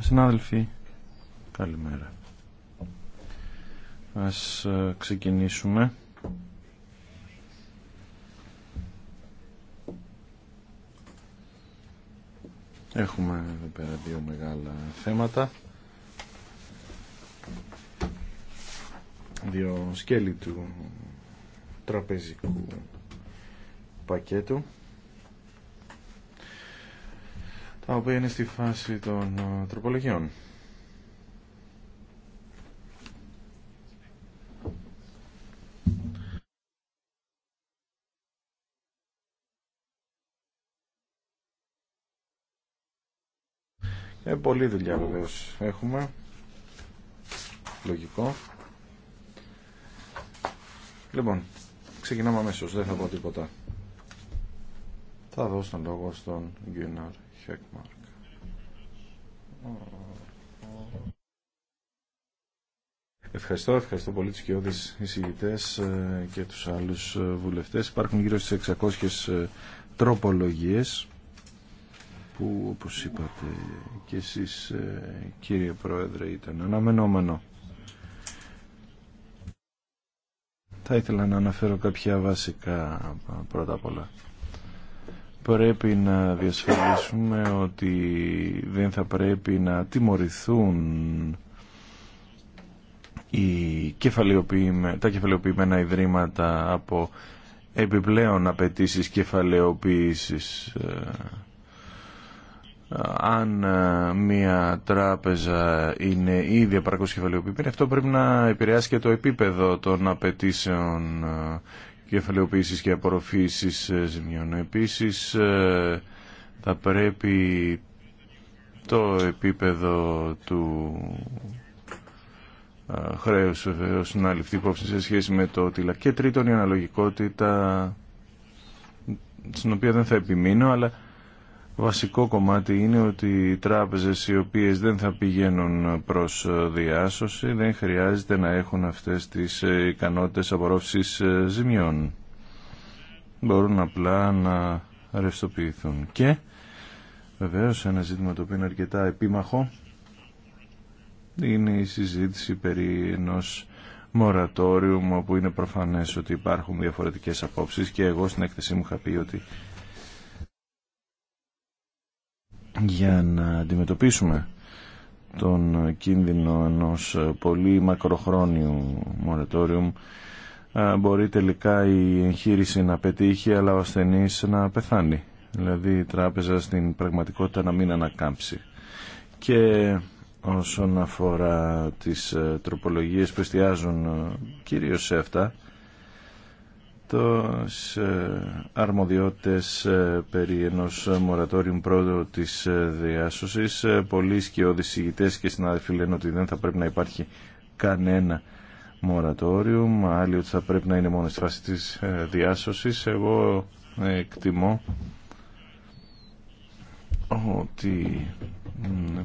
Συνάδελφοι, καλημέρα. Ας ε, ξεκινήσουμε. Έχουμε εδώ πέρα δύο μεγάλα θέματα. Δύο σκέλη του τραπεζικού πακέτου τα οποία είναι στη φάση των ε, τροπολογιών. Ε, πολλή δουλειά βεβαίω έχουμε. Λογικό. Λοιπόν, ξεκινάμε αμέσως. Δεν θα πω τίποτα. Θα δώσω τον λόγο στον Γκουινάρ Ευχαριστώ, ευχαριστώ πολύ τους κοιόδες εισηγητές ε, και τους άλλους ε, βουλευτές. Υπάρχουν γύρω στις 600 ε, τροπολογίες που όπως είπατε και εσείς κύριε Πρόεδρε ήταν αναμενόμενο. Θα ήθελα να αναφέρω κάποια βασικά πρώτα απ' όλα πρέπει να διασφαλίσουμε ότι δεν θα πρέπει να τιμωρηθούν οι τα κεφαλαιοποιημένα ιδρύματα από επιπλέον απαιτήσει κεφαλαιοποίησης ε, αν ε, μια τράπεζα είναι ήδη απαρκώς κεφαλαιοποιημένη αυτό πρέπει να επηρεάσει και το επίπεδο των απαιτήσεων ε, κεφαλαιοποίησης και απορροφήσεις ε, ζημιών. Επίσης ε, θα πρέπει το επίπεδο του ε, χρέους βεβαίω να ληφθεί υπόψη σε σχέση με το τίλα. Και τρίτον η αναλογικότητα στην οποία δεν θα επιμείνω αλλά βασικό κομμάτι είναι ότι οι τράπεζες οι οποίες δεν θα πηγαίνουν προς ε, διάσωση δεν χρειάζεται να έχουν αυτές τις ε, ικανότητες απορρόφησης ε, ζημιών. Μπορούν απλά να ρευστοποιηθούν. Και βεβαίως ένα ζήτημα το οποίο είναι αρκετά επίμαχο είναι η συζήτηση περί ενός μορατόριου όπου είναι προφανές ότι υπάρχουν διαφορετικές απόψεις και εγώ στην έκθεσή μου είχα πει ότι για να αντιμετωπίσουμε τον κίνδυνο ενός πολύ μακροχρόνιου μορατόριου μπορεί τελικά η εγχείρηση να πετύχει αλλά ο ασθενής να πεθάνει δηλαδή η τράπεζα στην πραγματικότητα να μην ανακάμψει και όσον αφορά τις ε, τροπολογίες που εστιάζουν ε, κυρίως σε αυτά το ε, αρμοδιότητες ε, περί ενός μορατόριου πρόοδου της ε, διάσωσης. Πολλοί σκιώδεις συγητές και συνάδελφοι λένε ότι δεν θα πρέπει να υπάρχει κανένα μορατόριο, άλλοι ότι θα πρέπει να είναι μόνο στη φάση της διάσωσης. Εγώ εκτιμώ ότι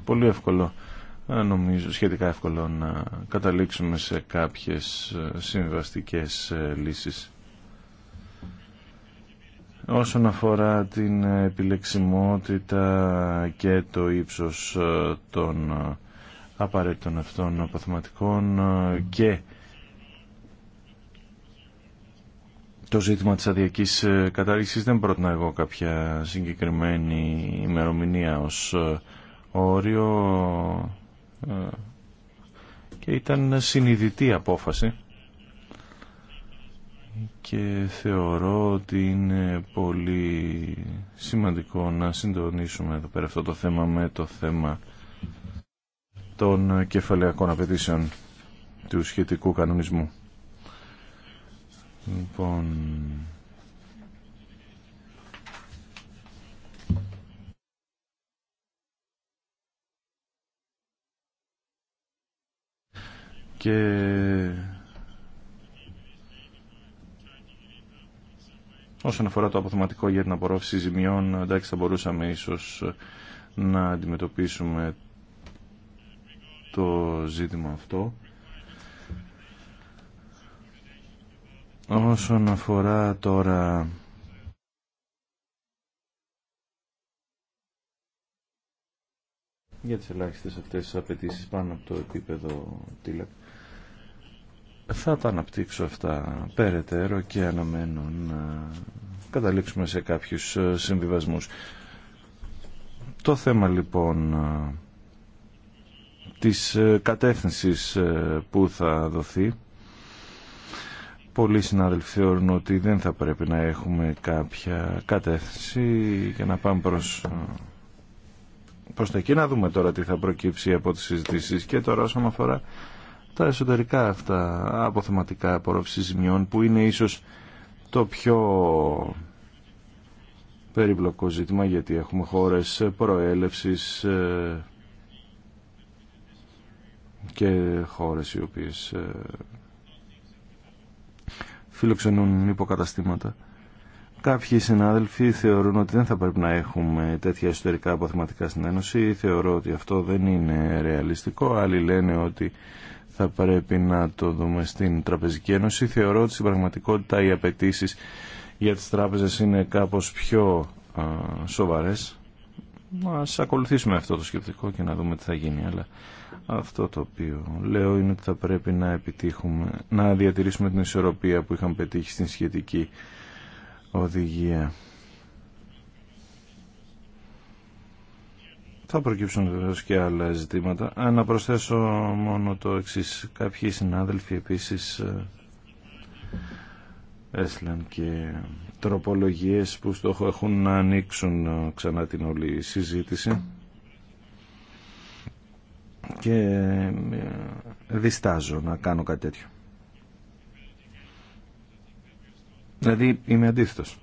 πολύ εύκολο νομίζω σχετικά εύκολο να καταλήξουμε σε κάποιες συμβαστικές λύσεις Όσον αφορά την επιλεξιμότητα και το ύψος ε, των ε, απαραίτητων αυτών αποθεματικών ε, και το ζήτημα της αδιακής κατάληξης δεν πρότεινα εγώ κάποια συγκεκριμένη ημερομηνία ως όριο και ήταν συνειδητή απόφαση και θεωρώ ότι είναι πολύ σημαντικό να συντονίσουμε εδώ πέρα αυτό το θέμα με το θέμα των κεφαλαιακών απαιτήσεων του σχετικού κανονισμού. Λοιπόν... Και Όσον αφορά το αποθεματικό για την απορρόφηση ζημιών, εντάξει θα μπορούσαμε ίσως να αντιμετωπίσουμε το ζήτημα αυτό. Όσον αφορά τώρα για τις ελάχιστες αυτές τις απαιτήσεις πάνω από το επίπεδο τηλεπτή θα τα αναπτύξω αυτά περαιτέρω και αναμένω να καταλήξουμε σε κάποιους ε, συμβιβασμούς. Το θέμα λοιπόν ε, της ε, κατεύθυνσης που θα δοθεί πολλοί συνάδελφοι θεωρούν ότι δεν θα πρέπει να έχουμε κάποια κατεύθυνση και να πάμε προς, προς τα εκεί να δούμε τώρα τι θα προκύψει από τις συζητήσεις και τώρα όσον αφορά τα εσωτερικά αυτά αποθεματικά απορρόφησης ζημιών που είναι ίσως το πιο περίπλοκο ζήτημα γιατί έχουμε χώρες προέλευσης ε, και χώρες οι οποίες ε, φιλοξενούν υποκαταστήματα. Κάποιοι συνάδελφοι θεωρούν ότι δεν θα πρέπει να έχουμε τέτοια εσωτερικά αποθεματικά στην Ένωση. Θεωρώ ότι αυτό δεν είναι ρεαλιστικό. Άλλοι λένε ότι θα πρέπει να το δούμε στην Τραπεζική Ένωση. Θεωρώ ότι στην πραγματικότητα οι απαιτήσει για τις τράπεζες είναι κάπως πιο α, σοβαρές. Ας ακολουθήσουμε αυτό το σκεπτικό και να δούμε τι θα γίνει. Αλλά αυτό το οποίο λέω είναι ότι θα πρέπει να επιτύχουμε, να διατηρήσουμε την ισορροπία που είχαμε πετύχει στην σχετική οδηγία. Θα προκύψουν βεβαίω και άλλα ζητήματα. να προσθέσω μόνο το εξή. Κάποιοι συνάδελφοι επίση ε, έστειλαν και τροπολογίε που στόχο έχουν να ανοίξουν ε, ξανά την όλη συζήτηση και ε, διστάζω να κάνω κάτι τέτοιο. Δηλαδή είμαι αντίθετος.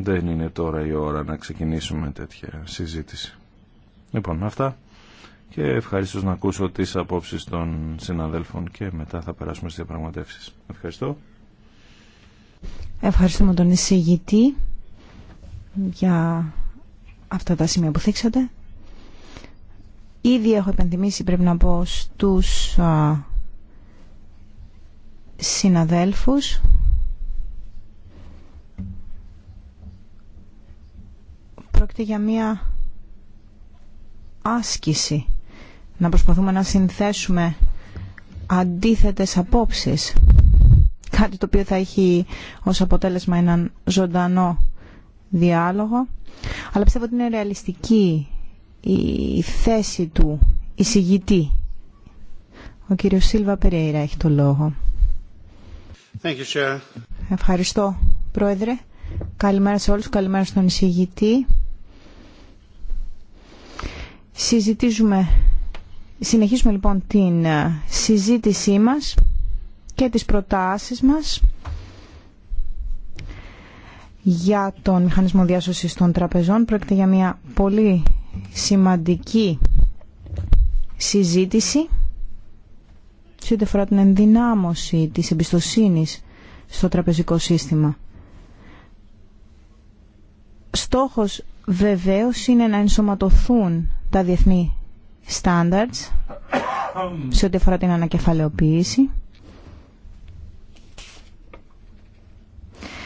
Δεν είναι τώρα η ώρα να ξεκινήσουμε τέτοια συζήτηση. Λοιπόν, αυτά και ευχαριστώ να ακούσω τις απόψεις των συναδέλφων και μετά θα περάσουμε στις διαπραγματεύσεις. Ευχαριστώ. Ευχαριστούμε τον εισηγητή για αυτά τα σημεία που θίξατε. Ήδη έχω επενθυμίσει πρέπει να πω στους συναδέλφους Πρόκειται για μία άσκηση να προσπαθούμε να συνθέσουμε αντίθετες απόψεις κάτι το οποίο θα έχει ως αποτέλεσμα έναν ζωντανό διάλογο αλλά πιστεύω ότι είναι ρεαλιστική η θέση του εισηγητή ο κύριος Σίλβα Περέιρα έχει το λόγο Thank you, Ευχαριστώ Πρόεδρε Καλημέρα σε όλους, καλημέρα στον εισηγητή Συζητήσουμε, συνεχίζουμε λοιπόν την ε, συζήτησή μας και τις προτάσεις μας για τον μηχανισμό διάσωσης των τραπεζών. Πρόκειται για μια πολύ σημαντική συζήτηση σε ό,τι αφορά την ενδυνάμωση της εμπιστοσύνης στο τραπεζικό σύστημα. Στόχος βεβαίως είναι να ενσωματωθούν τα διεθνή standards σε ό,τι αφορά την ανακεφαλαιοποίηση.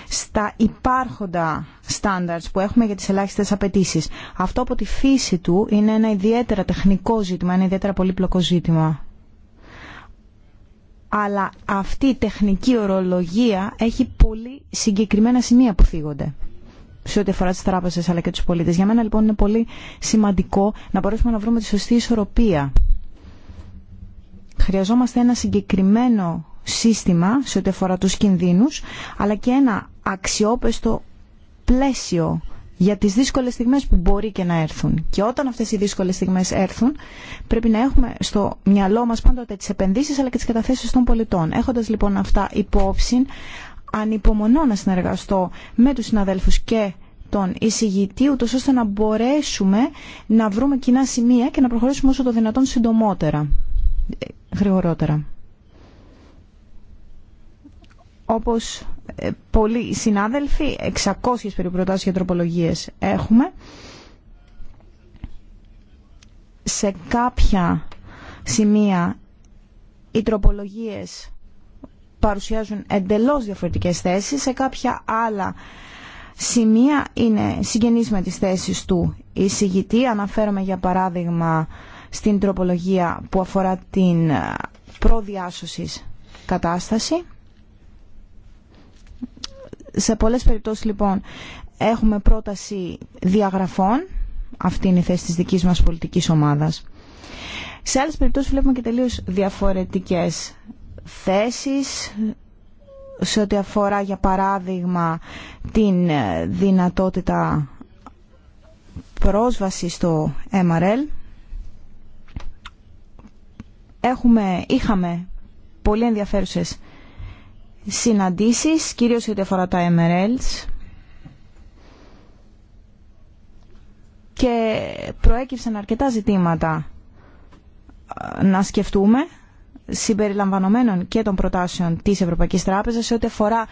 στα υπάρχοντα standards που έχουμε για τις ελάχιστες απαιτήσει. Αυτό από τη φύση του είναι ένα ιδιαίτερα τεχνικό ζήτημα, ένα ιδιαίτερα πολύπλοκο ζήτημα. Αλλά αυτή η τεχνική ορολογία έχει πολύ συγκεκριμένα σημεία που φύγονται σε ό,τι αφορά τι τράπεζε αλλά και του πολίτε. Για μένα λοιπόν είναι πολύ σημαντικό να μπορέσουμε να βρούμε τη σωστή ισορροπία. Χρειαζόμαστε ένα συγκεκριμένο σύστημα σε ό,τι αφορά τους κινδύνους, αλλά και ένα αξιόπιστο πλαίσιο για τις δύσκολες στιγμές που μπορεί και να έρθουν. Και όταν αυτές οι δύσκολες στιγμές έρθουν, πρέπει να έχουμε στο μυαλό μας πάντοτε τις επενδύσεις αλλά και τις καταθέσεις των πολιτών. Έχοντας λοιπόν αυτά υπόψη, ανυπομονώ να συνεργαστώ με τους συναδέλφους και τον εισηγητή, ούτως ώστε να μπορέσουμε να βρούμε κοινά σημεία και να προχωρήσουμε όσο το δυνατόν συντομότερα, γρηγορότερα. Όπως ε, πολλοί συνάδελφοι, 600 περίπου προτάσεις για τροπολογίες έχουμε. Σε κάποια σημεία οι τροπολογίες παρουσιάζουν εντελώς διαφορετικές θέσεις. Σε κάποια άλλα σημεία είναι συγγενείς με τις θέσεις του εισηγητή. Αναφέρομαι για παράδειγμα στην τροπολογία που αφορά την ε, προδιάσωση κατάσταση. Σε πολλές περιπτώσεις λοιπόν έχουμε πρόταση διαγραφών. Αυτή είναι η θέση της δικής μας πολιτικής ομάδας. Σε άλλες περιπτώσεις βλέπουμε και τελείως διαφορετικές θέσεις σε ό,τι αφορά για παράδειγμα την δυνατότητα πρόσβαση στο MRL. Έχουμε, είχαμε πολύ ενδιαφέρουσες συναντήσεις, κυρίως σε ό,τι αφορά τα MRLs. Και προέκυψαν αρκετά ζητήματα ε, να σκεφτούμε συμπεριλαμβανομένων και των προτάσεων της Ευρωπαϊκής Τράπεζας σε ό,τι αφορά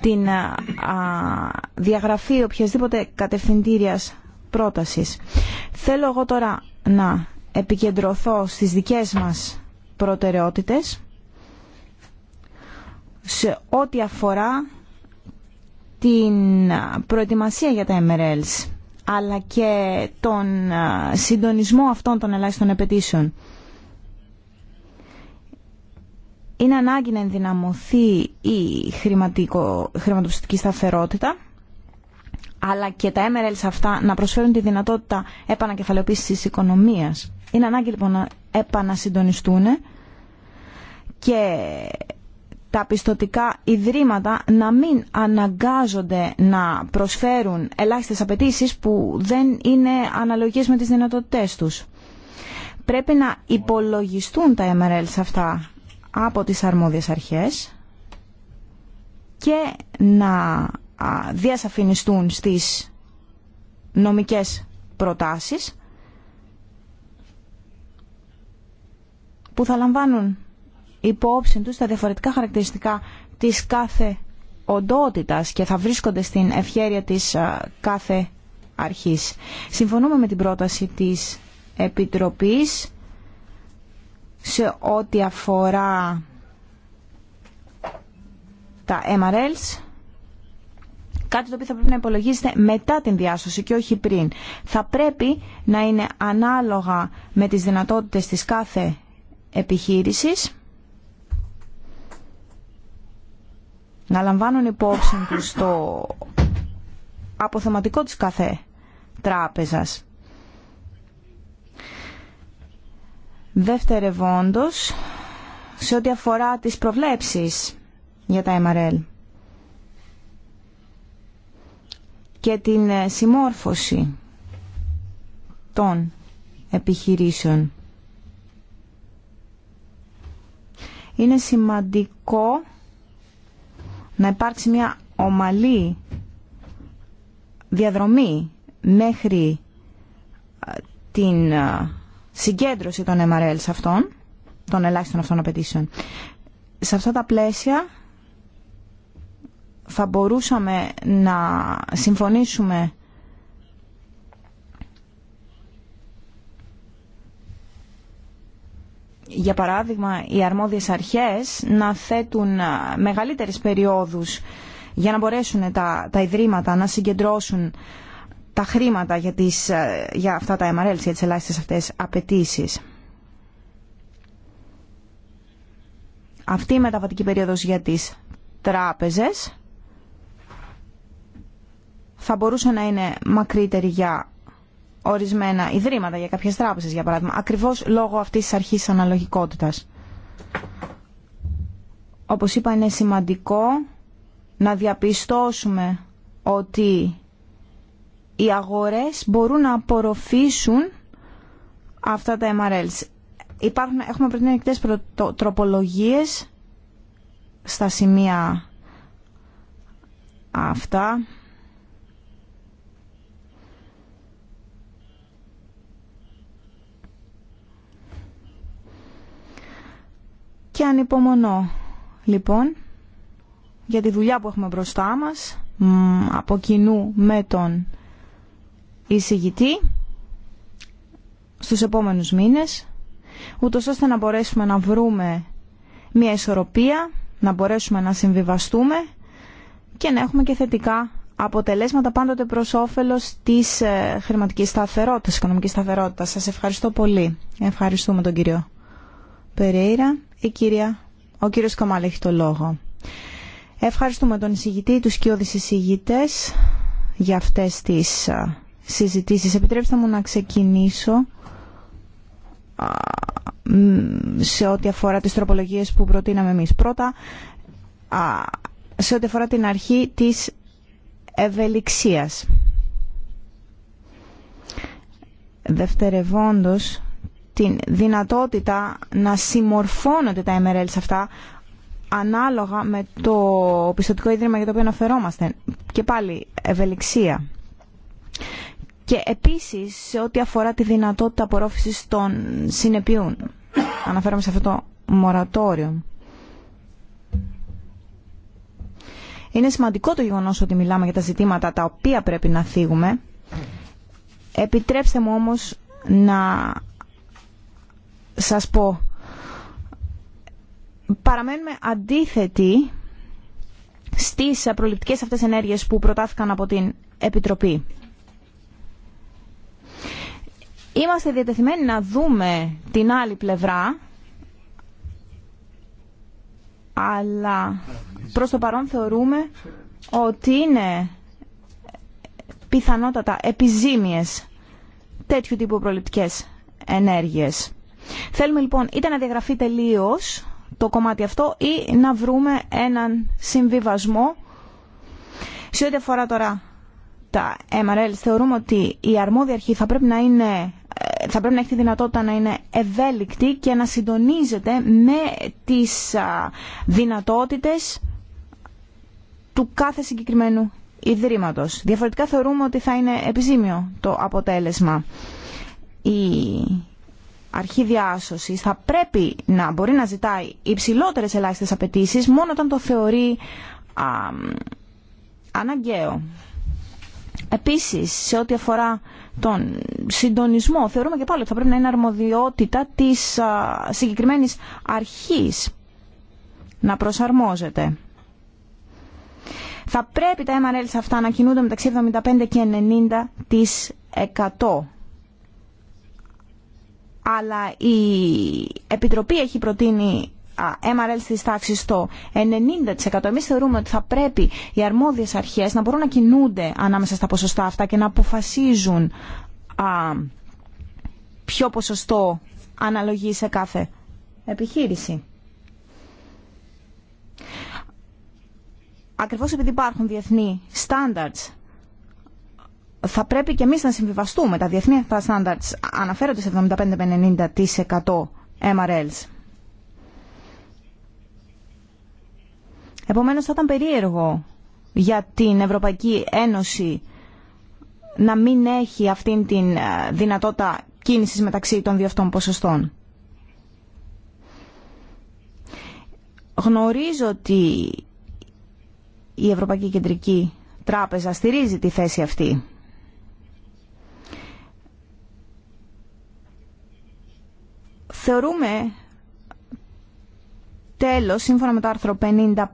την διαγραφή οποιασδήποτε κατευθυντήριας πρότασης. Θέλω εγώ τώρα να επικεντρωθώ στις δικές μας προτεραιότητες σε ό,τι αφορά την προετοιμασία για τα MRLs αλλά και τον συντονισμό αυτών των ελάχιστων επαιτήσεων είναι ανάγκη να ενδυναμωθεί η χρηματοπιστική σταθερότητα αλλά και τα MRL αυτά να προσφέρουν τη δυνατότητα επανακεφαλαιοποίησης της οικονομίας. Είναι ανάγκη λοιπόν να επανασυντονιστούν και τα πιστοτικά ιδρύματα να μην αναγκάζονται να προσφέρουν ελάχιστες απαιτήσει που δεν είναι αναλογίες με τις δυνατότητές τους. Πρέπει να υπολογιστούν τα MRL αυτά από τις αρμόδιες αρχές και να διασαφινιστούν στις νομικές προτάσεις που θα λαμβάνουν υπόψη τους τα διαφορετικά χαρακτηριστικά της κάθε οντότητας και θα βρίσκονται στην ευχέρεια της κάθε αρχής. Συμφωνούμε με την πρόταση της Επιτροπής σε ό,τι αφορά τα MRLs, κάτι το οποίο θα πρέπει να υπολογίσετε μετά την διάσωση και όχι πριν. Θα πρέπει να είναι ανάλογα με τις δυνατότητες της κάθε επιχείρησης, να λαμβάνουν υπόψη τους το αποθεματικό της κάθε τράπεζας. Δευτερευόντως, σε ό,τι αφορά τις προβλέψεις για τα MRL και την ε, συμμόρφωση των επιχειρήσεων. Είναι σημαντικό να υπάρξει μια ομαλή διαδρομή μέχρι ε, την ε, συγκέντρωση των MRL αυτών, των ελάχιστων αυτών απαιτήσεων. Σε αυτά τα πλαίσια θα μπορούσαμε να συμφωνήσουμε για παράδειγμα οι αρμόδιες αρχές να θέτουν μεγαλύτερες περιόδους για να μπορέσουν τα, τα ιδρύματα να συγκεντρώσουν τα χρήματα για, τις, ε, για αυτά τα MRL, για τις ελάχιστες αυτές απαιτήσει. Αυτή η μεταβατική περίοδος για τις τράπεζες θα μπορούσε να είναι μακρύτερη για ορισμένα ιδρύματα, για κάποιες τράπεζες για παράδειγμα, ακριβώς λόγω αυτής της αρχής αναλογικότητας. Όπως είπα είναι σημαντικό να διαπιστώσουμε ότι οι αγορές μπορούν να απορροφήσουν αυτά τα MRLs. Υπάρχουν, έχουμε πριν ανοιχτές τροπολογίες στα σημεία αυτά. Και ανυπομονώ, λοιπόν, για τη δουλειά που έχουμε μπροστά μας, από κοινού με τον εισηγητή στους επόμενους μήνες, ούτως ώστε να μπορέσουμε να βρούμε μια ισορροπία, να μπορέσουμε να συμβιβαστούμε και να έχουμε και θετικά αποτελέσματα πάντοτε προς όφελος της ε, χρηματικής σταθερότητας, της οικονομικής σταθερότητας. Σας ευχαριστώ πολύ. Ευχαριστούμε τον κύριο Περέιρα. Η κυρία, ο κύριος Καμάλ έχει το λόγο. Ευχαριστούμε τον εισηγητή, τους κοιόδης εισηγητές για αυτές τις ε, συζητήσεις. Επιτρέψτε μου να ξεκινήσω σε ό,τι αφορά τις τροπολογίες που προτείναμε εμείς. Πρώτα, σε ό,τι αφορά την αρχή της ευελιξίας. Δευτερευόντως, την δυνατότητα να συμμορφώνονται τα MRL σε αυτά ανάλογα με το πιστοτικό ίδρυμα για το οποίο αναφερόμαστε. Και πάλι ευελιξία και επίσης σε ό,τι αφορά τη δυνατότητα απορρόφησης των συνεπειών. Αναφέρομαι σε αυτό το μορατόριο. Είναι σημαντικό το γεγονός ότι μιλάμε για τα ζητήματα τα οποία πρέπει να θίγουμε. Επιτρέψτε μου όμως να σας πω. Παραμένουμε αντίθετοι στις προληπτικές αυτές ενέργειες που προτάθηκαν από την Επιτροπή. Είμαστε διατεθειμένοι να δούμε την άλλη πλευρά, αλλά προς το παρόν θεωρούμε ότι είναι πιθανότατα επιζήμιες τέτοιου τύπου προληπτικές ενέργειες. Θέλουμε λοιπόν είτε να διαγραφεί τελείως το κομμάτι αυτό ή να βρούμε έναν συμβιβασμό σε ό,τι αφορά τώρα τα MRL θεωρούμε ότι η αρμόδια αρχή θα πρέπει να είναι ε, θα πρέπει να έχει τη δυνατότητα να είναι ευέλικτη και να συντονίζεται με τις δυνατότητες του κάθε συγκεκριμένου ιδρύματος. Διαφορετικά θεωρούμε ότι θα είναι επιζήμιο το αποτέλεσμα. Η αρχή διάσωσης θα πρέπει να μπορεί να ζητάει υψηλότερες ελάχιστες απαιτήσεις μόνο όταν το θεωρεί αναγκαίο. Επίσης, σε ό,τι αφορά τον συντονισμό, θεωρούμε και πάλι ότι θα πρέπει να είναι αρμοδιότητα της συγκεκριμένης αρχής να προσαρμόζεται. Θα πρέπει τα MRL αυτά να κινούνται μεταξύ 75 και 90 Αλλά η Επιτροπή έχει προτείνει MRL στις τάξεις στο 90%. Εμείς θεωρούμε ότι θα πρέπει οι αρμόδιες αρχές να μπορούν να κινούνται ανάμεσα στα ποσοστά αυτά και να αποφασίζουν ποιο ποσοστό αναλογεί σε κάθε επιχείρηση. Ακριβώς επειδή υπάρχουν διεθνή standards θα πρέπει και εμείς να συμβιβαστούμε. Τα διεθνή αυτά standards αναφέρονται σε 75-90% MRLs. Επομένως θα ήταν περίεργο για την Ευρωπαϊκή Ένωση να μην έχει αυτήν την ε, δυνατότητα κίνησης μεταξύ των δύο αυτών ποσοστών. Γνωρίζω ότι η Ευρωπαϊκή Κεντρική Τράπεζα στηρίζει τη θέση αυτή. Θεωρούμε τέλος, σύμφωνα με το άρθρο 55,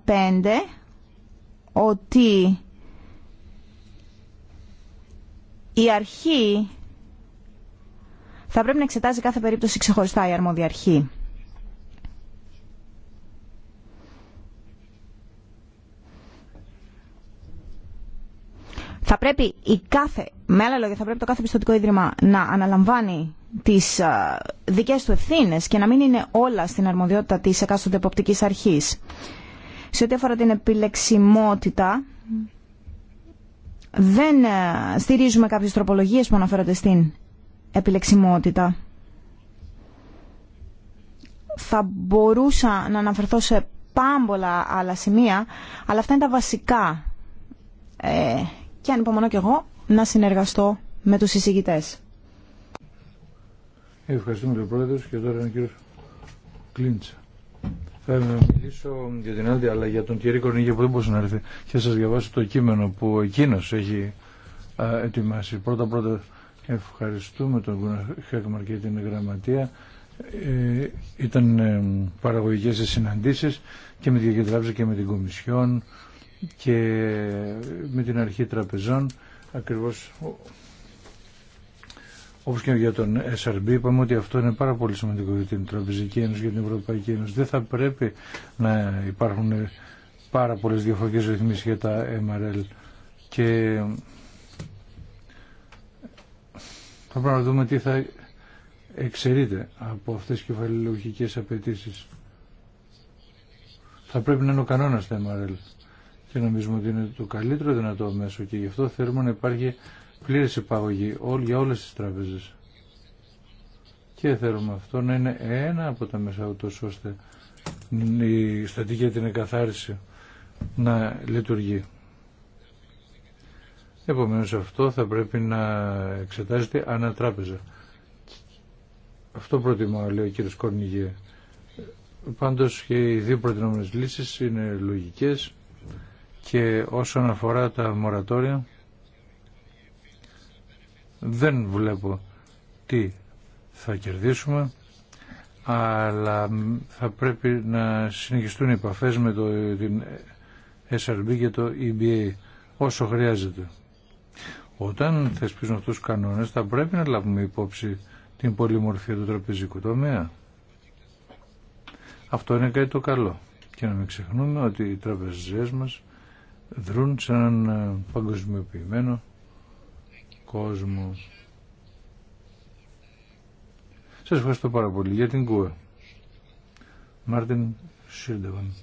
ότι η αρχή θα πρέπει να εξετάζει κάθε περίπτωση ξεχωριστά η αρμόδια αρχή. Θα πρέπει η κάθε, με άλλα λόγια, θα πρέπει το κάθε πιστοτικό ίδρυμα να αναλαμβάνει τις δικές του ευθύνες και να μην είναι όλα στην αρμοδιότητα της εκάστοτε εποπτικής αρχής. Σε ό,τι αφορά την επιλεξιμότητα, δεν στηρίζουμε κάποιες τροπολογίες που αναφέρονται στην επιλεξιμότητα. Θα μπορούσα να αναφερθώ σε πάμπολα άλλα σημεία, αλλά αυτά είναι τα βασικά. Ε, και ανυπομονώ κι εγώ να συνεργαστώ με τους συζητητές. Ευχαριστούμε τον πρόεδρο και τώρα είναι ο κύριο Κλίντσα. Θα μιλήσω για την άλλη, αλλά για τον κύριο Κορνίγια που δεν μπορούσε να έρθει. Και σα διαβάσω το κείμενο που εκείνο έχει ετοιμάσει. Πρώτα-πρώτα ευχαριστούμε τον Γκούνα Χέκμαρ και την γραμματεία. Ε, ήταν ε, παραγωγικές οι συναντήσεις και με την Τράπεζα και με την Κομισιόν και ε, με την Αρχή Τραπεζών ακριβώς Όπω και για τον SRB, είπαμε ότι αυτό είναι πάρα πολύ σημαντικό για την Τραπεζική Ένωση για την Ευρωπαϊκή Ένωση. Δεν θα πρέπει να υπάρχουν πάρα πολλέ διαφορετικέ ρυθμίσει για τα MRL. Και θα πρέπει να δούμε τι θα εξαιρείται από αυτές τις κεφαλαιολογικές απαιτήσει. Θα πρέπει να είναι ο κανόνας τα MRL και νομίζουμε ότι είναι το καλύτερο δυνατό μέσο και γι' αυτό θέλουμε να υπάρχει πλήρη υπαγωγή για όλες τις τράπεζες. Και θέλουμε αυτό να είναι ένα από τα μέσα ούτως ώστε η στατική την εκαθάριση να λειτουργεί. Επομένως αυτό θα πρέπει να εξετάζεται τράπεζα. Αυτό προτιμώ, λέει ο κύριος Κορνιγέ. Πάντως και οι δύο προτινόμενες λύσεις είναι λογικές και όσον αφορά τα μορατόρια δεν βλέπω τι θα κερδίσουμε, αλλά θα πρέπει να συνεχιστούν οι επαφές με το, την SRB και το EBA όσο χρειάζεται. Όταν θεσπίζουν αυτούς τους κανόνες θα πρέπει να λάβουμε υπόψη την πολυμορφία του τραπεζικού τομέα. Αυτό είναι κάτι το καλό. Και να μην ξεχνούμε ότι οι τραπεζές μας δρούν σε έναν ε, παγκοσμιοποιημένο κόσμου. Σας ευχαριστώ πάρα πολύ για την ΚΟΕ. Μάρτιν Σίλντεβαν.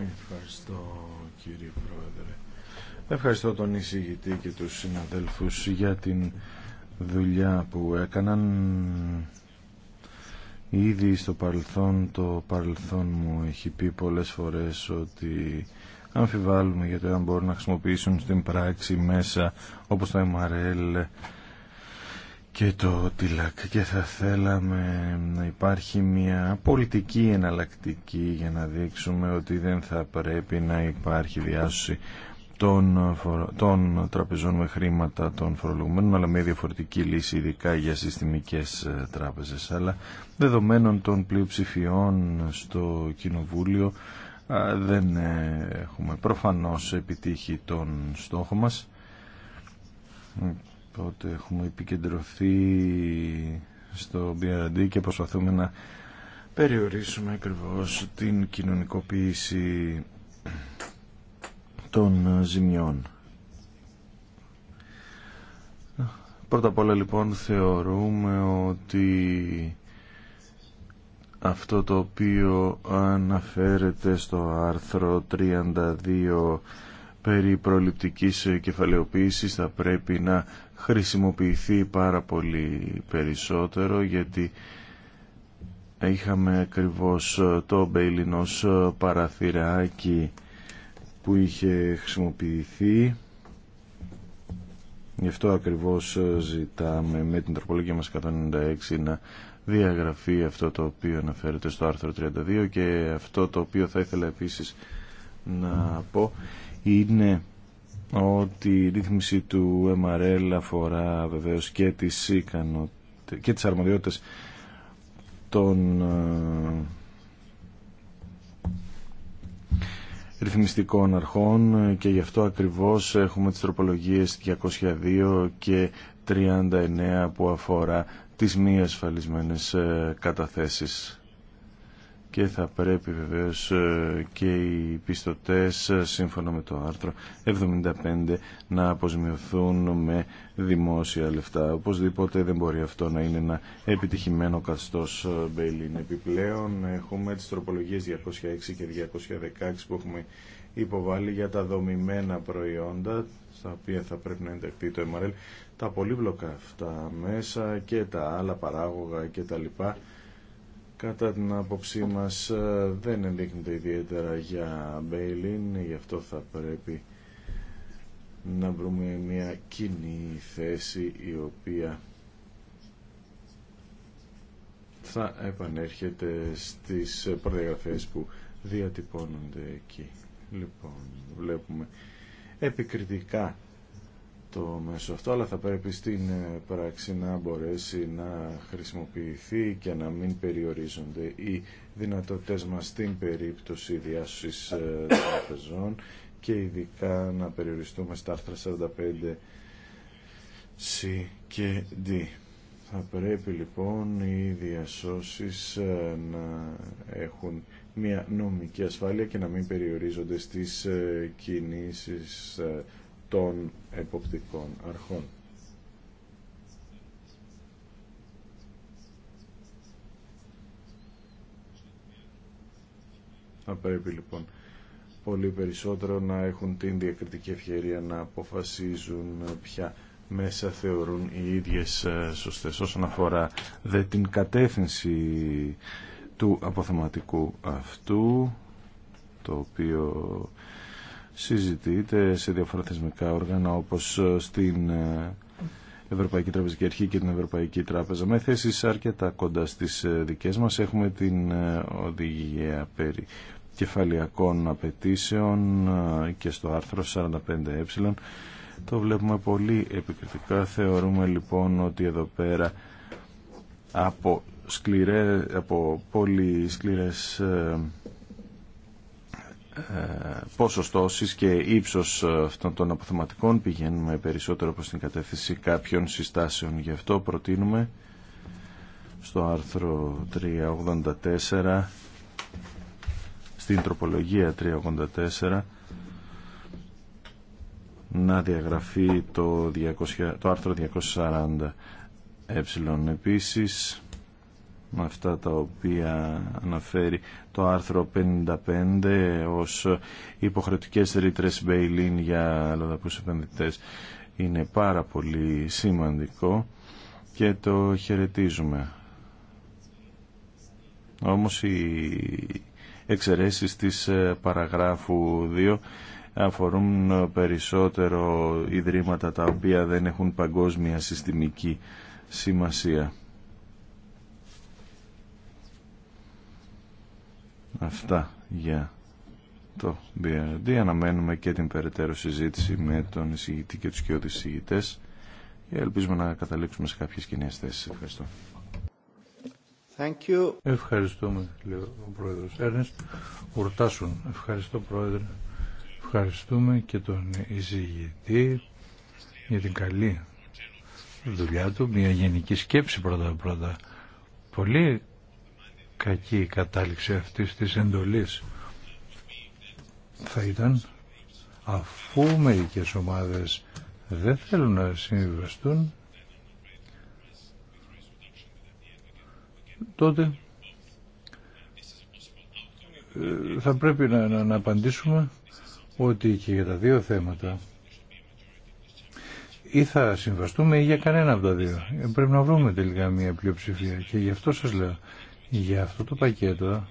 Ευχαριστώ κύριε Πρόεδρε. Ευχαριστώ τον εισηγητή και τους συναδέλφους για την δουλειά που έκαναν. Ήδη στο παρελθόν το παρελθόν μου έχει πει πολλές φορές ότι αμφιβάλλουμε για το αν μπορούν να χρησιμοποιήσουν στην πράξη μέσα όπως το MRL και το TILAC και θα θέλαμε να υπάρχει μια πολιτική εναλλακτική για να δείξουμε ότι δεν θα πρέπει να υπάρχει διάσωση των, των τραπεζών με χρήματα των φορολογουμένων αλλά με διαφορετική λύση ειδικά για συστημικές ε, τράπεζες αλλά δεδομένων των πλειοψηφιών στο Κοινοβούλιο δεν ε, έχουμε προφανώς επιτύχει τον στόχο μας οπότε έχουμε επικεντρωθεί στο BRD και προσπαθούμε να περιορίσουμε ακριβώ την κοινωνικοποίηση των ζημιών. Πρώτα απ' όλα λοιπόν θεωρούμε ότι αυτό το οποίο αναφέρεται στο άρθρο 32 περί προληπτικής κεφαλαιοποίησης θα πρέπει να χρησιμοποιηθεί πάρα πολύ περισσότερο γιατί είχαμε ακριβώς το μπέιλινος παραθυράκι που είχε χρησιμοποιηθεί γι' αυτό ακριβώς ζητάμε με την τροπολογία μας 196 να διαγραφή αυτό το οποίο αναφέρεται στο άρθρο 32 και αυτό το οποίο θα ήθελα επίσης να πω είναι ότι η ρύθμιση του MRL αφορά βεβαίως και τις, ικανο... και τις αρμοδιότητες των ε, ρυθμιστικών αρχών και γι' αυτό ακριβώς έχουμε τις τροπολογίες 202 και 39 που αφορά τις μη ασφαλισμένες ε, καταθέσεις και θα πρέπει βεβαίως ε, και οι πιστωτές ε, σύμφωνα με το άρθρο 75 να αποζημιωθούν με δημόσια λεφτά. Οπωσδήποτε δεν μπορεί αυτό να είναι ένα επιτυχημένο καστό Μπέιλιν. Επιπλέον έχουμε τις τροπολογίες 206 και 216 που έχουμε υποβάλει για τα δομημένα προϊόντα στα οποία θα πρέπει να ενταχθεί το MRL τα πολύπλοκα αυτά μέσα και τα άλλα παράγωγα και τα λοιπά κατά την άποψή μας ε, δεν ενδείχνεται ιδιαίτερα για Μπέιλιν γι' αυτό θα πρέπει να βρούμε μια κοινή θέση η οποία θα επανέρχεται στις προδιαγραφές που διατυπώνονται εκεί. Λοιπόν, βλέπουμε επικριτικά το μέσο αυτό, αλλά θα πρέπει στην ε, πράξη να μπορέσει να χρησιμοποιηθεί και να μην περιορίζονται οι δυνατότητες μας στην περίπτωση διάσωσης ε, τραπεζών και ειδικά να περιοριστούμε στα άρθρα 45 C και D. Θα πρέπει λοιπόν οι διασώσεις ε, να έχουν μια νομική ασφάλεια και να μην περιορίζονται στις κινήσεις των εποπτικών αρχών. Θα πρέπει λοιπόν πολύ περισσότερο να έχουν την διακριτική ευκαιρία να αποφασίζουν ποια μέσα θεωρούν οι ίδιες ε, σωστές όσον αφορά δε την κατεύθυνση του αποθεματικού αυτού το οποίο συζητείται σε διάφορα θεσμικά όργανα όπως ε, στην ε, Ευρωπαϊκή Τραπεζική Αρχή και την Ευρωπαϊκή Τράπεζα. Με θέσεις αρκετά κοντά στις ε, δικές μας έχουμε την οδηγία περί κεφαλιακών απαιτήσεων και στο άρθρο 45ε. Το βλέπουμε πολύ επικριτικά. Θεωρούμε λοιπόν ότι εδώ πέρα από, σκληρές από πολύ σκληρές ποσοστώσεις και ύψος αυτών των αποθεματικών πηγαίνουμε περισσότερο προς την κατεύθυνση κάποιων συστάσεων. Γι' αυτό προτείνουμε στο άρθρο 384 στην τροπολογία 384 να διαγραφεί το, 200, το άρθρο 240 ε. Επίσης με αυτά τα οποία αναφέρει το άρθρο 55 ως υποχρεωτικές μπέιλιν για λαδαπούς επενδυτές είναι πάρα πολύ σημαντικό και το χαιρετίζουμε. Όμως οι εξαιρέσεις της ε, παραγράφου 2 αφορούν περισσότερο ιδρύματα τα οποία δεν έχουν παγκόσμια συστημική σημασία. Αυτά για το BRD. Αναμένουμε και την περαιτέρω συζήτηση με τον εισηγητή και τους κοιότητες εισηγητές ελπίζουμε να καταλήξουμε σε κάποιες κοινέ θέσει. Ευχαριστώ. Ευχαριστούμε, λέει ο Πρόεδρος Έρνης. Ουρτάσουν. Ευχαριστώ, Πρόεδρε. Ευχαριστούμε και τον εισηγητή για την καλή δουλειά του. Μια γενική σκέψη πρώτα-πρώτα. Πολύ κακή η κατάληξη αυτής της εντολής θα ήταν αφού μερικές ομάδες δεν θέλουν να συμβιβαστούν τότε ε, θα πρέπει να, να, απαντήσουμε ότι και για τα δύο θέματα ή θα συμβαστούμε ή για κανένα από τα δύο. Ε, πρέπει να βρούμε τελικά μια πλειοψηφία και γι' αυτό σας λέω για αυτό το πακέτο,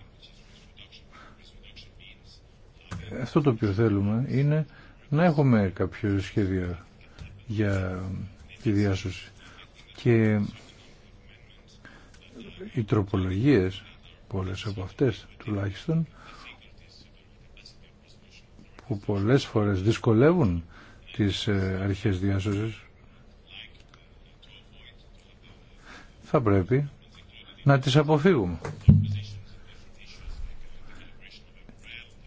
αυτό το οποίο θέλουμε είναι να έχουμε κάποιο σχέδιο για τη διάσωση. Και οι τροπολογίες, πολλές από αυτές τουλάχιστον, που πολλές φορές δυσκολεύουν τις ε, αρχές διάσωσης, θα πρέπει να τις αποφύγουμε.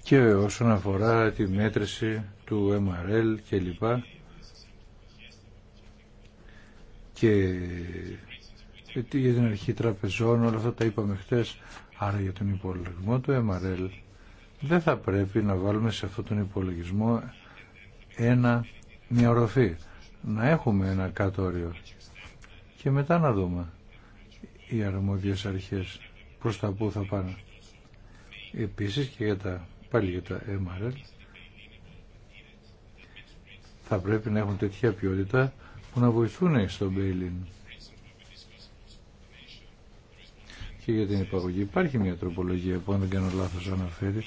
Και όσον αφορά τη μέτρηση του MRL και λοιπά και για την αρχή τραπεζών, όλα αυτά τα είπαμε χτες, άρα για τον υπολογισμό του MRL δεν θα πρέπει να βάλουμε σε αυτόν τον υπολογισμό ένα, μια οροφή. Να έχουμε ένα κατόριο και μετά να δούμε οι αρμόδιες αρχές προς τα που θα πάνε. Επίσης και για τα, πάλι για τα MRL θα πρέπει να έχουν τέτοια ποιότητα που να βοηθούν στο Μπέιλιν. Και για την υπαγωγή υπάρχει μια τροπολογία που αν δεν κάνω λάθος αναφέρει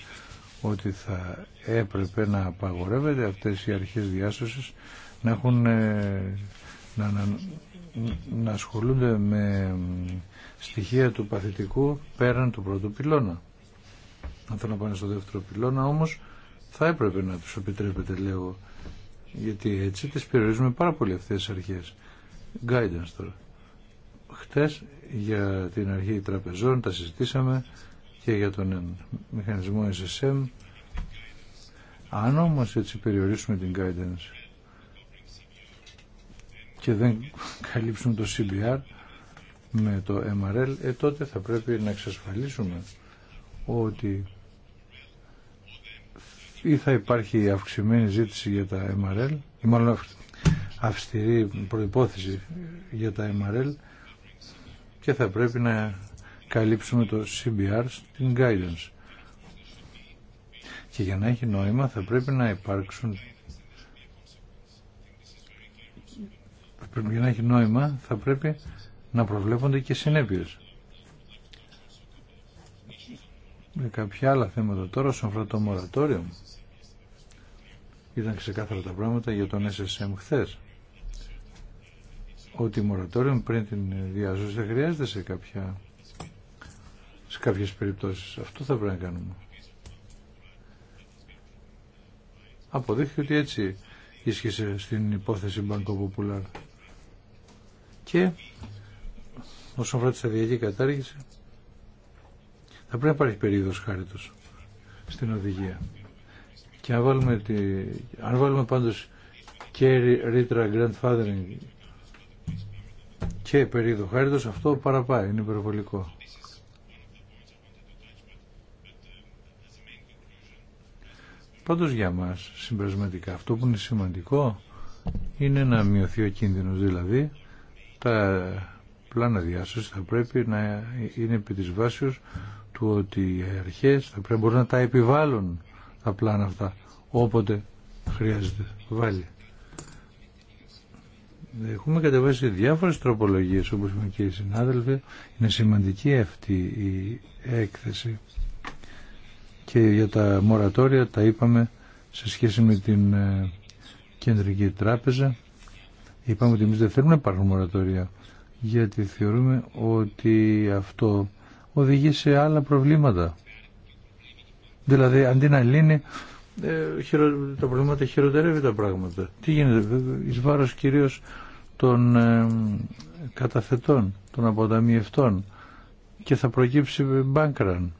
ότι θα έπρεπε να απαγορεύεται αυτές οι αρχές διάσωσης να έχουν ε, να, να, να ασχολούνται με στοιχεία του παθητικού πέραν του πρώτου πυλώνα. Αν θέλουν να πάνε στο δεύτερο πυλώνα όμως θα έπρεπε να τους επιτρέπεται λέω γιατί έτσι τις περιορίζουμε πάρα πολύ αυτές τις αρχές. Guidance τώρα. Χτες για την αρχή τραπεζών τα συζητήσαμε και για τον μηχανισμό SSM. Αν όμως έτσι περιορίσουμε την guidance και δεν καλύψουν το CBR με το MRL, ε, τότε θα πρέπει να εξασφαλίσουμε ότι ή θα υπάρχει αυξημένη ζήτηση για τα MRL ή μάλλον αυστηρή προϋπόθεση για τα MRL και θα πρέπει να καλύψουμε το CBR στην guidance. Και για να έχει νόημα θα πρέπει να υπάρξουν για να έχει νόημα θα πρέπει να προβλέπονται και συνέπειες. Με κάποια άλλα θέματα τώρα όσον αφορά το μορατόριο ήταν ξεκάθαρα τα πράγματα για τον SSM χθε. Ότι μορατόριο πριν την διάσωση δεν χρειάζεται σε, κάποια, σε κάποιες περιπτώσεις. Αυτό θα πρέπει να κάνουμε. Αποδείχθηκε ότι έτσι ίσχυσε στην υπόθεση Banco Popular και όσον αφορά τη σταδιακή κατάργηση θα πρέπει να υπάρχει περίοδος χάριτος στην οδηγία. Και αν βάλουμε, τη, αν βάλουμε πάντως και ρήτρα grandfathering και περίοδο χάριτος, αυτό παραπάει, είναι υπερβολικό. Πάντως για μας συμπερασματικά αυτό που είναι σημαντικό είναι να μειωθεί ο κίνδυνος δηλαδή τα πλάνα διάσωση θα πρέπει να είναι επί της βάσεως του ότι οι αρχές θα πρέπει μπορούν να τα επιβάλλουν τα πλάνα αυτά όποτε χρειάζεται βάλει. Έχουμε κατεβάσει διάφορες τροπολογίες όπως μια και οι συνάδελφοι. Είναι σημαντική αυτή η έκθεση και για τα μορατόρια τα είπαμε σε σχέση με την ε, Κεντρική Τράπεζα Είπαμε ότι εμεί δεν θέλουμε να υπάρχουν μορατορία γιατί θεωρούμε ότι αυτό οδηγεί σε άλλα προβλήματα. Δηλαδή αντί να λύνει ε, τα προβλήματα χειροτερεύει τα πράγματα. Τι γίνεται εις βάρος κυρίως των ε, καταθετών, των αποταμιευτών και θα προκύψει μπάνκραν.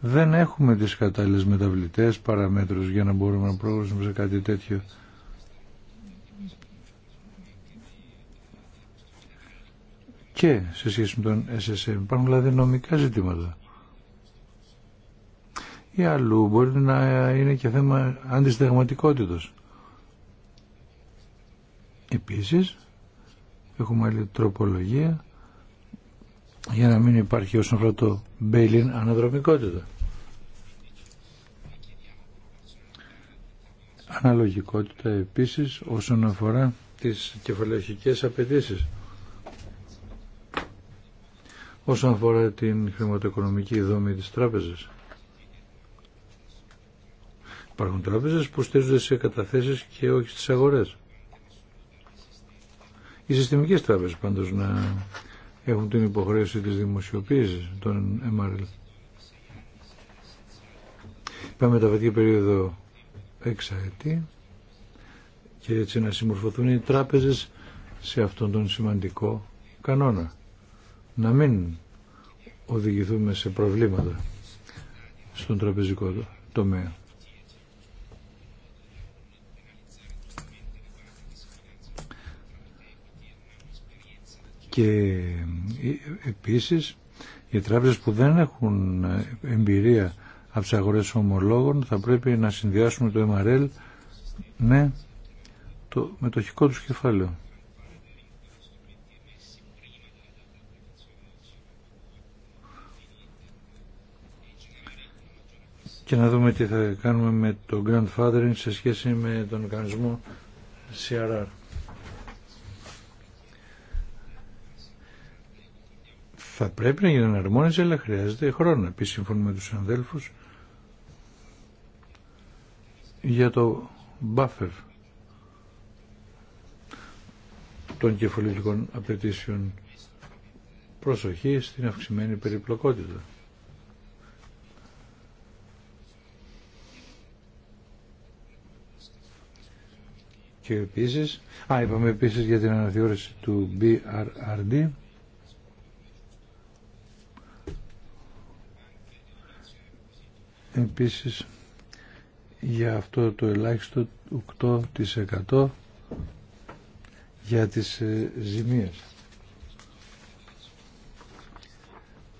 Δεν έχουμε τις κατάλληλες μεταβλητές παραμέτρους για να μπορούμε να προχωρήσουμε σε κάτι τέτοιο. και σε σχέση με τον SSM. Υπάρχουν δηλαδή νομικά ζητήματα. Ή αλλού μπορεί να είναι και θέμα αντιστεγματικότητας Επίσης, έχουμε άλλη τροπολογία για να μην υπάρχει όσον αφορά το μπέλιν αναδρομικότητα. Αναλογικότητα επίσης όσον αφορά τις κεφαλαιοχικές απαιτήσεις όσον αφορά την χρηματοοικονομική δομή της τράπεζας. Υπάρχουν τράπεζες που στέζονται σε καταθέσεις και όχι στις αγορές. Οι συστημικές τράπεζες πάντως να έχουν την υποχρέωση της δημοσιοποίησης των MRL. Πάμε τα βαθιά περίοδο εξαετή και έτσι να συμμορφωθούν οι τράπεζες σε αυτόν τον σημαντικό κανόνα να μην οδηγηθούμε σε προβλήματα στον τραπεζικό τομέα. Και ε, επίσης οι τράπεζες που δεν έχουν εμπειρία από τις αγορές ομολόγων θα πρέπει να συνδυάσουν το MRL με το μετοχικό τους κεφάλαιο. και να δούμε τι θα κάνουμε με το grandfathering σε σχέση με τον οργανισμό CRR. Θα πρέπει να γίνει εναρμόνιση, αλλά χρειάζεται χρόνο. Επίσης, σύμφωνα με τους συναδέλφους, για το buffer των κεφαλικών απαιτήσεων προσοχή στην αυξημένη περιπλοκότητα. Και επίσης, α, είπαμε επίσης για την αναθεώρηση του BRRD. Επίσης, για αυτό το ελάχιστο 8% για τις ε, ζημίες.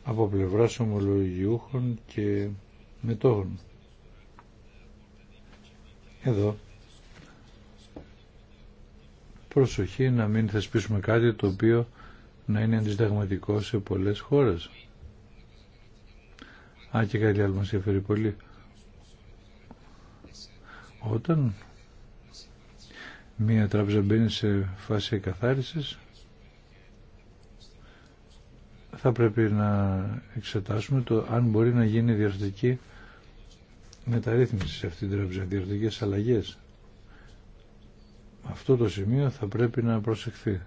από πλευράς ομολογιούχων και μετόχων. Εδώ προσοχή να μην θεσπίσουμε κάτι το οποίο να είναι αντισταγματικό σε πολλές χώρες. Α, και κάτι άλλο μας ενδιαφέρει πολύ. Όταν μία τράπεζα μπαίνει σε φάση εκαθάρισης, θα πρέπει να εξετάσουμε το αν μπορεί να γίνει διαρθρωτική μεταρρύθμιση σε αυτήν την τράπεζα, διαρθρωτικές αλλαγές αυτό το σημείο θα πρέπει να προσεχθεί.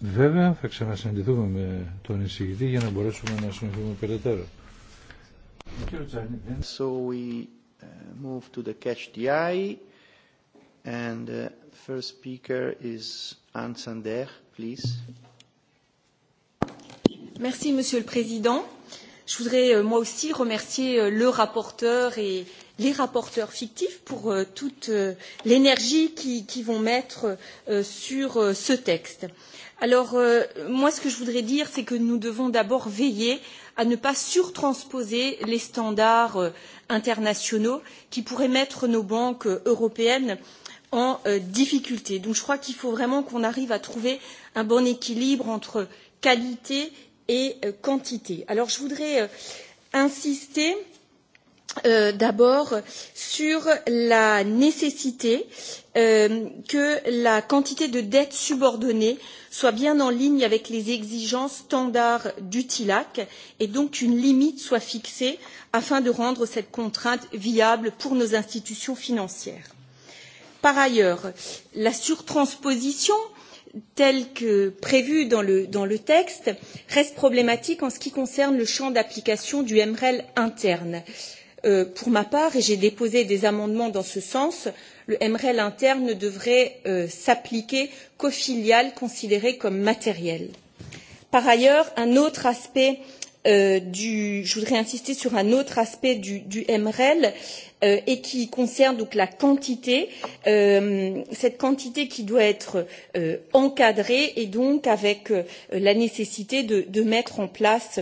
Βέβαια θα ξανασυναντηθούμε με τον εισηγητή για να μπορέσουμε να συνεχίσουμε περαιτέρω. So we uh, move to the catch the eye and the uh, first speaker is Anne Sander, please. Merci Monsieur le Président. Je voudrais moi aussi remercier le rapporteur et les rapporteurs fictifs pour toute l'énergie qu'ils vont mettre sur ce texte. Alors, moi, ce que je voudrais dire, c'est que nous devons d'abord veiller à ne pas surtransposer les standards internationaux qui pourraient mettre nos banques européennes en difficulté. Donc, je crois qu'il faut vraiment qu'on arrive à trouver un bon équilibre entre qualité et quantité. je voudrais insister d'abord sur la nécessité que la quantité de dette subordonnée soit bien en ligne avec les exigences standards du TILAC et donc qu'une limite soit fixée afin de rendre cette contrainte viable pour nos institutions financières. Par ailleurs, la surtransposition tel que prévu dans le texte reste problématique en ce qui concerne le champ d'application du MREL interne. Pour ma part, et j'ai déposé des amendements dans ce sens, le MREL interne ne devrait s'appliquer qu'aux filiales considérées comme matérielles. Par ailleurs, un autre aspect je voudrais insister sur un autre aspect du MREL et qui concerne donc la quantité, cette quantité qui doit être encadrée et donc avec la nécessité de mettre en place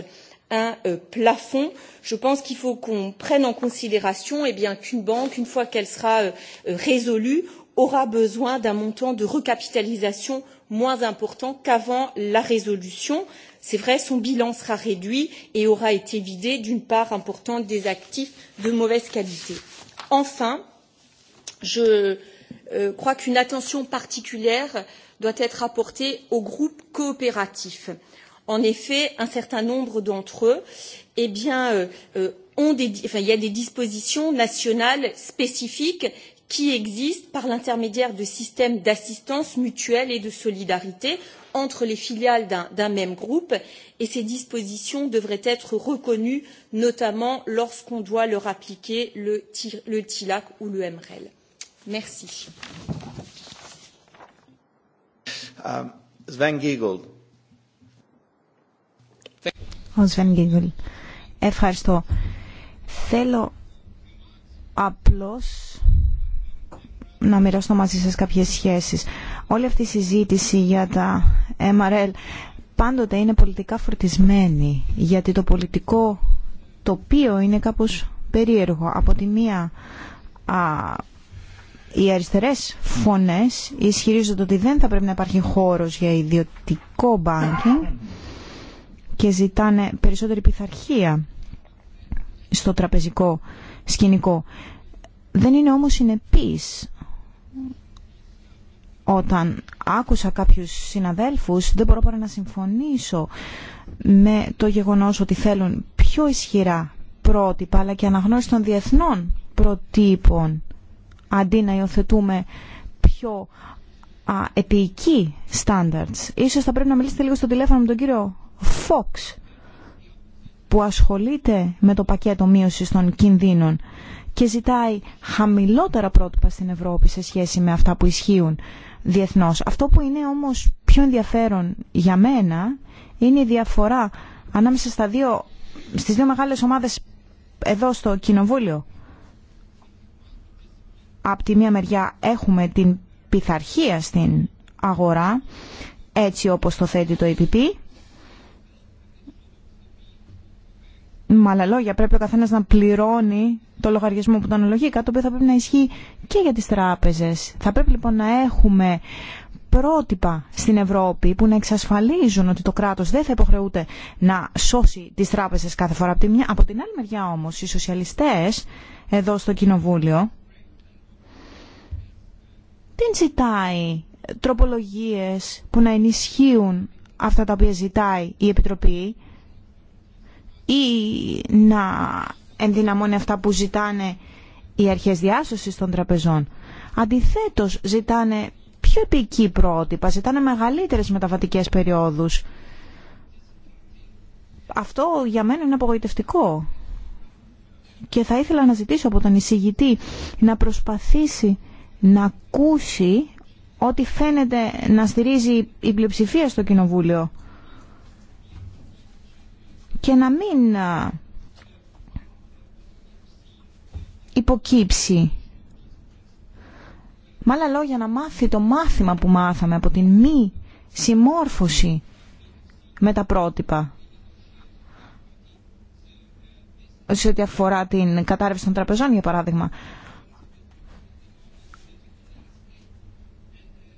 un plafond. Je pense qu'il faut qu'on prenne en considération qu'une banque, une fois qu'elle sera résolue, aura besoin d'un montant de recapitalisation moins important qu'avant la résolution c'est vrai son bilan sera réduit et aura été vidé d'une part importante des actifs de mauvaise qualité. enfin je crois qu'une attention particulière doit être apportée aux groupes coopératifs. en effet un certain nombre d'entre eux ont des il y a des dispositions nationales spécifiques qui existent par l'intermédiaire de systèmes d'assistance mutuelle et de solidarité entre les filiales d'un même groupe et ces dispositions devraient être reconnues notamment lorsqu'on doit leur appliquer le TILAC ou le MREL. Merci να μοιραστώ μαζί σας κάποιες σχέσεις. Όλη αυτή η συζήτηση για τα MRL πάντοτε είναι πολιτικά φορτισμένη, γιατί το πολιτικό τοπίο είναι κάπως περίεργο. Από τη μία α, οι αριστερές φωνές ισχυρίζονται ότι δεν θα πρέπει να υπάρχει χώρος για ιδιωτικό banking και ζητάνε περισσότερη πειθαρχία στο τραπεζικό σκηνικό. Δεν είναι όμως συνεπής όταν άκουσα κάποιους συναδέλφους δεν μπορώ παρά να συμφωνήσω με το γεγονός ότι θέλουν πιο ισχυρά πρότυπα αλλά και αναγνώριση των διεθνών προτύπων αντί να υιοθετούμε πιο α, επίοικοι standards. Ίσως θα πρέπει να μιλήσετε λίγο στο τηλέφωνο με τον κύριο Φόξ που ασχολείται με το πακέτο μείωσης των κινδύνων και ζητάει χαμηλότερα πρότυπα στην Ευρώπη σε σχέση με αυτά που ισχύουν διεθνώς. Αυτό που είναι όμως πιο ενδιαφέρον για μένα είναι η διαφορά ανάμεσα στα δύο, στις δύο μεγάλες ομάδες εδώ στο Κοινοβούλιο. Απ' τη μία μεριά έχουμε την πειθαρχία στην αγορά έτσι όπως το θέτει το EPP Με άλλα λόγια, πρέπει ο καθένα να πληρώνει το λογαριασμό που τον αναλογεί, κάτι το οποίο θα πρέπει να ισχύει και για τι τράπεζε. Θα πρέπει λοιπόν να έχουμε πρότυπα στην Ευρώπη που να εξασφαλίζουν ότι το κράτο δεν θα υποχρεούται να σώσει τι τράπεζε κάθε φορά από μια. Από την άλλη μεριά όμω, οι σοσιαλιστέ εδώ στο Κοινοβούλιο δεν ζητάει τροπολογίες που να ενισχύουν αυτά τα οποία ζητάει η Επιτροπή ή να ενδυναμώνει αυτά που ζητάνε οι αρχές διάσωσης των τραπεζών. Αντιθέτως ζητάνε πιο επική πρότυπα, ζητάνε μεγαλύτερες μεταβατικές περιόδους. Αυτό για μένα είναι απογοητευτικό. Και θα ήθελα να ζητήσω από τον εισηγητή να προσπαθήσει να ακούσει ό,τι φαίνεται να στηρίζει η πλειοψηφία στο Κοινοβούλιο και να μην υποκύψει. Με άλλα λόγια να μάθει το μάθημα που μάθαμε από την μη συμμόρφωση με τα πρότυπα σε ό,τι αφορά την κατάρρευση των τραπεζών για παράδειγμα.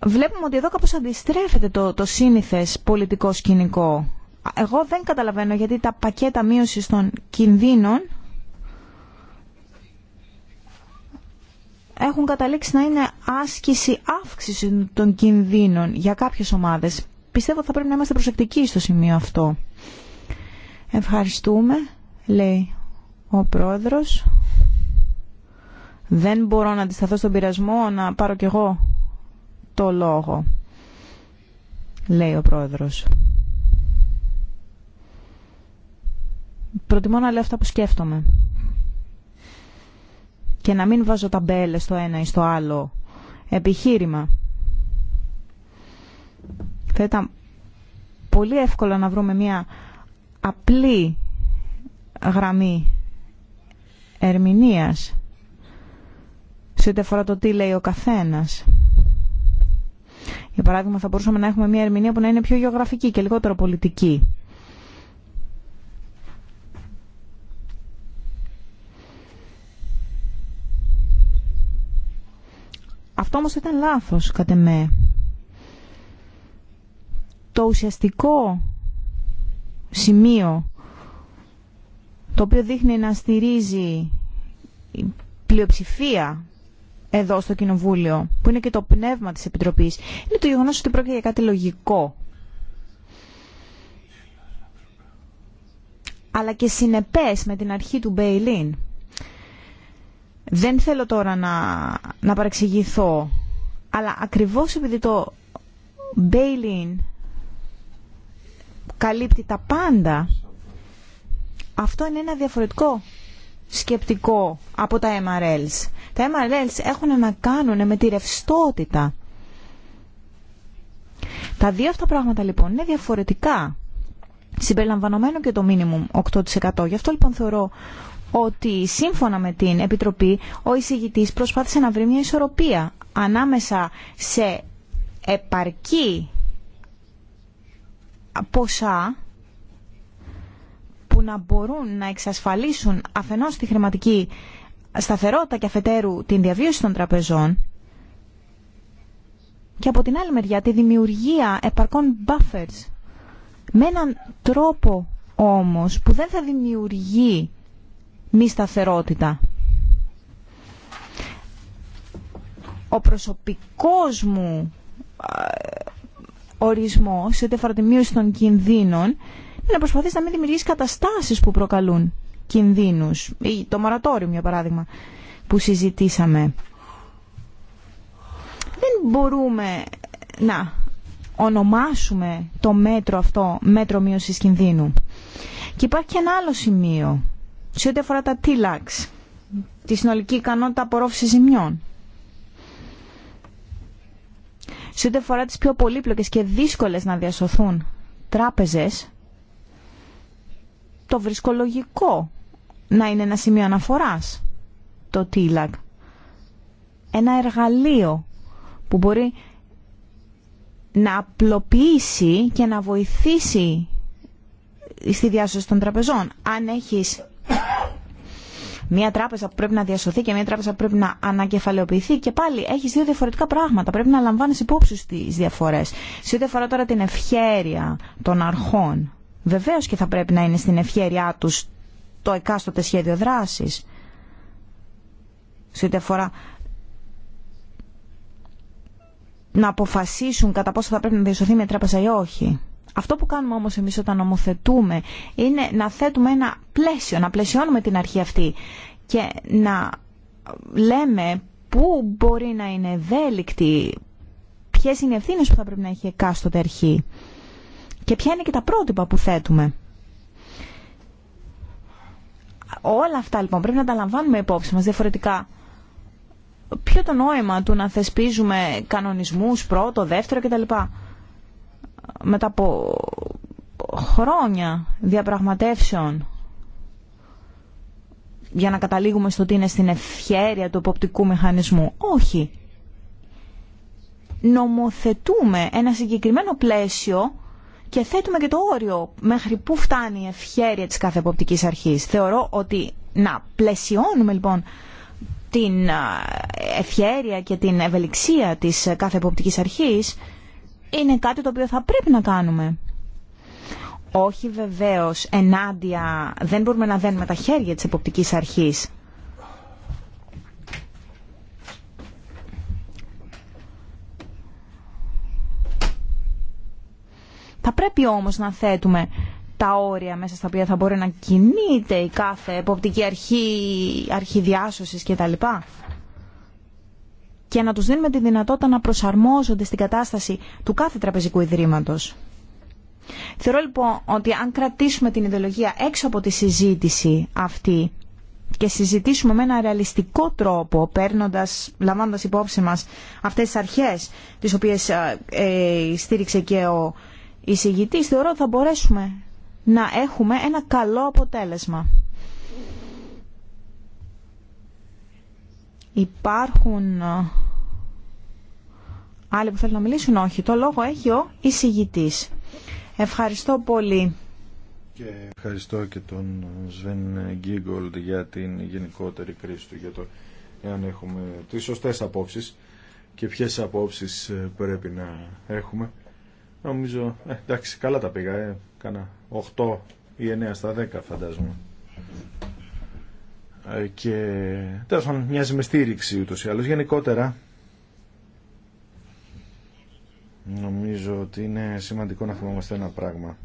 Βλέπουμε ότι εδώ κάπως αντιστρέφεται το, το σύνηθες πολιτικό σκηνικό εγώ δεν καταλαβαίνω γιατί τα πακέτα μείωσης των κινδύνων έχουν καταλήξει να είναι άσκηση αύξηση των κινδύνων για κάποιες ομάδες. Πιστεύω θα πρέπει να είμαστε προσεκτικοί στο σημείο αυτό. Ευχαριστούμε, λέει ο πρόεδρος. Δεν μπορώ να αντισταθώ στον πειρασμό να πάρω κι εγώ το λόγο, λέει ο πρόεδρος. προτιμώ να λέω αυτά που σκέφτομαι. Και να μην βάζω ταμπέλες στο ένα ή στο άλλο επιχείρημα. Θα ήταν πολύ εύκολο να βρούμε μια απλή γραμμή ερμηνείας σε ό,τι αφορά το τι λέει ο καθένας. Για παράδειγμα θα μπορούσαμε να έχουμε μια ερμηνεία που να είναι πιο γεωγραφική και λιγότερο πολιτική. Αυτό όμως ήταν λάθος κατά με. Το ουσιαστικό σημείο το οποίο δείχνει να στηρίζει η πλειοψηφία εδώ στο Κοινοβούλιο, που είναι και το πνεύμα της Επιτροπής, είναι το γεγονός ότι πρόκειται για κάτι λογικό. Αλλά και συνεπές με την αρχή του Μπέιλιν. Δεν θέλω τώρα να, να παρεξηγηθώ, αλλά ακριβώς επειδή το bail-in καλύπτει τα πάντα, αυτό είναι ένα διαφορετικό σκεπτικό από τα MRLs. Τα MRLs έχουν να κάνουν με τη ρευστότητα. Τα δύο αυτά πράγματα λοιπόν είναι διαφορετικά συμπεριλαμβανομένο και το μίνιμουμ 8%. Γι' αυτό λοιπόν θεωρώ ότι σύμφωνα με την Επιτροπή ο εισηγητής προσπάθησε να βρει μια ισορροπία ανάμεσα σε επαρκή ποσά που να μπορούν να εξασφαλίσουν αφενός τη χρηματική σταθερότητα και αφετέρου την διαβίωση των τραπεζών και από την άλλη μεριά τη δημιουργία επαρκών buffers με έναν τρόπο όμως που δεν θα δημιουργεί μη σταθερότητα. Ο προσωπικός μου ορισμός, σε αφορά τη μείωση των κινδύνων, είναι να προσπαθείς να μην δημιουργείς καταστάσεις που προκαλούν κινδύνους. Ή το μορατόριο, για παράδειγμα, που συζητήσαμε. Δεν μπορούμε να ονομάσουμε το μέτρο αυτό μέτρο μείωσης κινδύνου. Και υπάρχει και ένα άλλο σημείο σε ό,τι αφορά τα τίλαξ, τη συνολική ικανότητα απορρόφηση ζημιών, σε ό,τι αφορά τις πιο πολύπλοκες και δύσκολες να διασωθούν τράπεζες, το βρισκολογικό να είναι ένα σημείο αναφοράς το τιλάξ Ένα εργαλείο που μπορεί να απλοποιήσει και να βοηθήσει στη διάσωση των τραπεζών. Αν έχεις Μία τράπεζα που πρέπει να διασωθεί και μία τράπεζα που πρέπει να ανακεφαλαιοποιηθεί και πάλι έχει δύο διαφορετικά πράγματα. Πρέπει να λαμβάνει υπόψη τι διαφορέ. Σε ό,τι αφορά τώρα την ευχέρεια των αρχών, βεβαίω και θα πρέπει να είναι στην ευχέρειά του το εκάστοτε σχέδιο δράση. Σε ό,τι αφορά να αποφασίσουν κατά πόσο θα πρέπει να διασωθεί μια τράπεζα ή όχι. Αυτό που κάνουμε όμως εμείς όταν νομοθετούμε είναι να θέτουμε ένα πλαίσιο, να πλαισιώνουμε την αρχή αυτή και να λέμε πού μπορεί να είναι ευέλικτη, ποιες είναι οι ευθύνε που θα πρέπει να έχει εκάστοτε αρχή και ποια είναι και τα πρότυπα που θέτουμε. Όλα αυτά λοιπόν πρέπει να τα λαμβάνουμε υπόψη μας διαφορετικά. Ποιο το νόημα του να θεσπίζουμε κανονισμούς πρώτο, δεύτερο κτλ μετά από χρόνια διαπραγματεύσεων για να καταλήγουμε στο ότι είναι στην ευχέρεια του εποπτικού μηχανισμού. Όχι. Νομοθετούμε ένα συγκεκριμένο πλαίσιο και θέτουμε και το όριο μέχρι πού φτάνει η ευχέρεια της κάθε εποπτικής αρχής. Θεωρώ ότι να πλαισιώνουμε λοιπόν την ευχέρεια και την ευελιξία της κάθε εποπτικής αρχής είναι κάτι το οποίο θα πρέπει να κάνουμε. Όχι βεβαίως ενάντια, δεν μπορούμε να δένουμε τα χέρια της εποπτικής αρχής. Θα πρέπει όμως να θέτουμε τα όρια μέσα στα οποία θα μπορεί να κινείται η κάθε εποπτική αρχή, αρχή διάσωσης κτλ και να τους δίνουμε τη δυνατότητα να προσαρμόζονται στην κατάσταση του κάθε τραπεζικού ιδρύματος. Θεωρώ λοιπόν ότι αν κρατήσουμε την ιδεολογία έξω από τη συζήτηση αυτή και συζητήσουμε με ένα ρεαλιστικό τρόπο, παίρνοντας, λαμβάνοντας υπόψη μας αυτές τις αρχές τις οποίες ε, ε, στήριξε και ο εισηγητής, θεωρώ ότι θα μπορέσουμε να έχουμε ένα καλό αποτέλεσμα. Υπάρχουν ε, άλλοι που θέλουν να μιλήσουν. Όχι, το λόγο έχει ο εισηγητής. Ευχαριστώ πολύ. Και ευχαριστώ και τον Σβέν Γκίγκολτ για την γενικότερη κρίση του, για το εάν έχουμε τις σωστές απόψεις και ποιες απόψεις ε, πρέπει να έχουμε. Νομίζω, ε, εντάξει, καλά τα πήγα, ε, κάνα 8 ή 9 στα 10 φαντάζομαι. Ε, και τέλος πάντων μοιάζει με στήριξη ούτως ή άλλως. Γενικότερα νομίζω ότι είναι σημαντικό να θυμόμαστε ένα πράγμα.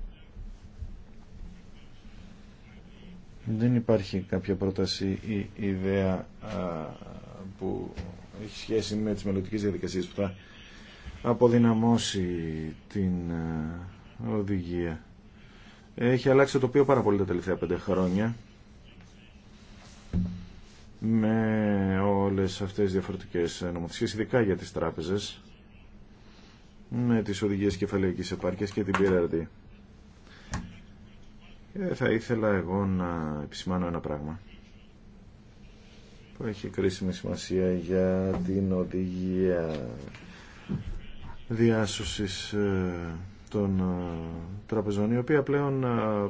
Δεν υπάρχει κάποια πρόταση ή ιδέα που έχει σχέση με τις μελλοντικές διαδικασίες που θα αποδυναμώσει την οδηγία. Έχει αλλάξει το τοπίο πάρα πολύ τα τελευταία πέντε χρόνια με όλες αυτές τις διαφορετικές νομοθεσίες, ειδικά για τις τράπεζες, με τις οδηγίες κεφαλαϊκής επάρκειας και την PRD. Ε, θα ήθελα εγώ να επισημάνω ένα πράγμα που έχει κρίσιμη σημασία για την οδηγία διάσωσης ε, των ε, τραπεζών, η οποία πλέον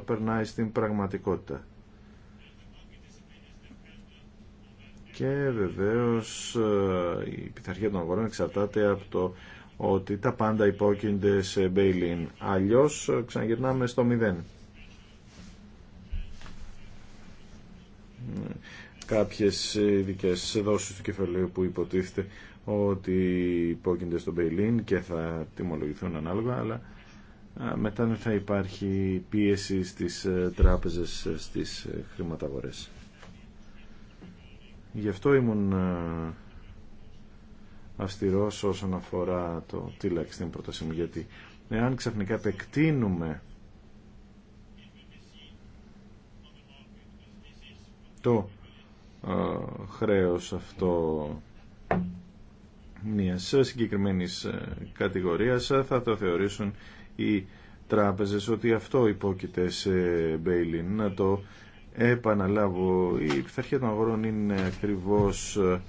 περνάει στην πραγματικότητα. και βεβαίως ε, η πειθαρχία των αγορών εξαρτάται από το ότι τα πάντα υπόκεινται σε bail-in. Αλλιώς ε, ξαναγυρνάμε στο μηδέν. Ναι. Κάποιες ειδικέ δόσεις του κεφαλαίου που υποτίθεται ότι υπόκεινται στο bail και θα τιμολογηθούν ανάλογα, αλλά ε, μετά δεν θα υπάρχει πίεση στις τράπεζες, στις χρηματαγορές. Γι' αυτό ήμουν ε, αυστηρός όσον αφορά το λέξει στην πρόταση μου, γιατί εάν ξαφνικά επεκτείνουμε το ε, χρέος αυτό μιας συγκεκριμένη ε, κατηγορία, θα το θεωρήσουν οι τράπεζες ότι αυτό υπόκειται σε Μπέιλιν να το επαναλάβω, η πειθαρχία των αγορών είναι ακριβώς ε,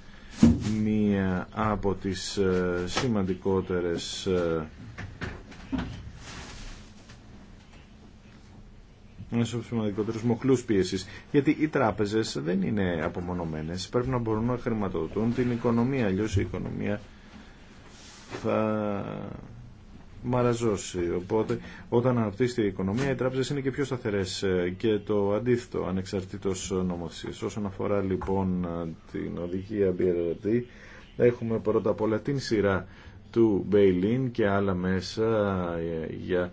μία από τις ε, σημαντικότερες ε, ένας από τους σημαντικότερους μοχλούς πίεσης. Γιατί οι τράπεζες δεν είναι απομονωμένες. Πρέπει να μπορούν να χρηματοδοτούν την οικονομία. Αλλιώς η οικονομία θα μαραζώσει. Οπότε όταν αναπτύσσεται η οικονομία οι τράπεζες είναι και πιο σταθερές ε, και το αντίθετο ανεξαρτήτως νομοθεσίας. Όσον αφορά λοιπόν την οδηγία BRD έχουμε πρώτα απ' όλα την σειρά του Μπέιλιν και άλλα μέσα ε, για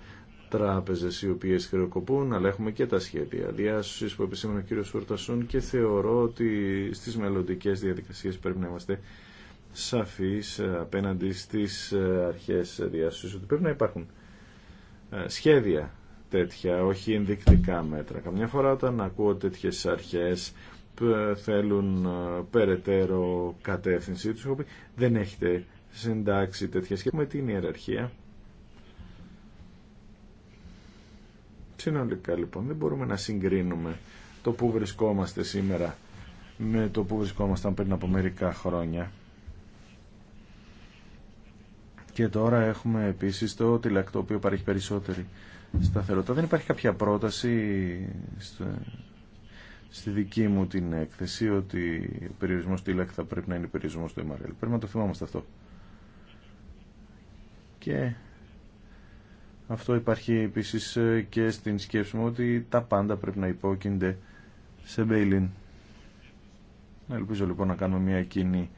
τράπεζες οι οποίες χρεοκοπούν αλλά έχουμε και τα σχέδια διάσωση που επισήμανε ο κύριος Φουρτασούν και θεωρώ ότι στι μελλοντικέ διαδικασίε πρέπει να είμαστε σαφής ε, απέναντι στις ε, αρχές διάσωσης ότι πρέπει να υπάρχουν ε, σχέδια τέτοια, όχι ενδεικτικά μέτρα. Καμιά φορά όταν ακούω τέτοιες αρχές θέλουν περαιτέρω κατεύθυνση τους, έχω δεν έχετε συντάξει τέτοια σχέδια με την ιεραρχία. Συνολικά λοιπόν δεν μπορούμε να συγκρίνουμε το που βρισκόμαστε σήμερα με το που βρισκόμασταν πριν από μερικά χρόνια. Και τώρα έχουμε επίσης το τηλεκτόπιο το οποίο παρέχει περισσότερη σταθερότητα. Δεν υπάρχει κάποια πρόταση στη δική μου την έκθεση ότι ο περιορισμός του θα πρέπει να είναι περιορισμός του MRL. Πρέπει να το θυμάμαστε αυτό. Και αυτό υπάρχει επίσης ε, και στην σκέψη μου ότι τα πάντα πρέπει να υπόκεινται σε Μπέιλιν. Ελπίζω λοιπόν να κάνουμε μια κοινή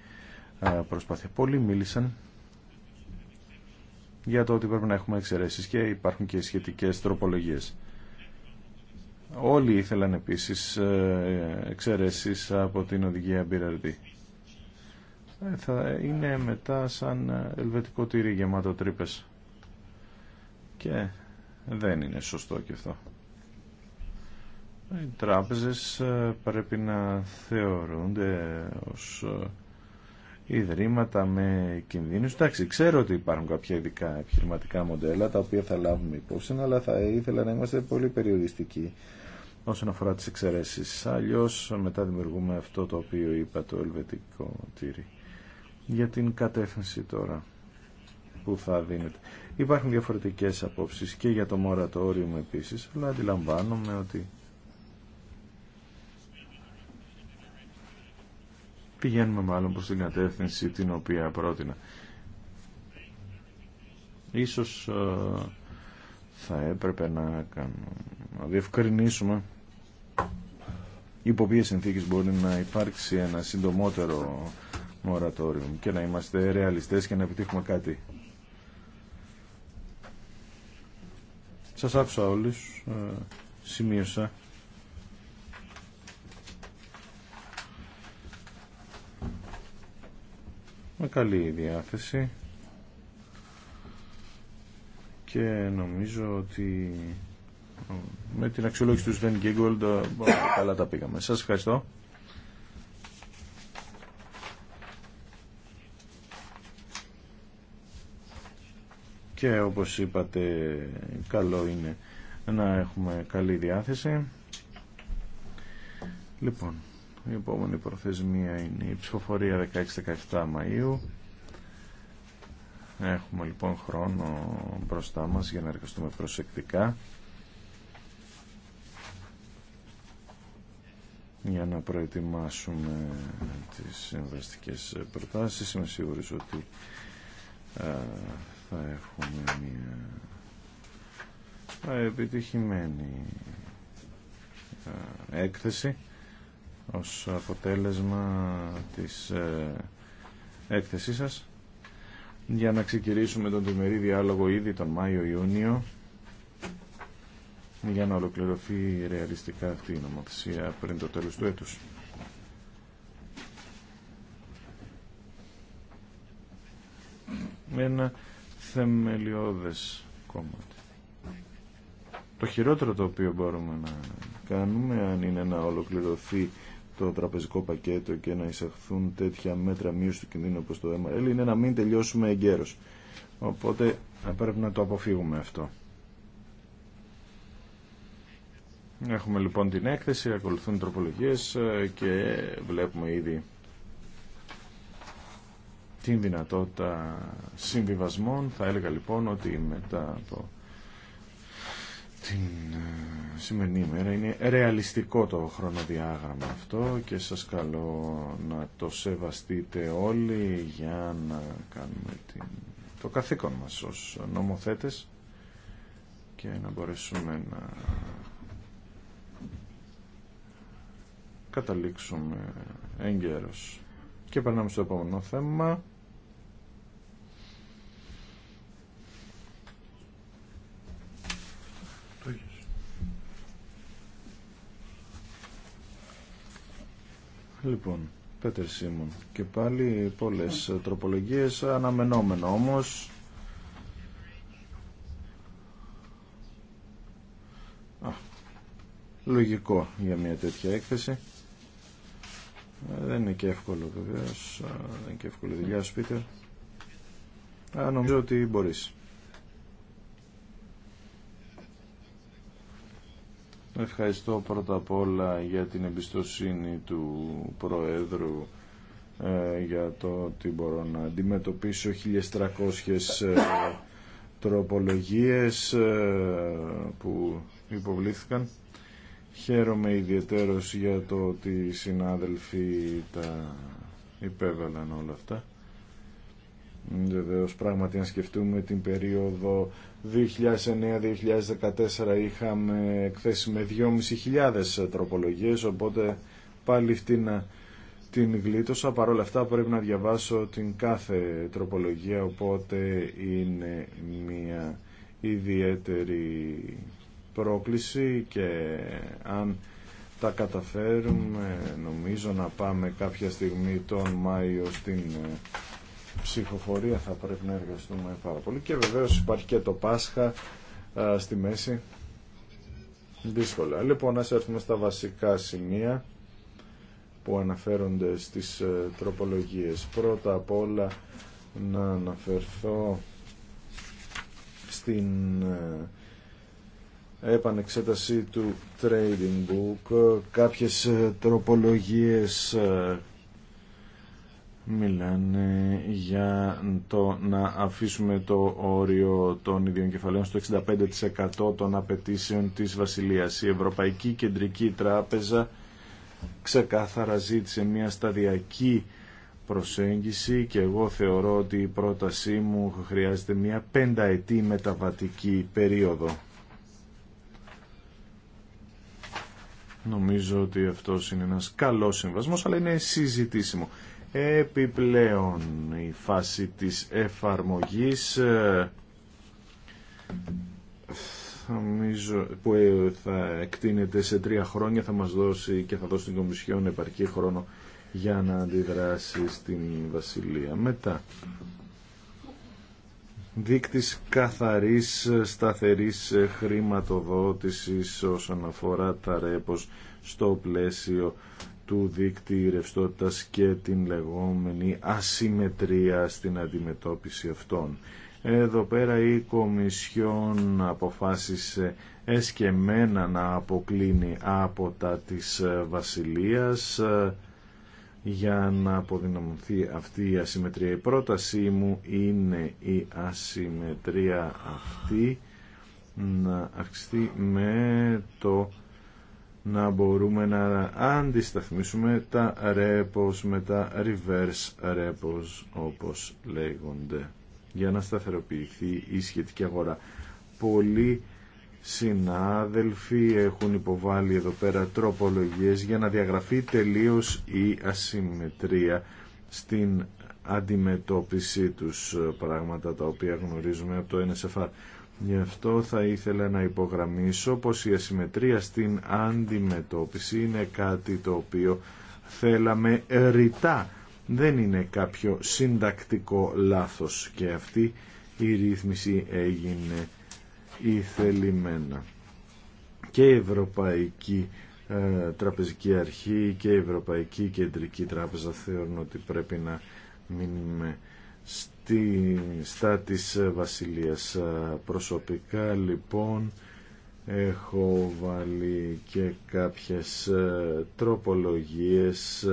ε, προσπάθεια. Πολλοί μίλησαν για το ότι πρέπει να έχουμε εξαιρέσει και υπάρχουν και σχετικέ τροπολογίες. Όλοι ήθελαν επίση ε, εξαιρέσει από την οδηγία BRD. Ε, θα είναι μετά σαν ελβετικό τυρί γεμάτο τρύπε. Και δεν είναι σωστό και αυτό. Οι τράπεζες ε, πρέπει να θεωρούνται ως ιδρύματα με κινδύνους. Εντάξει, ξέρω ότι υπάρχουν κάποια ειδικά επιχειρηματικά μοντέλα τα οποία θα λάβουμε υπόψη, αλλά θα ήθελα να είμαστε πολύ περιοριστικοί όσον αφορά τις εξαιρέσεις. Αλλιώς μετά δημιουργούμε αυτό το οποίο είπα το ελβετικό τύρι. Για την κατεύθυνση τώρα που θα δίνεται. Υπάρχουν διαφορετικές απόψεις και για το μορατόριο επίσης, αλλά αντιλαμβάνομαι ότι πηγαίνουμε μάλλον προς την κατεύθυνση την οποία πρότεινα. Ίσως ε, θα έπρεπε να, κάνουμε, να διευκρινίσουμε υπό ποιες συνθήκες μπορεί να υπάρξει ένα συντομότερο μορατόριο και να είμαστε ρεαλιστές και να επιτύχουμε κάτι. Σας άφησα όλους, ε, σημείωσα με καλή διάθεση και νομίζω ότι με την αξιολόγηση του Sven Giggold καλά τα πήγαμε. Σας ευχαριστώ. Και όπως είπατε καλό είναι να έχουμε καλή διάθεση. Λοιπόν. Η επόμενη προθεσμία είναι η ψηφοφορία 16-17 Μαΐου. Έχουμε λοιπόν χρόνο μπροστά μας για να εργαστούμε προσεκτικά. για να προετοιμάσουμε τις συμβαστικές προτάσεις. Είμαι σίγουρος ότι θα έχουμε μια επιτυχημένη έκθεση ως αποτέλεσμα της ε, έκθεσής σας για να ξεκινήσουμε τον τριμερή διάλογο ήδη τον Μάιο-Ιούνιο για να ολοκληρωθεί ρεαλιστικά αυτή η νομοθεσία πριν το τέλος του έτους. Ένα θεμελιώδες κόμμα. Το χειρότερο το οποίο μπορούμε να κάνουμε, αν είναι να ολοκληρωθεί το τραπεζικό πακέτο και να εισαχθούν τέτοια μέτρα μείωση του κινδύνου όπως το MRL είναι να μην τελειώσουμε εγκαίρω. Οπότε ε, πρέπει να το αποφύγουμε αυτό. Έχουμε λοιπόν την έκθεση, ακολουθούν τροπολογίες ε, και βλέπουμε ήδη την δυνατότητα συμβιβασμών. Θα έλεγα λοιπόν ότι μετά το την ε, σημερινή ημέρα. Είναι ρεαλιστικό το χρονοδιάγραμμα αυτό και σας καλώ να το σεβαστείτε όλοι για να κάνουμε την... το καθήκον μας ως νομοθέτες και να μπορέσουμε να καταλήξουμε έγκαιρος. Και περνάμε στο επόμενο θέμα. Λοιπόν, Πέτερ Σίμων και πάλι πολλές τροπολογίες αναμενόμενο όμως Α, λογικό για μια τέτοια έκθεση ε, δεν είναι και εύκολο βεβαίω, δεν είναι και εύκολο δουλειά σου Πίτερ νομίζω ότι μπορείς Ευχαριστώ πρώτα απ' όλα για την εμπιστοσύνη του Προέδρου ε, για το ότι μπορώ να αντιμετωπίσω 1300 ε, τροπολογίες ε, που υποβλήθηκαν. Χαίρομαι ιδιαίτερος για το ότι οι συνάδελφοι τα υπέβαλαν όλα αυτά. Βεβαίω πράγματι αν σκεφτούμε την περίοδο 2009-2014 είχαμε εκθέσει με 2.500 τροπολογίες οπότε πάλι φτύνα την γλίτωσα. Παρ' όλα αυτά πρέπει να διαβάσω την κάθε τροπολογία οπότε είναι μια ιδιαίτερη πρόκληση και αν τα καταφέρουμε νομίζω να πάμε κάποια στιγμή τον Μάιο στην ψυχοφορία θα πρέπει να εργαστούμε πάρα πολύ και βεβαίως υπάρχει και το Πάσχα στη μέση δύσκολα. Λοιπόν, να έρθουμε στα βασικά σημεία που αναφέρονται στις ε, τροπολογίες. Πρώτα απ' όλα να αναφερθώ στην ε, επανεξέταση του Trading Book. Κάποιες ε, τροπολογίες μιλάνε για το να αφήσουμε το όριο των ιδιών κεφαλαίων στο 65% των απαιτήσεων της Βασιλείας. Η Ευρωπαϊκή Κεντρική Τράπεζα ξεκάθαρα ζήτησε μια σταδιακή προσέγγιση και εγώ θεωρώ ότι η πρότασή μου χρειάζεται μια πενταετή μεταβατική περίοδο. Νομίζω ότι αυτός είναι ένας καλός συμβασμός, αλλά είναι συζητήσιμο. Επιπλέον η φάση της εφαρμογής ε, που ε, θα εκτείνεται σε τρία χρόνια θα μας δώσει και θα δώσει την Κομισιόν επαρκή χρόνο για να αντιδράσει στην Βασιλεία. Μετά, δείκτης καθαρής σταθερής χρηματοδότησης όσον αφορά τα ρέπος στο πλαίσιο του δίκτυου ρευστότητα και την λεγόμενη ασυμμετρία στην αντιμετώπιση αυτών. Εδώ πέρα η Κομισιόν αποφάσισε εσκεμένα να αποκλίνει από τα της Βασιλείας ε, για να αποδυναμωθεί αυτή η ασυμμετρία. Η πρότασή μου είναι η ασυμμετρία αυτή να αυξηθεί με το να μπορούμε να αντισταθμίσουμε τα repos με τα reverse repos όπως λέγονται για να σταθεροποιηθεί η σχετική αγορά. Πολλοί συνάδελφοι έχουν υποβάλει εδώ πέρα τροπολογίες για να διαγραφεί τελείως η ασυμμετρία στην αντιμετώπιση τους πράγματα τα οποία γνωρίζουμε από το NSFR. Γι' αυτό θα ήθελα να υπογραμμίσω πως η ασυμμετρία στην αντιμετώπιση είναι κάτι το οποίο θέλαμε ρητά. Δεν είναι κάποιο συντακτικό λάθος και αυτή η ρύθμιση έγινε ηθελημένα. Και η Ευρωπαϊκή ε, Τραπεζική Αρχή και η Ευρωπαϊκή Κεντρική Τράπεζα θεωρούν ότι πρέπει να μείνουμε στη, στα της ε, Βασιλείας. Ε, προσωπικά λοιπόν έχω βάλει και κάποιες ε, τροπολογίες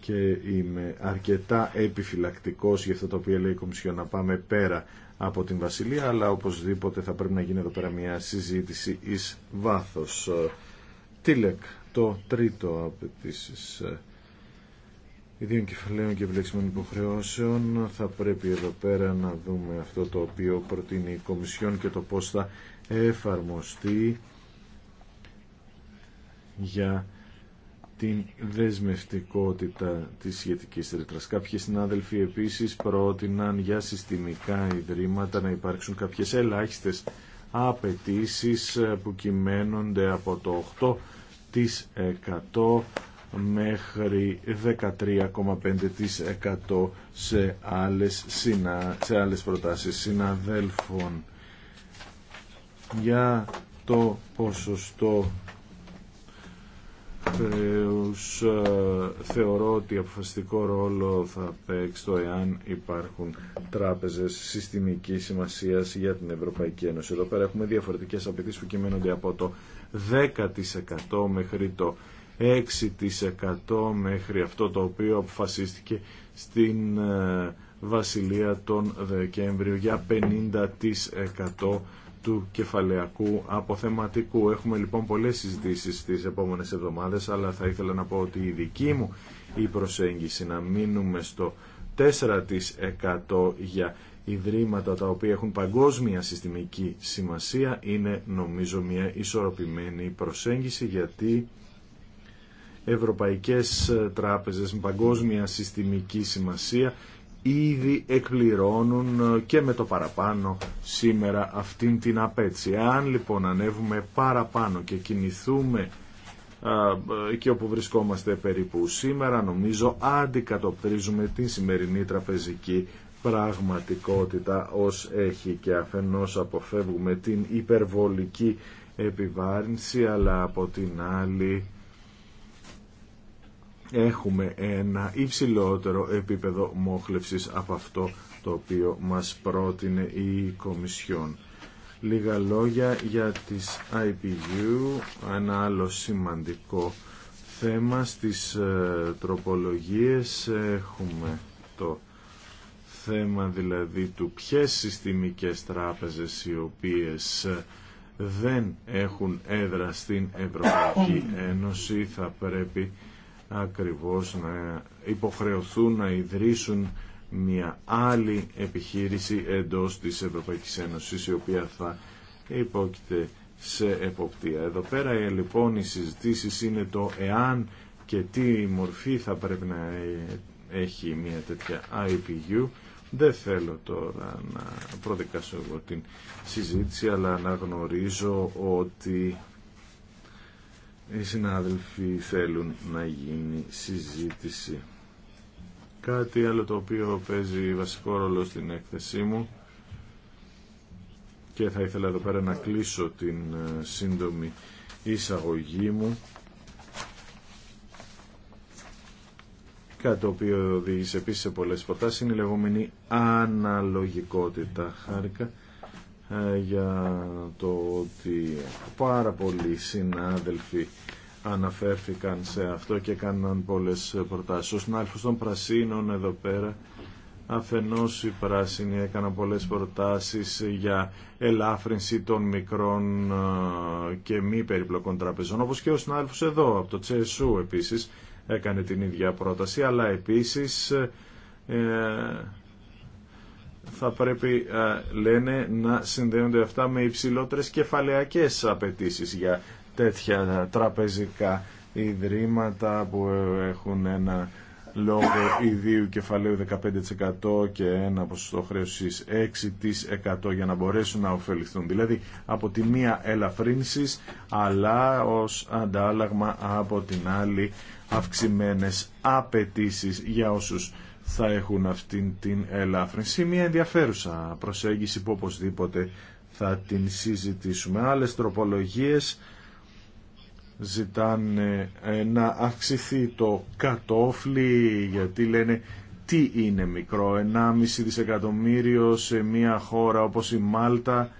και είμαι αρκετά επιφυλακτικός για αυτό το οποίο λέει η Κομισιό να πάμε πέρα από την Βασιλεία, αλλά οπωσδήποτε θα πρέπει να γίνει εδώ πέρα μια συζήτηση εις βάθος. Τίλεκ, το τρίτο απαιτήσεις ιδίων κεφαλαίων και επιλέξιμων υποχρεώσεων θα πρέπει εδώ πέρα να δούμε αυτό το οποίο προτείνει η Κομισιόν και το πώς θα εφαρμοστεί για την δεσμευτικότητα της σχετικής ρήτρας. Κάποιοι συνάδελφοι επίσης πρότειναν για συστημικά ιδρύματα να υπάρξουν κάποιες ελάχιστες απαιτήσει που κυμαίνονται από το 8% μέχρι 13,5% σε άλλες, συνα... σε άλλες προτάσεις συναδέλφων για το ποσοστό χρέους ε, θεωρώ ότι αποφασιστικό ρόλο θα παίξει το εάν υπάρχουν τράπεζες συστημικής σημασίας για την Ευρωπαϊκή Ένωση. Εδώ πέρα έχουμε διαφορετικές απαιτήσεις που κυμαίνονται από το 10% μέχρι το 6% μέχρι αυτό το οποίο αποφασίστηκε στην ε, Βασιλεία τον Δεκέμβριο για 50% του κεφαλαιακού αποθεματικού. Έχουμε λοιπόν πολλές συζητήσεις στις επόμενες εβδομάδες, αλλά θα ήθελα να πω ότι η δική μου η προσέγγιση να μείνουμε στο 4% για ιδρύματα τα οποία έχουν παγκόσμια συστημική σημασία είναι νομίζω μια ισορροπημένη προσέγγιση γιατί ευρωπαϊκές ε, τράπεζες με παγκόσμια συστημική σημασία ήδη εκπληρώνουν ε, και με το παραπάνω σήμερα αυτήν την απέτηση. Αν λοιπόν ανέβουμε παραπάνω και κινηθούμε ε, εκεί όπου βρισκόμαστε περίπου σήμερα, νομίζω αντικατοπτρίζουμε την σημερινή τραπεζική πραγματικότητα ως έχει και αφενός αποφεύγουμε την υπερβολική επιβάρυνση αλλά από την άλλη έχουμε ένα υψηλότερο επίπεδο μόχλευσης από αυτό το οποίο μας πρότεινε η Κομισιόν. Λίγα λόγια για τις IPU, ένα άλλο σημαντικό θέμα στις ε, τροπολογίες έχουμε το θέμα δηλαδή του ποιες συστημικές τράπεζες οι οποίες ε, δεν έχουν έδρα στην Ευρωπαϊκή Ένωση θα πρέπει ακριβώς να υποχρεωθούν να ιδρύσουν μια άλλη επιχείρηση εντός της Ευρωπαϊκής Ένωσης η οποία θα υπόκειται σε εποπτεία. Εδώ πέρα ε, λοιπόν οι συζητήσει είναι το εάν και τι μορφή θα πρέπει να ε, έχει μια τέτοια IPU. Δεν θέλω τώρα να προδικάσω εγώ την συζήτηση αλλά να γνωρίζω ότι οι συνάδελφοι θέλουν να γίνει συζήτηση. Κάτι άλλο το οποίο παίζει βασικό ρόλο στην έκθεσή μου και θα ήθελα εδώ πέρα να κλείσω την ε, σύντομη εισαγωγή μου κάτι το οποίο οδήγησε επίσης σε πολλές προτάσεις είναι η λεγόμενη αναλογικότητα χάρηκα ε, για το ότι πάρα πολλοί συνάδελφοι αναφέρθηκαν σε αυτό και έκαναν πολλές προτάσεις. Ο συνάδελφος των Πρασίνων εδώ πέρα αφενός οι Πράσινοι έκαναν πολλές προτάσεις για ελάφρυνση των μικρών ε, και μη περιπλοκών τραπεζών όπως και ο συνάδελφος εδώ από το Τσεσού επίσης έκανε την ίδια πρόταση αλλά επίσης ε, θα πρέπει, λένε, να συνδέονται αυτά με υψηλότερες κεφαλαιακές απαιτήσεις για τέτοια τραπεζικά ιδρύματα που έχουν ένα λόγο ιδίου κεφαλαίου 15% και ένα ποσοστό χρέωσης 6% για να μπορέσουν να ωφεληθούν. Δηλαδή από τη μία ελαφρύνσης αλλά ως αντάλλαγμα από την άλλη αυξημένες απαιτήσει για όσους θα έχουν αυτήν την ελάφρυνση. Μια ενδιαφέρουσα προσέγγιση που οπωσδήποτε θα την συζητήσουμε. Άλλες τροπολογίες ζητάνε ε, να αυξηθεί το κατόφλι γιατί λένε τι είναι μικρό, 1,5 δισεκατομμύριο σε μια χώρα όπως η Μάλτα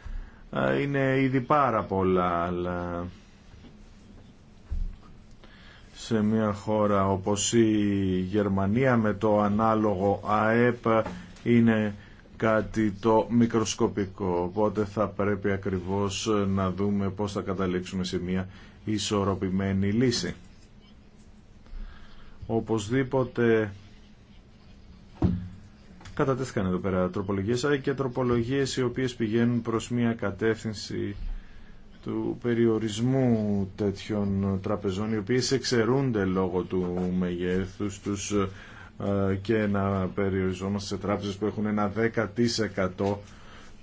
ε, είναι ήδη πάρα πολλά σε μια χώρα όπως η Γερμανία με το ανάλογο ΑΕΠ είναι κάτι το μικροσκοπικό. Οπότε θα πρέπει ακριβώς να δούμε πώς θα καταλήξουμε σε μια ισορροπημένη λύση. Οπωσδήποτε κατατέθηκαν εδώ πέρα τροπολογίες και τροπολογίες οι οποίες πηγαίνουν προς μια κατεύθυνση του περιορισμού τέτοιων τραπεζών οι οποίες εξαιρούνται λόγω του μεγέθους τους ε, και να περιοριζόμαστε σε τράπεζες που έχουν ένα 10%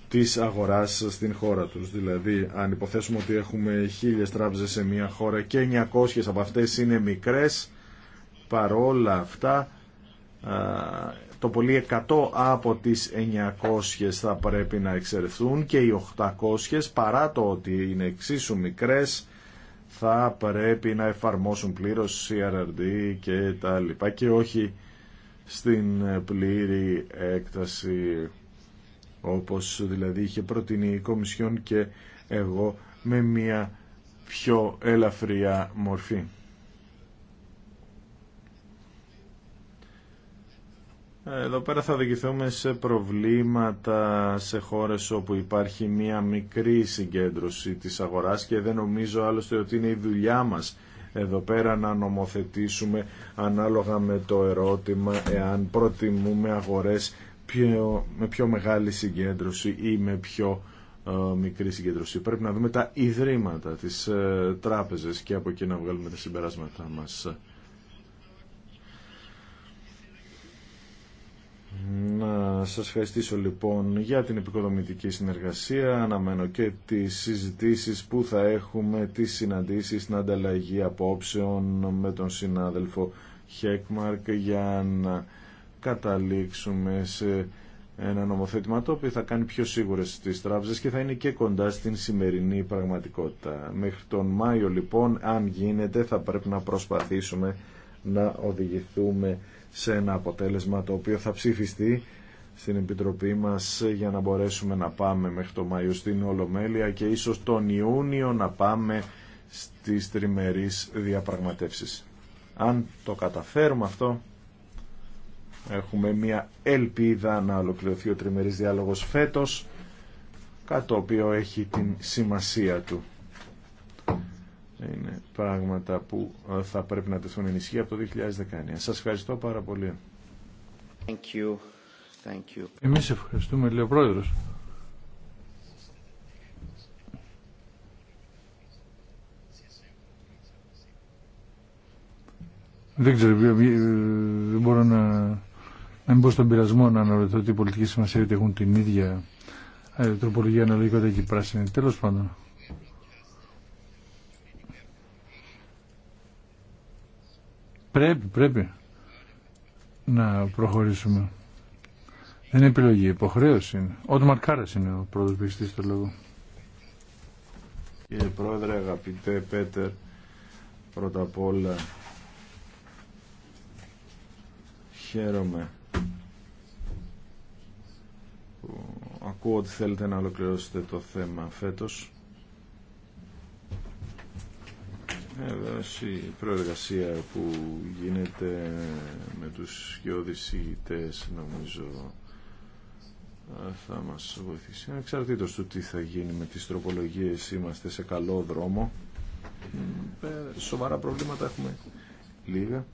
της αγοράς στην χώρα τους. Δηλαδή, αν υποθέσουμε ότι έχουμε χίλιες τράπεζες σε μια χώρα και 900 από αυτές είναι μικρές, παρόλα αυτά ε, το πολύ 100 από τις 900 θα πρέπει να εξερευθούν και οι 800 παρά το ότι είναι εξίσου μικρές θα πρέπει να εφαρμόσουν πλήρως CRRD και τα λοιπά και όχι στην πλήρη έκταση όπως δηλαδή είχε προτείνει η Κομισιόν και εγώ με μια πιο ελαφριά μορφή. Εδώ πέρα θα οδηγηθούμε σε προβλήματα σε χώρες όπου υπάρχει μία μικρή συγκέντρωση της αγοράς και δεν νομίζω άλλωστε ότι είναι η δουλειά μας εδώ πέρα να νομοθετήσουμε ανάλογα με το ερώτημα εάν προτιμούμε αγορές πιο, με πιο μεγάλη συγκέντρωση ή με πιο ε, μικρή συγκέντρωση. Πρέπει να δούμε τα ιδρύματα, της ε, τράπεζες και από εκεί να βγάλουμε τα συμπεράσματα μας. Να σας ευχαριστήσω λοιπόν για την επικοδομητική συνεργασία. Αναμένω και τις συζητήσεις που θα έχουμε, τις συναντήσεις, την ανταλλαγή απόψεων με τον συνάδελφο Χέκμαρκ για να καταλήξουμε σε ένα νομοθέτημα το οποίο θα κάνει πιο σίγουρες τις τράπεζες και θα είναι και κοντά στην σημερινή πραγματικότητα. Μέχρι τον Μάιο λοιπόν, αν γίνεται, θα πρέπει να προσπαθήσουμε να οδηγηθούμε σε ένα αποτέλεσμα το οποίο θα ψηφιστεί στην Επιτροπή μας για να μπορέσουμε να πάμε μέχρι το Μαΐο στην Ολομέλεια και ίσως τον Ιούνιο να πάμε στις τριμερείς διαπραγματεύσεις. Αν το καταφέρουμε αυτό, έχουμε μια ελπίδα να ολοκληρωθεί ο τριμερής διάλογος φέτος, κάτι το οποίο έχει την σημασία του είναι πράγματα που ε, θα πρέπει να τεθούν ενισχύ από το 2019. Σας ευχαριστώ πάρα πολύ. Thank you. Thank you. Εμείς ευχαριστούμε, λέει ο Πρόεδρος. Δεν ξέρω, ε, ε, δεν μπορώ να, να μην πω στον πειρασμό να αναρωτηθώ ότι οι πολιτικοί μας έχουν την ίδια τροπολογία αναλογικότητα και πράσινη. Τέλος πάντων. Πρέπει, πρέπει να προχωρήσουμε. Δεν είναι επιλογή, υποχρέωση είναι. Ο Μαρκάρας είναι ο πρώτος πληστής του λόγο. Κύριε Πρόεδρε, αγαπητέ Πέτερ, πρώτα απ' όλα χαίρομαι που ακούω ότι θέλετε να ολοκληρώσετε το θέμα φέτος Βεβαίως η προεργασία που γίνεται με τους γεωδησίτες νομίζω θα μας βοηθήσει. Εξαρτήτως του τι θα γίνει με τις τροπολογίες είμαστε σε καλό δρόμο. Ε, σοβαρά προβλήματα έχουμε λίγα.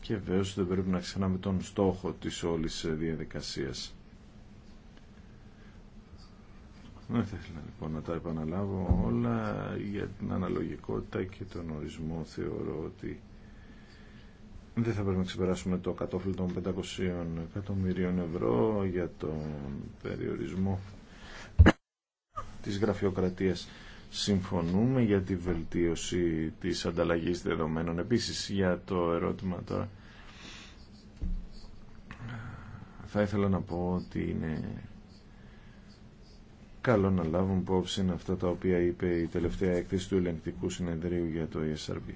Και βέβαια δεν πρέπει να ξεχνάμε τον στόχο της όλης διαδικασίας. Δεν ναι, θα ήθελα λοιπόν να τα επαναλάβω όλα για την αναλογικότητα και τον ορισμό θεωρώ ότι δεν θα πρέπει να ξεπεράσουμε το κατόφλι των 500 εκατομμυρίων ευρώ για τον περιορισμό της γραφειοκρατίας. Συμφωνούμε για τη βελτίωση της ανταλλαγής δεδομένων. Επίσης για το ερώτημα τώρα θα ήθελα να πω ότι είναι καλό να λάβουν υπόψη αυτά τα οποία είπε η τελευταία έκθεση του ελεγκτικού συνεδρίου για το ESRB.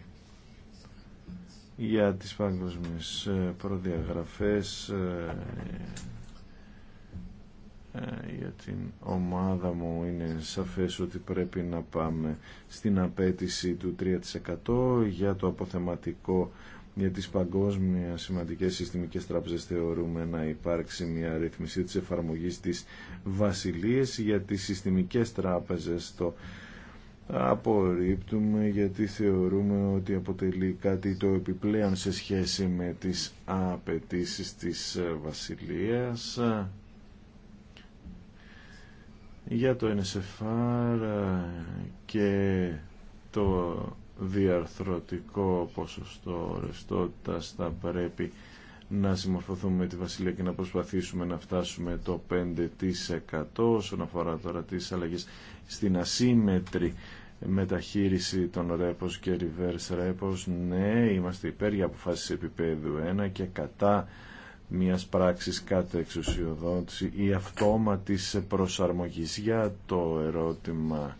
Για τις παγκόσμιες ε, προδιαγραφές ε, ε, για την ομάδα μου είναι σαφές ότι πρέπει να πάμε στην απέτηση του 3% για το αποθεματικό για τις παγκόσμια σημαντικές συστημικές τράπεζες θεωρούμε να υπάρξει μια ρύθμιση της εφαρμογής της βασιλείας για τις συστημικές τράπεζες το απορρίπτουμε γιατί θεωρούμε ότι αποτελεί κάτι το επιπλέον σε σχέση με τις απαιτήσει της βασιλείας για το NSFR και το διαρθρωτικό ποσοστό ρευστότητας θα πρέπει να συμμορφωθούμε με τη Βασιλεία και να προσπαθήσουμε να φτάσουμε το 5% όσον αφορά τώρα τις αλλαγές στην ασύμετρη μεταχείριση των ρέπος και reverse ρέπος. Ναι, είμαστε υπέρ για αποφάσεις επίπεδου 1 και κατά μιας πράξης κάτω εξουσιοδότηση ή αυτόματης προσαρμογής για το ερώτημα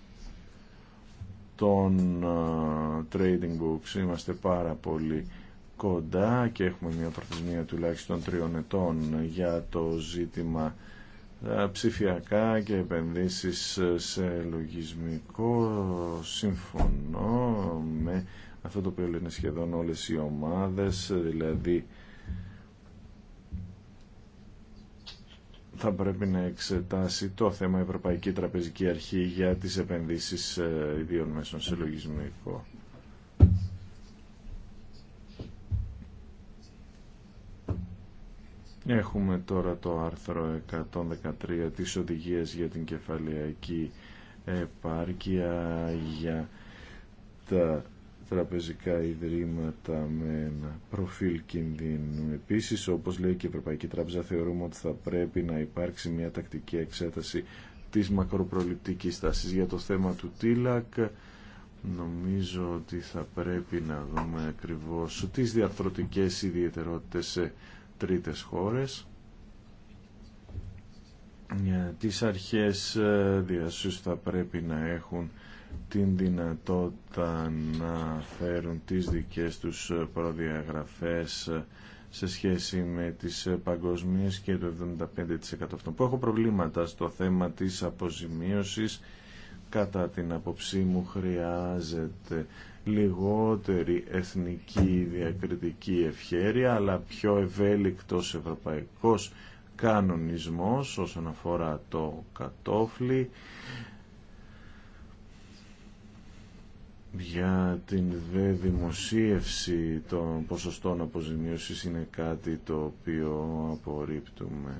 των ε, trading books είμαστε πάρα πολύ κοντά και έχουμε μια προθεσμία τουλάχιστον τριών ετών για το ζήτημα ε, ψηφιακά και επενδύσεις σε λογισμικό συμφωνώ με αυτό το οποίο λένε σχεδόν όλες οι ομάδες δηλαδή θα πρέπει να εξετάσει το θέμα Ευρωπαϊκή Τραπεζική Αρχή για τις επενδύσεις ε, ιδίων μέσων σε λογισμικό. Έχουμε τώρα το άρθρο 113 της Οδηγίας για την Κεφαλαιακή Επάρκεια για τα τραπεζικά ιδρύματα με ένα προφίλ κινδύνου. Επίσης, όπως λέει και η Ευρωπαϊκή Τράπεζα, θεωρούμε ότι θα πρέπει να υπάρξει μια τακτική εξέταση της μακροπροληπτικής τάσης για το θέμα του ΤΙΛΑΚ. Νομίζω ότι θα πρέπει να δούμε ακριβώς τις διαρθρωτικές ιδιαιτερότητες σε τρίτες χώρες τις αρχές ε, διασύσου θα πρέπει να έχουν την δυνατότητα να φέρουν τις δικές τους προδιαγραφές σε σχέση με τις παγκοσμίες και το 75% αυτών που έχω προβλήματα στο θέμα της αποζημίωσης κατά την απόψή μου χρειάζεται λιγότερη εθνική διακριτική ευχέρεια αλλά πιο ευέλικτος ευρωπαϊκός κανονισμός όσον αφορά το κατόφλι για την δε δημοσίευση των ποσοστών αποζημίωσης είναι κάτι το οποίο απορρίπτουμε.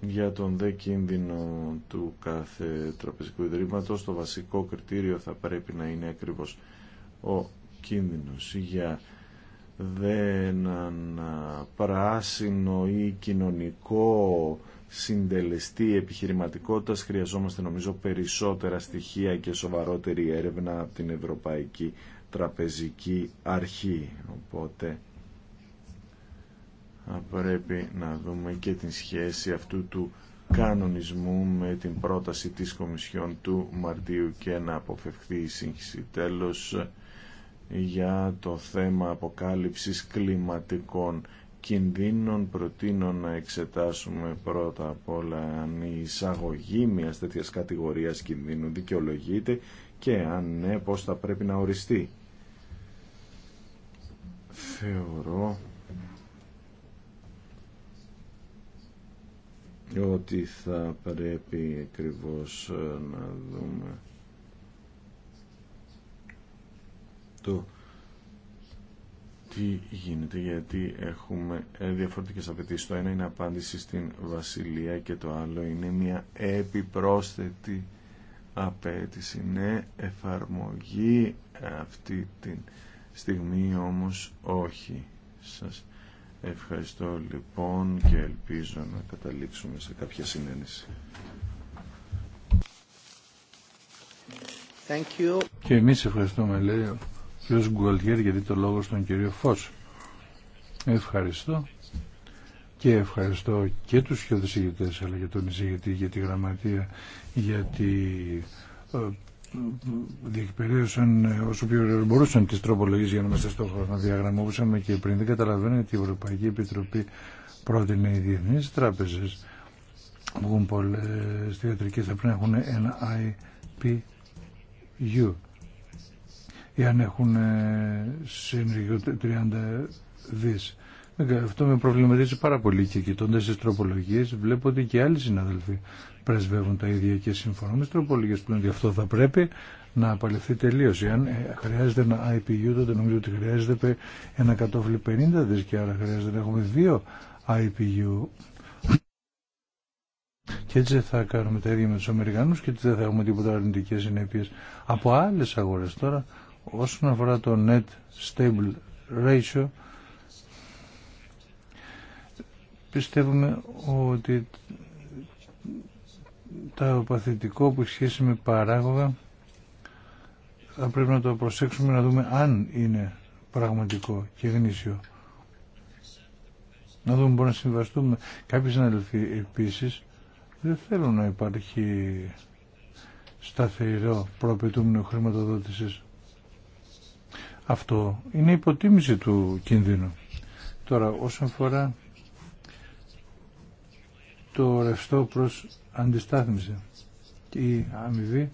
Για τον δε κίνδυνο του κάθε τραπεζικού ιδρύματος το βασικό κριτήριο θα πρέπει να είναι ακριβώς ο κίνδυνος για δεν πράσινο ή κοινωνικό συντελεστή επιχειρηματικότητας χρειαζόμαστε νομίζω περισσότερα στοιχεία και σοβαρότερη έρευνα από την Ευρωπαϊκή Τραπεζική Αρχή. Οπότε θα πρέπει να δούμε και την σχέση αυτού του κανονισμού με την πρόταση της Κομισιόν του Μαρτίου και να αποφευχθεί η σύγχυση. Τέλος, για το θέμα αποκάλυψης κλιματικών κινδύνων προτείνω να εξετάσουμε πρώτα απ' όλα αν η εισαγωγή μιας τέτοιας κατηγορίας κινδύνου δικαιολογείται και αν ναι πώς θα πρέπει να οριστεί. Θεωρώ ότι θα πρέπει ακριβώ να δούμε το τι γίνεται γιατί έχουμε ε, διαφορετικές απαιτήσεις. Το ένα είναι απάντηση στην Βασιλεία και το άλλο είναι μια επιπρόσθετη απέτηση. Ναι, εφαρμογή αυτή τη στιγμή όμως όχι. Σας ευχαριστώ λοιπόν και ελπίζω να καταλήξουμε σε κάποια συνένεση. Thank you. Και εμείς ευχαριστούμε, λέει κύριος Γκουαλτιέρ γιατί το λόγο στον κύριο Φως. Ευχαριστώ και ευχαριστώ και τους χιοδησηγητές αλλά και τον εισηγητή για τη γραμματεία γιατί ε, διεκπαιρέωσαν ε, όσο πιο μπορούσαν τις τροπολογίες για να είμαστε στο χρόνο διαγραμμόπουσαμε και πριν δεν καταλαβαίνω ότι η Ευρωπαϊκή Επιτροπή πρότεινε οι διεθνείς τράπεζες που έχουν πολλές θεατρικές θα πρέπει να έχουν ένα IPU ή αν έχουν ε, σύνδεγιο 30 δις. Αυτό με προβληματίζει πάρα πολύ και κοιτώντα τι τροπολογίε βλέπω ότι και άλλοι συναδελφοί πρεσβεύουν τα ίδια και συμφωνώ με τι τροπολογίε που λένε ότι αυτό θα πρέπει να απαλληφθεί τελείω. Εάν ε, χρειάζεται ένα IPU, τότε νομίζω ότι χρειάζεται ένα κατόφλι 50 δι και άρα χρειάζεται να έχουμε δύο IPU. Και έτσι θα κάνουμε τα ίδια με του Αμερικανού και δεν θα έχουμε τίποτα αρνητικέ συνέπειε από άλλε αγορέ τώρα Όσον αφορά το net stable ratio, πιστεύουμε ότι τα παθητικό που σχέση με παράγωγα θα πρέπει να το προσέξουμε να δούμε αν είναι πραγματικό και γνήσιο. Να δούμε μπορεί να συμβαστούμε. Κάποιοι συναδελφοί επίσης δεν θέλουν να υπάρχει σταθερό προαπαιτούμενο χρηματοδότησης. Αυτό είναι υποτίμηση του κινδύνου. Τώρα όσον αφορά το ρευστό προς αντιστάθμιση η αμοιβή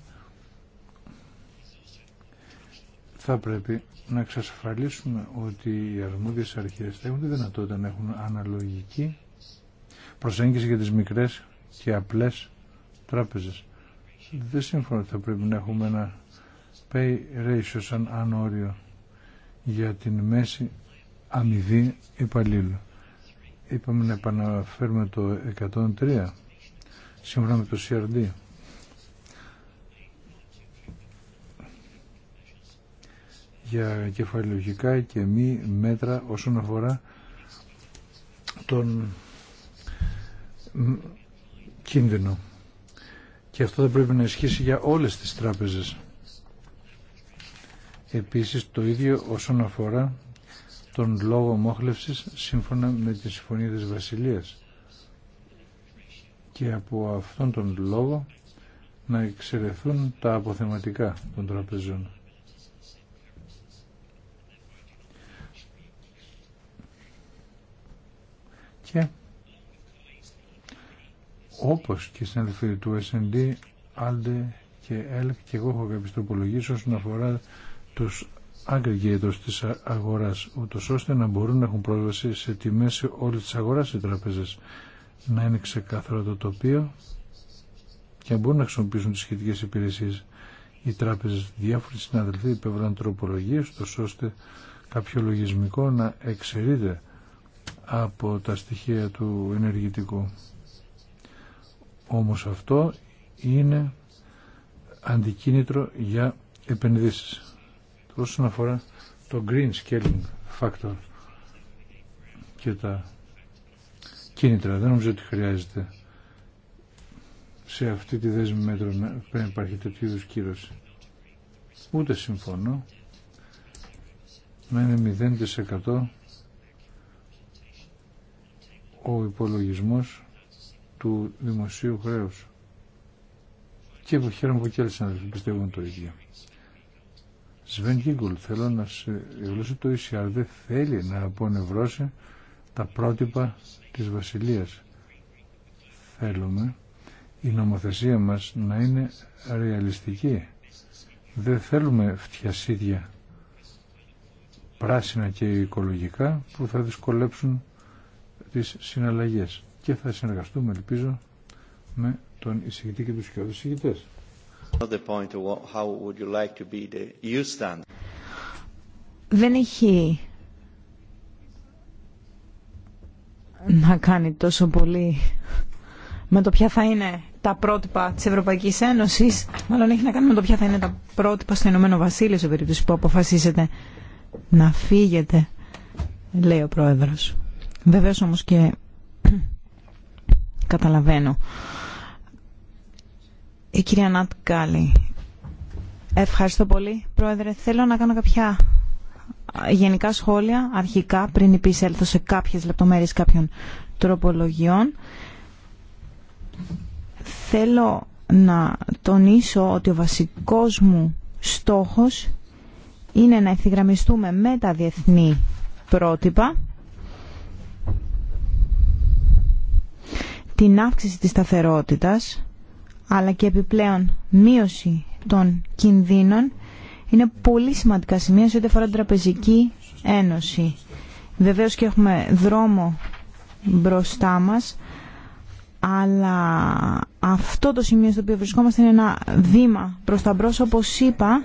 θα πρέπει να εξασφαλίσουμε ότι οι αρμόδιες αρχές θα έχουν τη δυνατότητα να έχουν αναλογική προσέγγιση για τις μικρές και απλές τράπεζες. Δεν σύμφωνα ότι θα πρέπει να έχουμε ένα pay ratio σαν ανώριο για την μέση αμοιβή υπαλλήλου. Είπαμε να επαναφέρουμε το 103 σύμφωνα με το CRD. για κεφαλαιογικά και μη μέτρα όσον αφορά τον κίνδυνο. Και αυτό θα πρέπει να ισχύσει για όλες τις τράπεζες. Επίσης το ίδιο όσον αφορά τον λόγο μόχλευσης σύμφωνα με τη Συμφωνία της Βασιλείας και από αυτόν τον λόγο να εξαιρεθούν τα αποθεματικά των τραπεζών. Και όπως και στην αδελφή του S&D, Άλντε και ΕΛΚ και εγώ έχω κάποιες τροπολογίες όσον αφορά τους aggregators της αγοράς ούτως ώστε να μπορούν να έχουν πρόσβαση σε τιμές όλη της αγοράς οι τραπέζες να είναι ξεκάθαρο το τοπίο και να μπορούν να χρησιμοποιήσουν τις σχετικές υπηρεσίες οι τράπεζες διάφοροι συναδελφοί υπέβαλαν τροπολογίες τόσο ώστε κάποιο λογισμικό να εξαιρείται από τα στοιχεία του ενεργητικού όμως αυτό είναι αντικίνητρο για επενδύσεις όσον αφορά το green scaling factor και τα κίνητρα. Δεν νομίζω ότι χρειάζεται σε αυτή τη δέσμη μέτρων να υπάρχει τέτοιου είδους κύρωση. Ούτε συμφωνώ να είναι 0% ο υπολογισμός του δημοσίου χρέους. Και χαίρομαι που και να πιστεύουν το ίδιο. Σβέν Γίγκολ, θέλω να σε γλώσσα το ECR δεν θέλει να απονευρώσει τα πρότυπα της Βασιλείας. Θέλουμε η νομοθεσία μας να είναι ρεαλιστική. Δεν θέλουμε φτιασίδια πράσινα και οικολογικά που θα δυσκολέψουν τις συναλλαγές. Και θα συνεργαστούμε, ελπίζω, με τον εισηγητή και τους κοιόδους εισηγητές. Δεν έχει να κάνει τόσο πολύ με το ποια θα είναι τα πρότυπα της Ευρωπαϊκής Ένωσης, μάλλον έχει να κάνει με το ποια θα είναι τα πρότυπα στο Ηνωμένο Βασίλειο σε περίπτωση που αποφασίσετε να φύγετε, λέει ο Πρόεδρος. Βεβαίως όμως και καταλαβαίνω η κυρία Νατ Ευχαριστώ πολύ. Πρόεδρε, θέλω να κάνω κάποια γενικά σχόλια αρχικά πριν επισέλθω σε κάποιες λεπτομέρειες κάποιων τροπολογιών. Θέλω να τονίσω ότι ο βασικός μου στόχος είναι να ευθυγραμμιστούμε με τα διεθνή πρότυπα την αύξηση της σταθερότητας αλλά και επιπλέον μείωση των κινδύνων είναι πολύ σημαντικά σημεία σε ό,τι αφορά την Τραπεζική Ένωση. Βεβαίως και έχουμε δρόμο μπροστά μας, αλλά αυτό το σημείο στο οποίο βρισκόμαστε είναι ένα βήμα προς τα μπρος. Όπως είπα,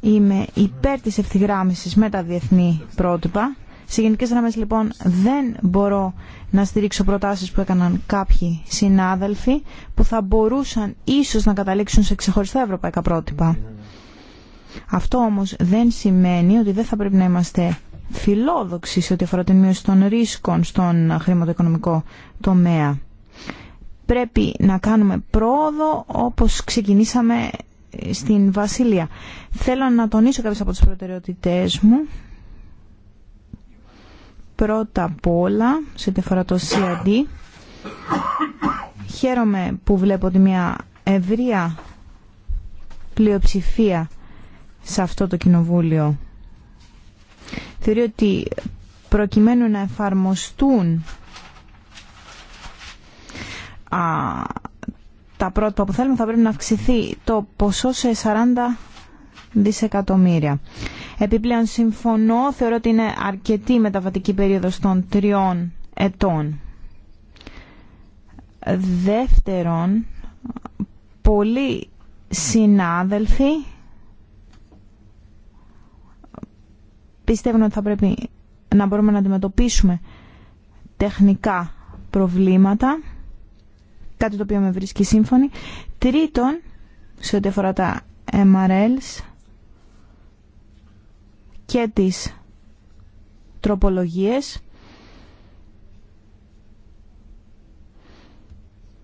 είμαι υπέρ της ευθυγράμμισης με τα διεθνή πρότυπα. Σε γενικές γραμμές λοιπόν δεν μπορώ να στηρίξω προτάσεις που έκαναν κάποιοι συνάδελφοι που θα μπορούσαν ίσως να καταλήξουν σε ξεχωριστά ευρωπαϊκά πρότυπα. Αυτό όμως δεν σημαίνει ότι δεν θα πρέπει να είμαστε φιλόδοξοι σε ό,τι αφορά τη μείωση των ρίσκων στον χρηματοοικονομικό τομέα. Πρέπει να κάνουμε πρόοδο όπως ξεκινήσαμε στην Βασίλεια. Θέλω να τονίσω κάποιες από τις προτεραιότητές μου Πρώτα απ' όλα, σε τη φορά το CID, χαίρομαι που βλέπω ότι μια ευρεία πλειοψηφία σε αυτό το κοινοβούλιο. Θεωρεί ότι προκειμένου να εφαρμοστούν α, τα πρότυπα που θέλουμε θα πρέπει να αυξηθεί το ποσό σε 40 δισεκατομμύρια. Επιπλέον συμφωνώ, θεωρώ ότι είναι αρκετή μεταβατική περίοδος των τριών ετών. Δεύτερον, πολλοί συνάδελφοι πιστεύουν ότι θα πρέπει να μπορούμε να αντιμετωπίσουμε τεχνικά προβλήματα, κάτι το οποίο με βρίσκει σύμφωνη. Τρίτον, σε ό,τι αφορά τα MRLs, και τις τροπολογίες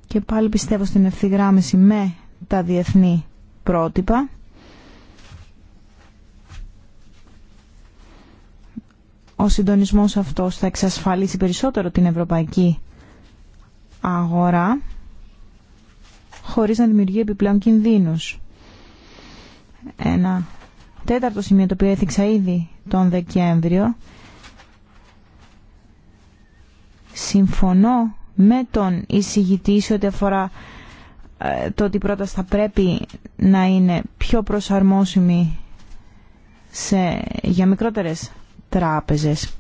και πάλι πιστεύω στην ευθυγράμμιση με τα διεθνή πρότυπα ο συντονισμός αυτός θα εξασφαλίσει περισσότερο την ευρωπαϊκή αγορά χωρίς να δημιουργεί επιπλέον κινδύνους. Ένα τέταρτο σημείο το οποίο έθιξα ήδη τον Δεκέμβριο συμφωνώ με τον εισηγητή ό,τι αφορά ε, το ότι πρώτα θα πρέπει να είναι πιο προσαρμόσιμη σε, για μικρότερες τράπεζες.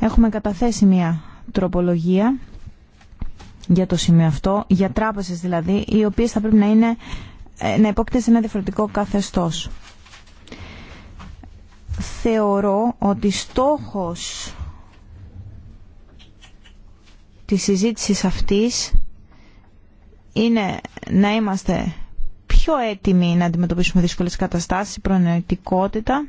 Έχουμε καταθέσει μια τροπολογία για το σημείο αυτό, για τράπεζες δηλαδή, οι οποίε θα πρέπει να, είναι, ε, να υπόκειται σε ένα διαφορετικό καθεστώ. Θεωρώ ότι στόχος της συζήτησης αυτής είναι να είμαστε πιο έτοιμοι να αντιμετωπίσουμε δύσκολες καταστάσεις, προνοητικότητα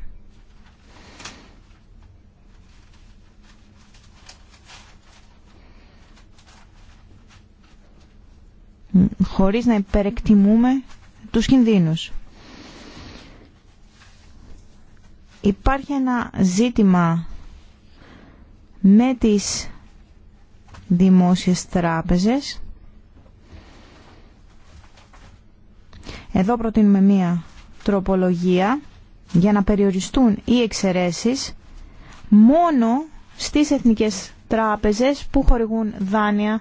χωρίς να υπερεκτιμούμε τους κινδύνους. Υπάρχει ένα ζήτημα με τις δημόσιες τράπεζες. Εδώ προτείνουμε μία τροπολογία για να περιοριστούν οι εξαιρέσεις μόνο στις εθνικές τράπεζες που χορηγούν δάνεια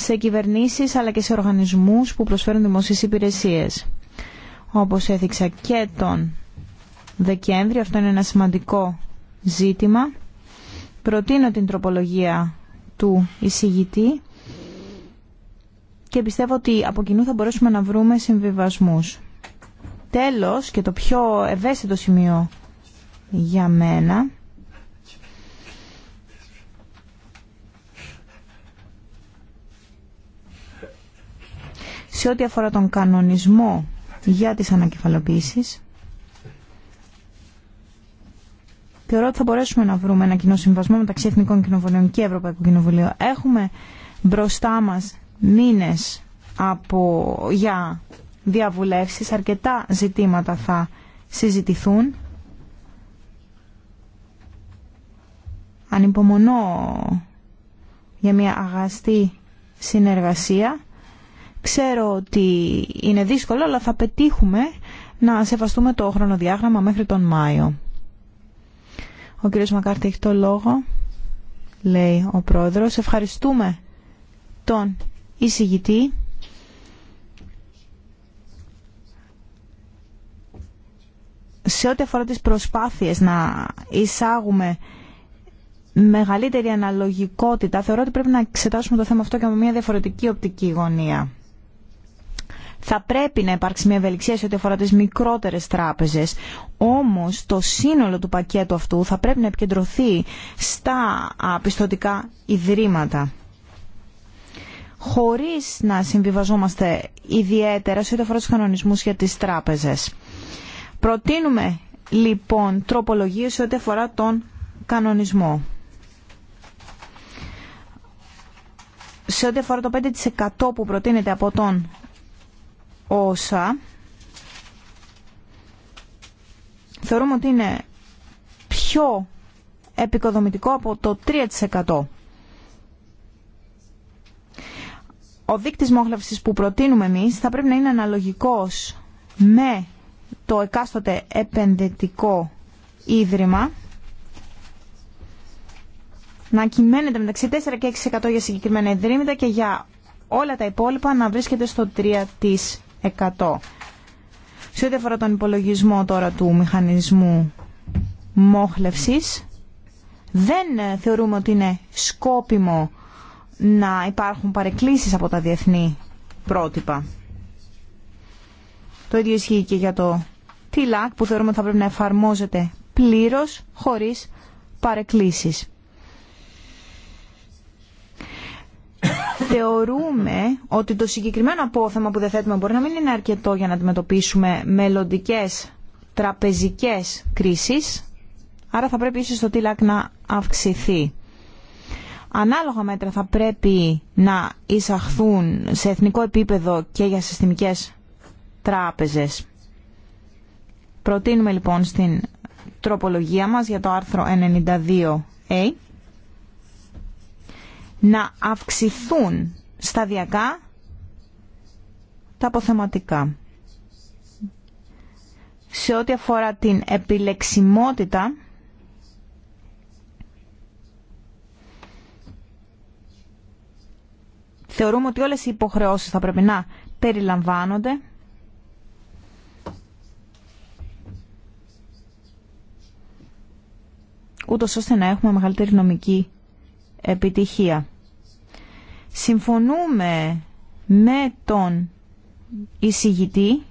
σε κυβερνήσεις αλλά και σε οργανισμούς που προσφέρουν δημοσίες υπηρεσίες. Όπως έθιξα και τον Δεκέμβριο, αυτό είναι ένα σημαντικό ζήτημα. Προτείνω την τροπολογία του εισηγητή και πιστεύω ότι από κοινού θα μπορέσουμε να βρούμε συμβιβασμούς. Τέλος και το πιο ευαίσθητο σημείο για μένα Σε ό,τι αφορά τον κανονισμό για τις ανακεφαλοποίησεις, θεωρώ ότι θα μπορέσουμε να βρούμε ένα κοινό συμβασμό μεταξύ Εθνικών Κοινοβουλίων και Ευρωπαϊκού Κοινοβουλίου. Έχουμε μπροστά μας μήνες από, για διαβουλεύσεις, αρκετά ζητήματα θα συζητηθούν. Ανυπομονώ για μια αγαστή συνεργασία Ξέρω ότι είναι δύσκολο, αλλά θα πετύχουμε να σεβαστούμε το χρονοδιάγραμμα μέχρι τον Μάιο. Ο κύριος Μακάρτη έχει το λόγο, λέει ο πρόεδρος. Ευχαριστούμε τον εισηγητή. Σε ό,τι αφορά τις προσπάθειες να εισάγουμε μεγαλύτερη αναλογικότητα, θεωρώ ότι πρέπει να εξετάσουμε το θέμα αυτό και με μια διαφορετική οπτική γωνία θα πρέπει να υπάρξει μια ευελιξία σε ό,τι αφορά τι μικρότερες τράπεζες. Όμως το σύνολο του πακέτου αυτού θα πρέπει να επικεντρωθεί στα πιστοτικά ιδρύματα χωρίς να συμβιβαζόμαστε ιδιαίτερα σε ό,τι αφορά τους κανονισμούς για τις τράπεζες. Προτείνουμε λοιπόν τροπολογίε σε ό,τι αφορά τον κανονισμό. Σε ό,τι αφορά το 5% που προτείνεται από τον όσα θεωρούμε ότι είναι πιο επικοδομητικό από το 3%. Ο δείκτης μόχλευσης που προτείνουμε εμείς θα πρέπει να είναι αναλογικός με το εκάστοτε επενδυτικό ίδρυμα να κυμαίνεται μεταξύ 4 και 6% για συγκεκριμένα ιδρύματα και για όλα τα υπόλοιπα να βρίσκεται στο 3%. 100. Σε ό,τι αφορά τον υπολογισμό τώρα του μηχανισμού μόχλευσης, δεν θεωρούμε ότι είναι σκόπιμο να υπάρχουν παρεκκλήσεις από τα διεθνή πρότυπα. Το ίδιο ισχύει και για το TILAC που θεωρούμε ότι θα πρέπει να εφαρμόζεται πλήρως χωρίς παρεκκλήσεις. θεωρούμε ότι το συγκεκριμένο απόθεμα που δεθέτουμε μπορεί να μην είναι αρκετό για να αντιμετωπίσουμε μελλοντικέ τραπεζικές κρίσεις, άρα θα πρέπει ίσω το τίλακ να αυξηθεί. Ανάλογα μέτρα θα πρέπει να εισαχθούν σε εθνικό επίπεδο και για συστημικές τράπεζες. Προτείνουμε λοιπόν στην τροπολογία μας για το άρθρο 92A να αυξηθούν σταδιακά τα αποθεματικά. Σε ό,τι αφορά την επιλεξιμότητα, θεωρούμε ότι όλες οι υποχρεώσεις θα πρέπει να περιλαμβάνονται ούτως ώστε να έχουμε μεγαλύτερη νομική επιτυχία συμφωνούμε με τον εισηγητή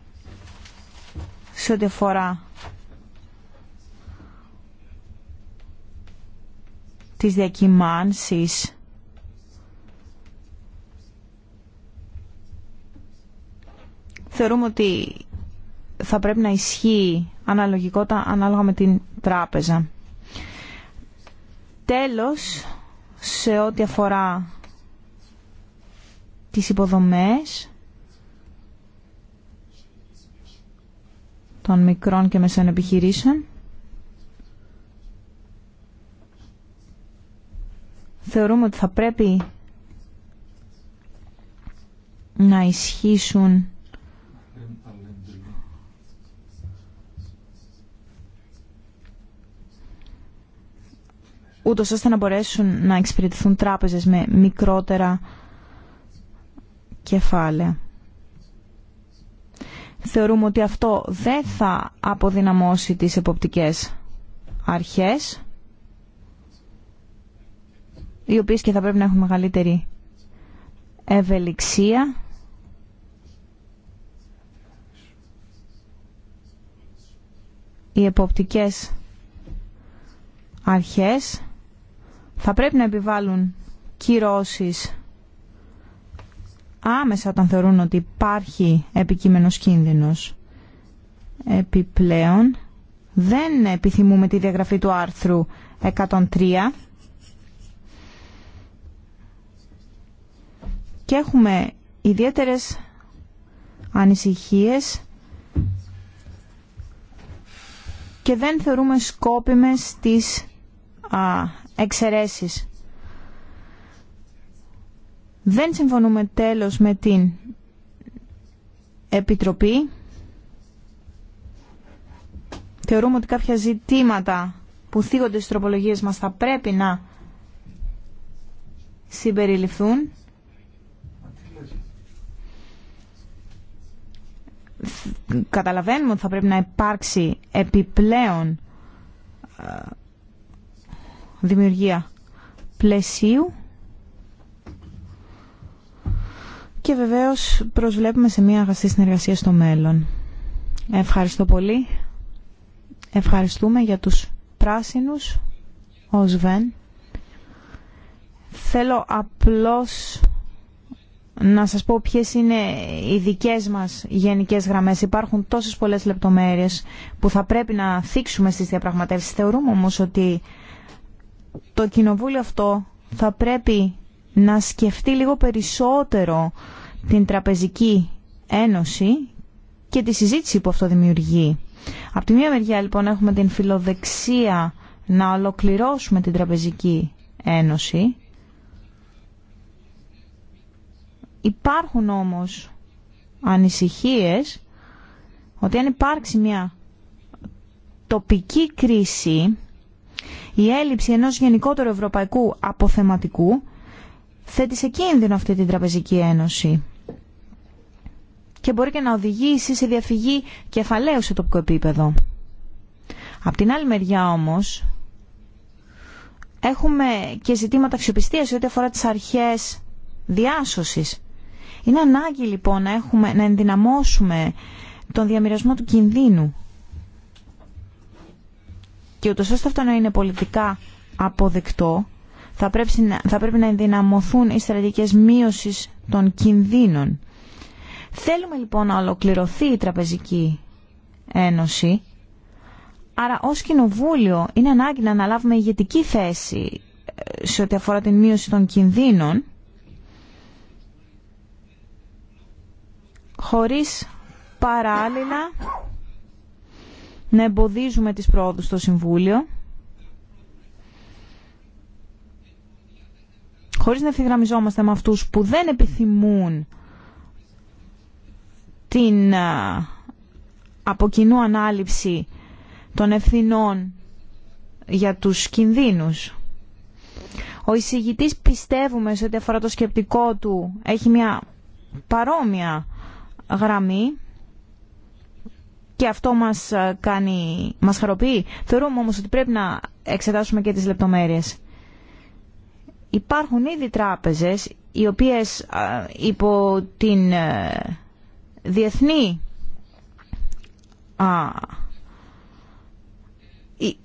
σε ό,τι αφορά τις διακυμάνσεις θεωρούμε ότι θα πρέπει να ισχύει αναλογικότητα ανάλογα με την τράπεζα. Τέλος, σε ό,τι αφορά τις υποδομές των μικρών και μεσαίων επιχειρήσεων. Θεωρούμε ότι θα πρέπει να ισχύσουν ούτως ώστε να μπορέσουν να εξυπηρετηθούν τράπεζες με μικρότερα κεφάλαια. Θεωρούμε ότι αυτό δεν θα αποδυναμώσει τις εποπτικές αρχές, οι οποίες και θα πρέπει να έχουν μεγαλύτερη ευελιξία. Οι εποπτικές αρχές θα πρέπει να επιβάλλουν κυρώσεις άμεσα όταν θεωρούν ότι υπάρχει επικείμενος κίνδυνος. Επιπλέον, δεν επιθυμούμε τη διαγραφή του άρθρου 103 και έχουμε ιδιαίτερες ανησυχίες και δεν θεωρούμε σκόπιμες τις α, εξαιρέσεις δεν συμφωνούμε τέλος με την Επιτροπή. Θεωρούμε ότι κάποια ζητήματα που θίγονται στις τροπολογίες μας θα πρέπει να συμπεριληφθούν. Καταλαβαίνουμε ότι θα πρέπει να υπάρξει επιπλέον ε, δημιουργία πλαισίου και βεβαίως προσβλέπουμε σε μια αγαστή συνεργασία στο μέλλον. Ευχαριστώ πολύ. Ευχαριστούμε για τους πράσινους, ο Σβέν. Θέλω απλώς να σας πω ποιες είναι οι δικές μας γενικές γραμμές. Υπάρχουν τόσες πολλές λεπτομέρειες που θα πρέπει να θίξουμε στις διαπραγματεύσεις. Θεωρούμε όμως ότι το κοινοβούλιο αυτό θα πρέπει να σκεφτεί λίγο περισσότερο την Τραπεζική Ένωση και τη συζήτηση που αυτό δημιουργεί. Από τη μία μεριά λοιπόν έχουμε την φιλοδεξία να ολοκληρώσουμε την Τραπεζική Ένωση. Υπάρχουν όμως ανησυχίες ότι αν υπάρξει μια τοπική κρίση η έλλειψη ενός γενικότερου ευρωπαϊκού αποθεματικού θέτει σε κίνδυνο αυτή την τραπεζική ένωση και μπορεί και να οδηγήσει σε διαφυγή κεφαλαίου σε τοπικό επίπεδο. Απ' την άλλη μεριά όμως έχουμε και ζητήματα αξιοπιστίας ό,τι αφορά τις αρχές διάσωσης. Είναι ανάγκη λοιπόν να, έχουμε, να ενδυναμώσουμε τον διαμοιρασμό του κινδύνου και ούτως ώστε αυτό να είναι πολιτικά αποδεκτό θα πρέπει, να, θα πρέπει να ενδυναμωθούν οι στρατηγικές μείωση των κινδύνων. Θέλουμε λοιπόν να ολοκληρωθεί η Τραπεζική Ένωση, άρα ως Κοινοβούλιο είναι ανάγκη να αναλάβουμε ηγετική θέση ε, σε ό,τι αφορά την μείωση των κινδύνων, χωρίς παράλληλα να εμποδίζουμε τις πρόοδους στο Συμβούλιο. χωρίς να ευθυγραμμιζόμαστε με αυτούς που δεν επιθυμούν την από κοινού ανάληψη των ευθυνών για τους κινδύνους. Ο εισηγητής πιστεύουμε σε ό,τι αφορά το σκεπτικό του έχει μια παρόμοια γραμμή και αυτό μας, κάνει, μας χαροποιεί. Θεωρούμε όμως ότι πρέπει να εξετάσουμε και τις λεπτομέρειες υπάρχουν ήδη τράπεζες οι οποίες υπό την ε, διεθνή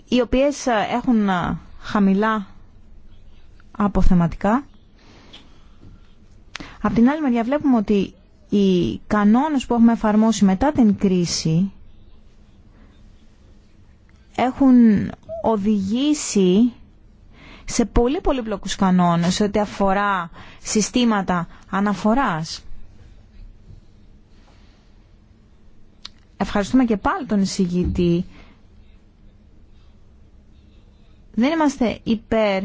οι οποίες ε, έχουν ε, χαμηλά αποθεματικά. Απ' την άλλη μεριά βλέπουμε ότι οι κανόνες που έχουμε εφαρμόσει μετά την κρίση έχουν οδηγήσει σε πολύ πολύπλοκους κανόνες ό,τι αφορά συστήματα αναφοράς. Ευχαριστούμε και πάλι τον εισηγητή. Δεν είμαστε υπέρ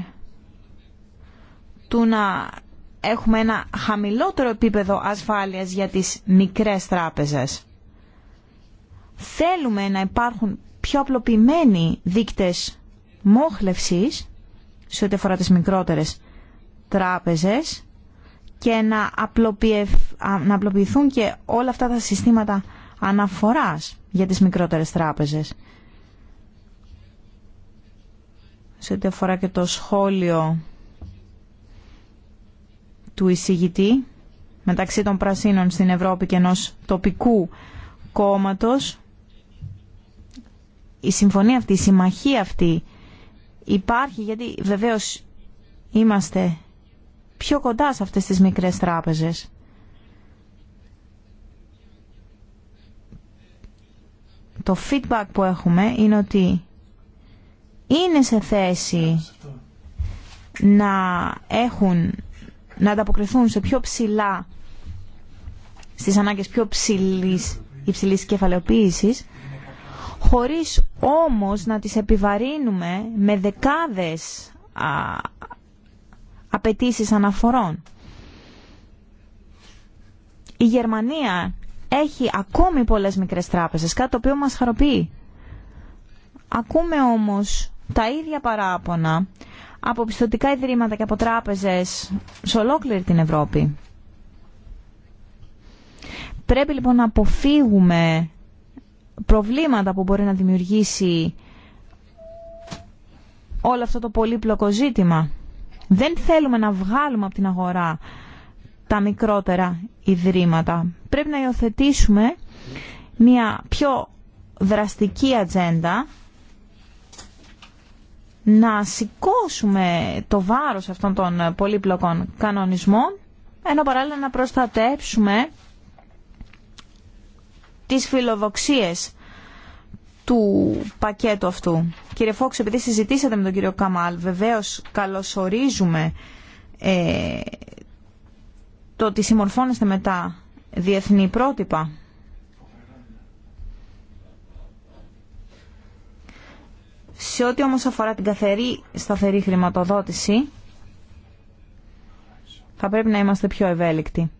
του να έχουμε ένα χαμηλότερο επίπεδο ασφάλειας για τις μικρές τράπεζες. Θέλουμε να υπάρχουν πιο απλοποιημένοι δείκτες μόχλευσης σε ό,τι αφορά τις μικρότερες τράπεζες και να, να απλοποιηθούν και όλα αυτά τα συστήματα αναφοράς για τις μικρότερες τράπεζες. Σε ό,τι αφορά και το σχόλιο του εισηγητή μεταξύ των πρασίνων στην Ευρώπη και ενός τοπικού κόμματος, η συμφωνία αυτή, η συμμαχία αυτή υπάρχει, γιατί βεβαίως είμαστε πιο κοντά σε αυτές τις μικρές τράπεζες. Το feedback που έχουμε είναι ότι είναι σε θέση να έχουν, να ανταποκριθούν σε πιο ψηλά, στις ανάγκες πιο ψηλής, υψηλής κεφαλαιοποίησης χωρίς όμως να τις επιβαρύνουμε με δεκάδες απαιτήσει αναφορών. Η Γερμανία έχει ακόμη πολλές μικρές τράπεζες, κάτι το οποίο μας χαροποιεί. Ακούμε όμως τα ίδια παράπονα από πιστοτικά ιδρύματα και από τράπεζες σε ολόκληρη την Ευρώπη. Πρέπει λοιπόν να αποφύγουμε προβλήματα που μπορεί να δημιουργήσει όλο αυτό το πολύπλοκο ζήτημα. Δεν θέλουμε να βγάλουμε από την αγορά τα μικρότερα ιδρύματα. Πρέπει να υιοθετήσουμε μια πιο δραστική ατζέντα να σηκώσουμε το βάρος αυτών των πολύπλοκων κανονισμών ενώ παράλληλα να προστατέψουμε τις φιλοδοξίες του πακέτου αυτού. Κύριε Φόξ, επειδή συζητήσατε με τον κύριο Καμάλ, βεβαίως καλωσορίζουμε ε, το ότι συμμορφώνεστε με τα διεθνή πρότυπα. Σε ό,τι όμως αφορά την καθαρή σταθερή χρηματοδότηση, θα πρέπει να είμαστε πιο ευέλικτοι.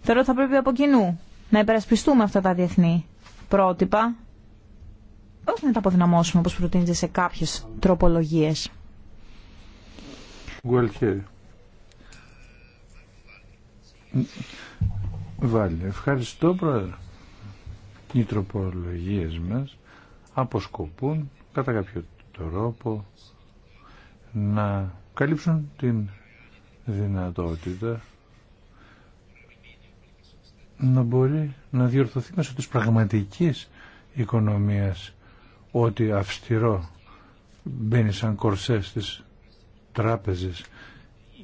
Θεωρώ ότι θα πρέπει από κοινού να υπερασπιστούμε αυτά τα διεθνή πρότυπα, όχι να τα αποδυναμώσουμε όπως προτείνεται σε κάποιες τροπολογίες. Ευχαριστώ πρόεδρε. Οι τροπολογίες μας αποσκοπούν κατά κάποιο τρόπο να καλύψουν την δυνατότητα να μπορεί να διορθωθεί μέσω της πραγματικής οικονομίας ότι αυστηρό μπαίνει σαν κορσέ στις τράπεζες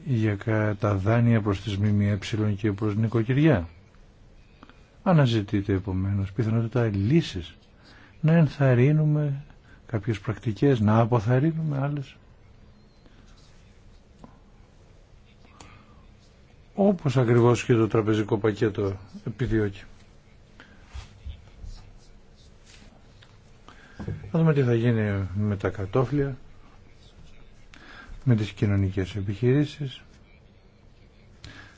για τα δάνεια προς τις ΜΜΕ και προς νοικοκυριά. Αναζητείτε επομένως πιθανότητα λύσεις να ενθαρρύνουμε κάποιες πρακτικές, να αποθαρρύνουμε άλλες. όπως ακριβώς και το τραπεζικό πακέτο επιδιώκει. Θα δούμε τι θα γίνει με τα κατόφλια, με τις κοινωνικές επιχειρήσεις,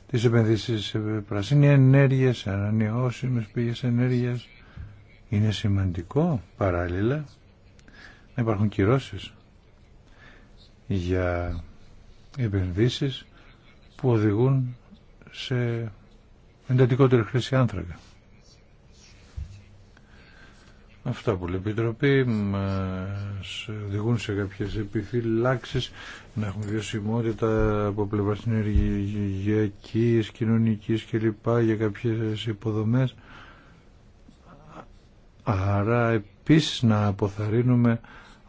τις επενδύσεις σε πρασίνη ενέργεια, σε ανανεώσιμες πηγές ενέργειας. Είναι σημαντικό παράλληλα να υπάρχουν κυρώσεις για επενδύσεις που οδηγούν σε εντατικότερη χρήση άνθρακα. Αυτά που λέει η Επιτροπή μας οδηγούν σε κάποιες επιφυλάξεις να έχουμε βιωσιμότητα από πλευρά συνεργειακής, κοινωνικής κλπ. για κάποιες υποδομές. Άρα επίσης να αποθαρρύνουμε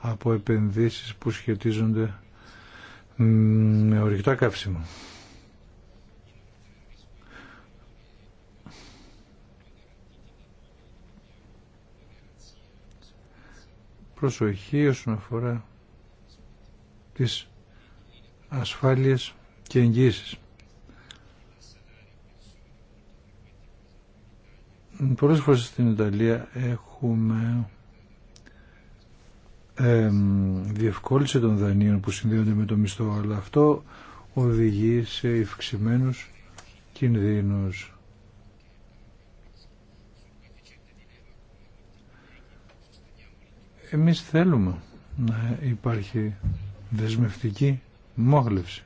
από επενδύσεις που σχετίζονται με ορυκτά καύσιμα. προσοχή όσον αφορά τις ασφάλειες και εγγύσεις. Πολλές φορές στην Ιταλία έχουμε ε, διευκόλυνση των δανείων που συνδέονται με το μισθό, αλλά αυτό οδηγεί σε ευξημένους κινδύνους. Εμείς θέλουμε να υπάρχει δεσμευτική μόγλευση.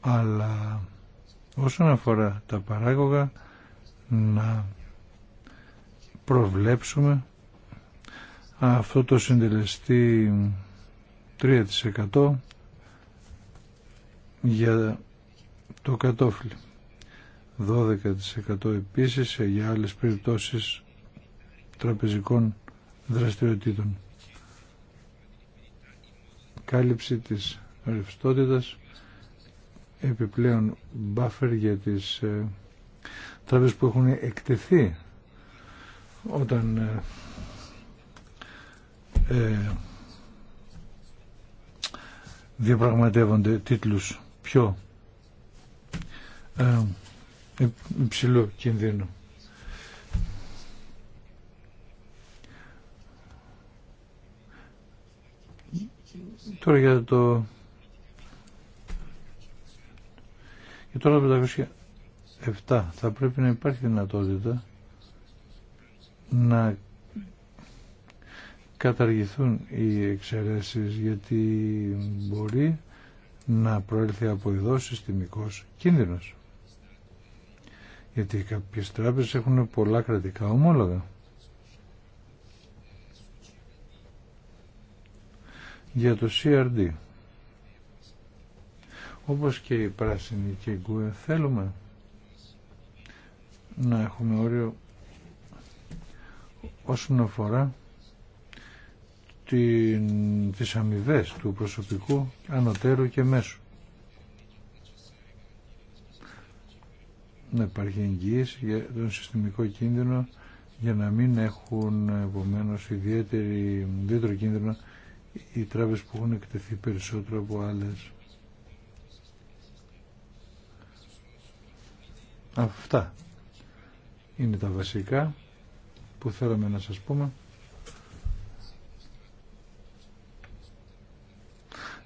Αλλά όσον αφορά τα παράγωγα να προβλέψουμε αυτό το συντελεστή 3% για το κατόφλι. 12% επίσης για άλλες περιπτώσεις τραπεζικών δραστηριοτήτων. Κάλυψη της ρευστότητα, επιπλέον buffer για τις ε, τράπεζες που έχουν εκτεθεί όταν ε, ε διαπραγματεύονται τίτλους πιο ε, υψηλού κινδύνου. Τώρα για το... Για τώρα 507 θα πρέπει να υπάρχει δυνατότητα να καταργηθούν οι εξαιρέσεις γιατί μπορεί να προέλθει από εδώ συστημικός κίνδυνος. Γιατί κάποιες τράπεζες έχουν πολλά κρατικά ομόλογα. για το CRD. Όπως και η πράσινη και η γκουε θέλουμε να έχουμε όριο όσον αφορά την, τις αμοιβέ του προσωπικού ανωτέρου και μέσου. Να υπάρχει εγγύηση για τον συστημικό κίνδυνο για να μην έχουν επομένω ιδιαίτερη, ιδιαίτερο κίνδυνο οι τράπεζες που έχουν εκτεθεί περισσότερο από άλλες. Αυτά είναι τα βασικά που θέλαμε να σας πούμε.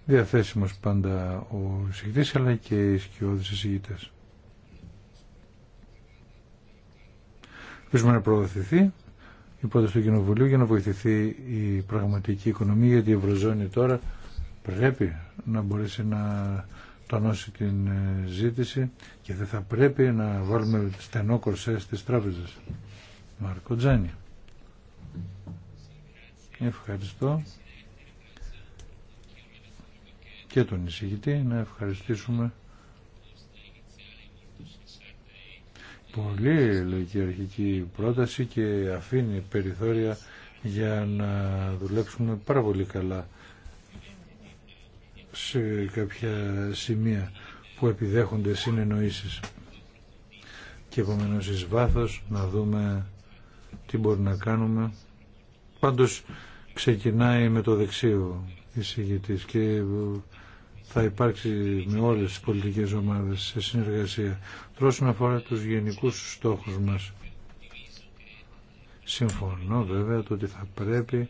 Διαθέσιμος πάντα ο εισηγητής αλλά και οι σκιώδεις εισηγητές. Ελπίζουμε να προωθηθεί η πρόταση του Κοινοβουλίου για να βοηθηθεί η πραγματική οικονομία γιατί η Ευρωζώνη τώρα πρέπει να μπορέσει να τονώσει την ε, ζήτηση και δεν θα πρέπει να βάλουμε στενό κορσέ στις τράπεζες. Μάρκο Τζάνι. Ευχαριστώ και τον εισηγητή να ευχαριστήσουμε Πολύ λογική αρχική πρόταση και αφήνει περιθώρια για να δουλέψουμε πάρα πολύ καλά σε κάποια σημεία που επιδέχονται συνεννοήσεις και επομένως εις βάθος να δούμε τι μπορεί να κάνουμε πάντως ξεκινάει με το δεξίο εισηγητής και θα υπάρξει με όλες τις πολιτικές ομάδες σε συνεργασία. Τώρα όσον αφορά τους γενικούς στόχους μας. Συμφωνώ βέβαια το ότι θα πρέπει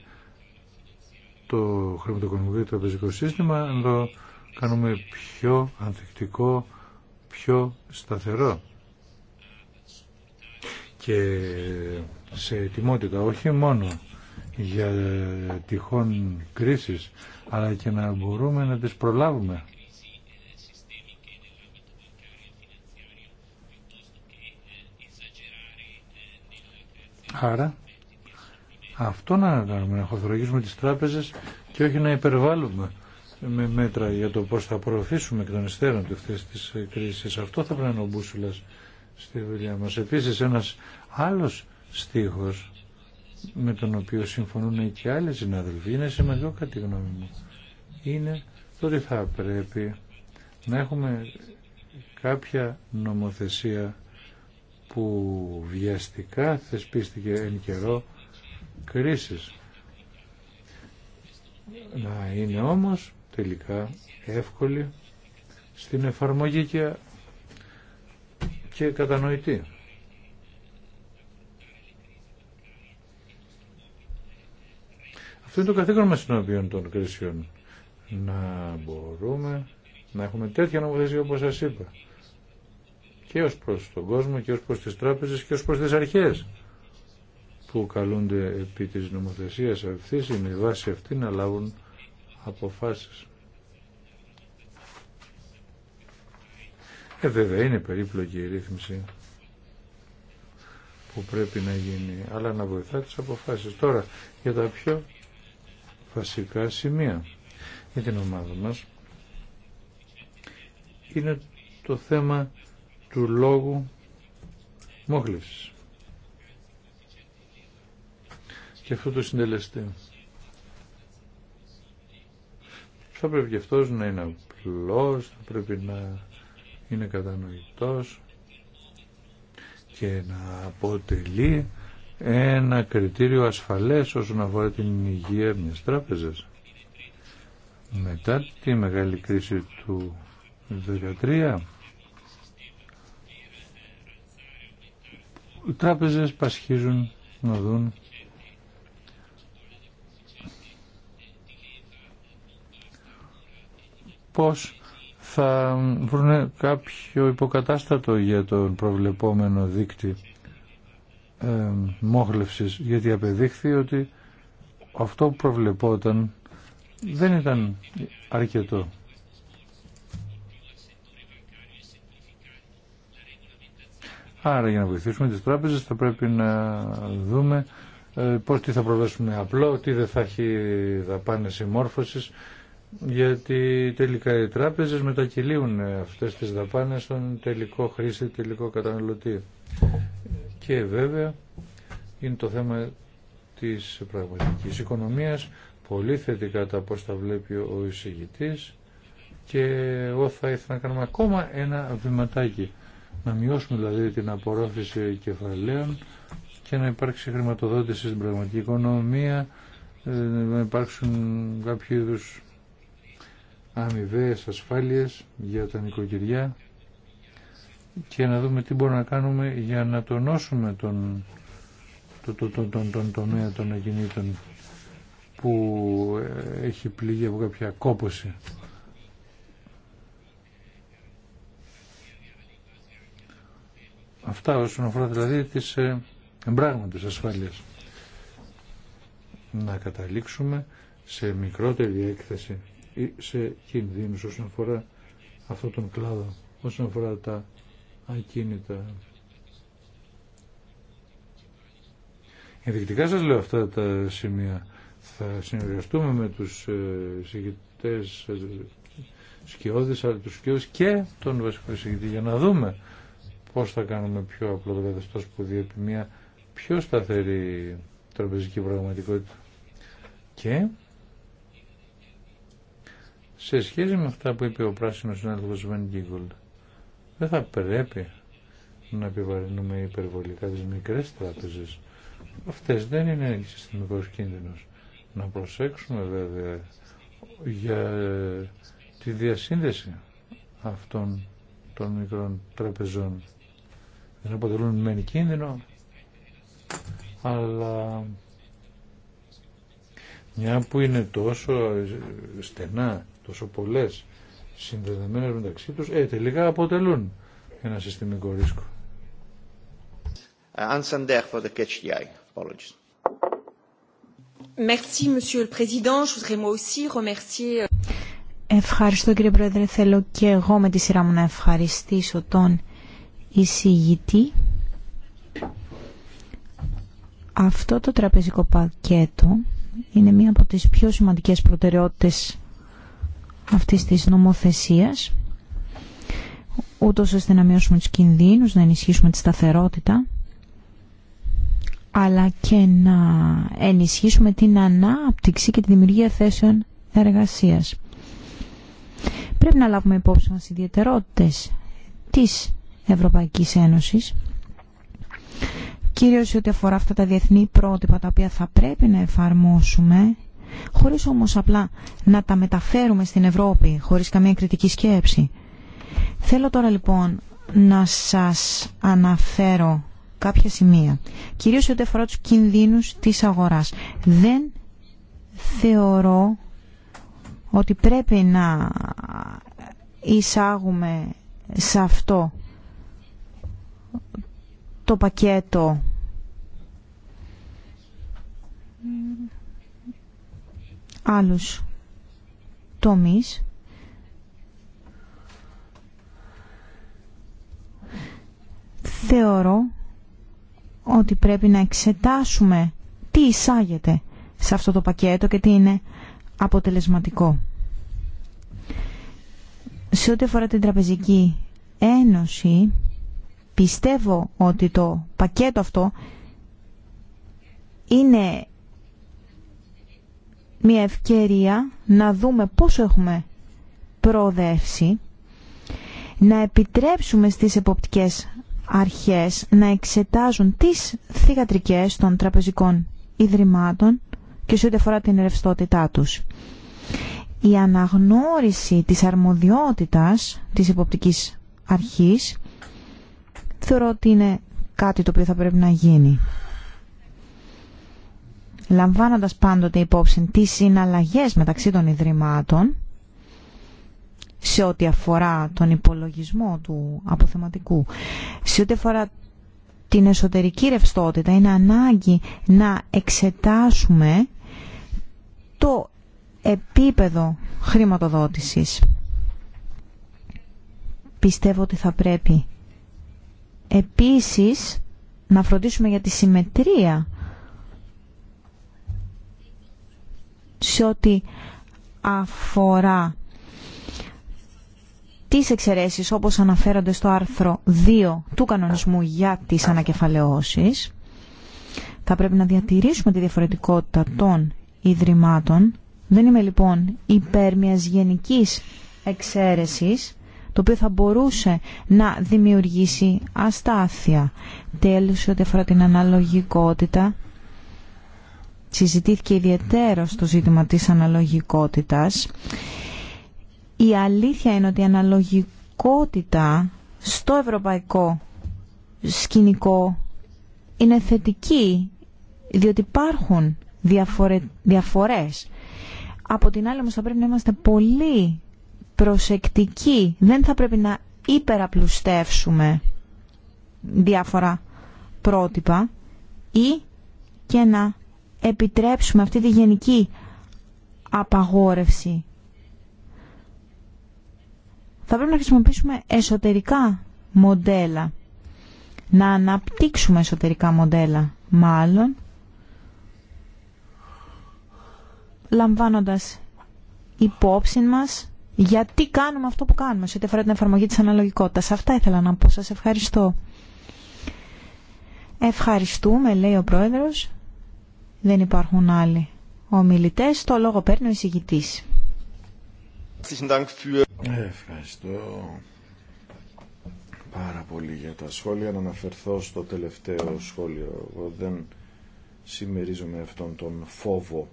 το χρηματοοικονομικό και το τραπεζικό σύστημα να το κάνουμε πιο ανθεκτικό, πιο σταθερό και σε ετοιμότητα όχι μόνο για τυχόν κρίσεις, αλλά και να μπορούμε να τις προλάβουμε. Άρα, αυτό να κάνουμε, να χωθρογίσουμε τις τράπεζες και όχι να υπερβάλλουμε με μέτρα για το πώς θα προωθήσουμε εκ των υστέρων του αυτής της κρίσης. Αυτό θα πρέπει να είναι ο Μπούσουλας στη δουλειά μας. Επίσης, ένας άλλος στίχος με τον οποίο συμφωνούν και άλλοι συναδελφοί είναι σημαντικό κατά τη γνώμη μου είναι το ότι θα πρέπει να έχουμε κάποια νομοθεσία που βιαστικά θεσπίστηκε εν καιρό κρίσης. Να είναι όμως τελικά εύκολη στην εφαρμογή και, και κατανοητή. Αυτό είναι το καθήκον μας οποίων των κρίσεων. Να μπορούμε να έχουμε τέτοια νομοθεσία όπως σας είπα. Και ως προς τον κόσμο και ως προς τις τράπεζες και ως προς τις αρχές που καλούνται επί της νομοθεσίας αυτής είναι η βάση αυτή να λάβουν αποφάσεις. Ε, βέβαια, είναι περίπλοκη η ρύθμιση που πρέπει να γίνει, αλλά να βοηθά τις αποφάσεις. Τώρα, για τα πιο βασικά σημεία για την ομάδα μας είναι το θέμα του λόγου μόχλευσης. Και αυτό το συντελεστή. Θα πρέπει και αυτός να είναι απλός, θα πρέπει να είναι κατανοητός και να αποτελεί ένα κριτήριο ασφαλές όσον αφορά την υγεία μιας τράπεζας. Μετά τη μεγάλη κρίση του 2013 οι τράπεζες πασχίζουν να δουν πώς θα βρουν κάποιο υποκατάστατο για τον προβλεπόμενο δίκτυο ε, μόχλευσης γιατί απεδείχθη ότι αυτό που προβλεπόταν δεν ήταν αρκετό. Άρα για να βοηθήσουμε τις τράπεζες θα πρέπει να δούμε ε, πώς τι θα προβλέψουμε απλό, τι δεν θα έχει δαπάνες συμμόρφωσης γιατί τελικά οι τράπεζες μετακυλίουν αυτές τις δαπάνες στον τελικό χρήστη, τελικό καταναλωτή. Και βέβαια είναι το θέμα της πραγματικής οικονομίας, πολύ θετικά τα πώς τα βλέπει ο εισηγητής και εγώ θα ήθελα να κάνουμε ακόμα ένα βηματάκι, να μειώσουμε δηλαδή την απορρόφηση κεφαλαίων και να υπάρξει χρηματοδότηση στην πραγματική οικονομία, ε, να υπάρξουν κάποιο είδου ασφάλειες για τα νοικοκυριά και να δούμε τι μπορούμε να κάνουμε για να τονώσουμε τον, τον, τον, τον, τομέα των αγενήτων που ε, έχει πληγεί από κάποια κόπωση. Αυτά όσον αφορά δηλαδή τις ε, εμπράγματες ασφάλειας. Να καταλήξουμε σε μικρότερη έκθεση ή σε κινδύνους όσον αφορά αυτόν τον κλάδο, όσον αφορά τα ακίνητα. Ενδεικτικά σας λέω αυτά τα σημεία. Θα συνεργαστούμε με τους ε, συγκεκριτές ε, σκιώδης, τους σκιώδης και τον βασικό συγκριτή για να δούμε πώς θα κάνουμε πιο απλό το καθεστώς που διέπει μια πιο σταθερή τραπεζική πραγματικότητα. Και σε σχέση με αυτά που είπε ο πράσινος συνάδελφος Βαν δεν θα πρέπει να επιβαρύνουμε υπερβολικά τις μικρές τράπεζες. Αυτές δεν είναι συστημικός κίνδυνος. Να προσέξουμε βέβαια για ε, τη διασύνδεση αυτών των μικρών τραπεζών. Δεν αποτελούν μεν κίνδυνο, αλλά μια που είναι τόσο ε, στενά, τόσο πολλές συνδεδεμένες μεταξύ τους, ε, τελικά αποτελούν ένα συστημικό ρίσκο. Euh, Ευχαριστώ κύριε Πρόεδρε. Θέλω και εγώ με τη σειρά μου να ευχαριστήσω τον εισηγητή. Αυτό το τραπεζικό πακέτο είναι μία από τις πιο σημαντικές προτεραιότητες αυτής της νομοθεσίας ούτως ώστε να μειώσουμε τους κινδύνους, να ενισχύσουμε τη σταθερότητα αλλά και να ενισχύσουμε την ανάπτυξη και τη δημιουργία θέσεων εργασίας. Πρέπει να λάβουμε υπόψη μας ιδιαιτερότητες της Ευρωπαϊκής Ένωσης κυρίως ό,τι αφορά αυτά τα διεθνή πρότυπα τα οποία θα πρέπει να εφαρμόσουμε χωρίς όμως απλά να τα μεταφέρουμε στην Ευρώπη, χωρίς καμία κριτική σκέψη. Θέλω τώρα λοιπόν να σας αναφέρω κάποια σημεία, κυρίως ό,τι αφορά τους κινδύνους της αγοράς. Δεν θεωρώ ότι πρέπει να εισάγουμε σε αυτό το πακέτο άλλους τομείς θεωρώ ότι πρέπει να εξετάσουμε τι εισάγεται σε αυτό το πακέτο και τι είναι αποτελεσματικό. Σε ό,τι αφορά την Τραπεζική Ένωση, πιστεύω ότι το πακέτο αυτό είναι μια ευκαιρία να δούμε πόσο έχουμε προοδεύσει, να επιτρέψουμε στις εποπτικές αρχές να εξετάζουν τις θηγατρικές των τραπεζικών ιδρυμάτων και σε ό,τι αφορά την ρευστότητά τους. Η αναγνώριση της αρμοδιότητας της εποπτικής αρχής θεωρώ ότι είναι κάτι το οποίο θα πρέπει να γίνει λαμβάνοντας πάντοτε υπόψη τις συναλλαγές μεταξύ των Ιδρυμάτων σε ό,τι αφορά τον υπολογισμό του αποθεματικού, σε ό,τι αφορά την εσωτερική ρευστότητα, είναι ανάγκη να εξετάσουμε το επίπεδο χρηματοδότησης. Πιστεύω ότι θα πρέπει επίσης να φροντίσουμε για τη συμμετρία σε ό,τι αφορά τις εξαιρέσεις όπως αναφέρονται στο άρθρο 2 του κανονισμού για τις ανακεφαλαιώσεις θα πρέπει να διατηρήσουμε τη διαφορετικότητα των ιδρυμάτων δεν είμαι λοιπόν υπέρ μιας γενικής εξαίρεσης το οποίο θα μπορούσε να δημιουργήσει αστάθεια τέλος ό,τι αφορά την αναλογικότητα συζητήθηκε ιδιαίτερα στο ζήτημα της αναλογικότητας. Η αλήθεια είναι ότι η αναλογικότητα στο ευρωπαϊκό σκηνικό είναι θετική, διότι υπάρχουν διαφορε... διαφορές. Από την άλλη όμως θα πρέπει να είμαστε πολύ προσεκτικοί. Δεν θα πρέπει να υπεραπλουστεύσουμε διάφορα πρότυπα ή και να επιτρέψουμε αυτή τη γενική απαγόρευση. Θα πρέπει να χρησιμοποιήσουμε εσωτερικά μοντέλα. Να αναπτύξουμε εσωτερικά μοντέλα, μάλλον, λαμβάνοντας υπόψη μας γιατί κάνουμε αυτό που κάνουμε σε ό,τι αφορά την εφαρμογή της αναλογικότητας. Αυτά ήθελα να πω. Σας ευχαριστώ. Ευχαριστούμε, λέει ο Πρόεδρος. Δεν υπάρχουν άλλοι ομιλητέ Το λόγο παίρνει ο εισηγητή. Ευχαριστώ πάρα πολύ για τα σχόλια. Να αναφερθώ στο τελευταίο σχόλιο. Εγώ δεν συμμερίζομαι αυτόν τον φόβο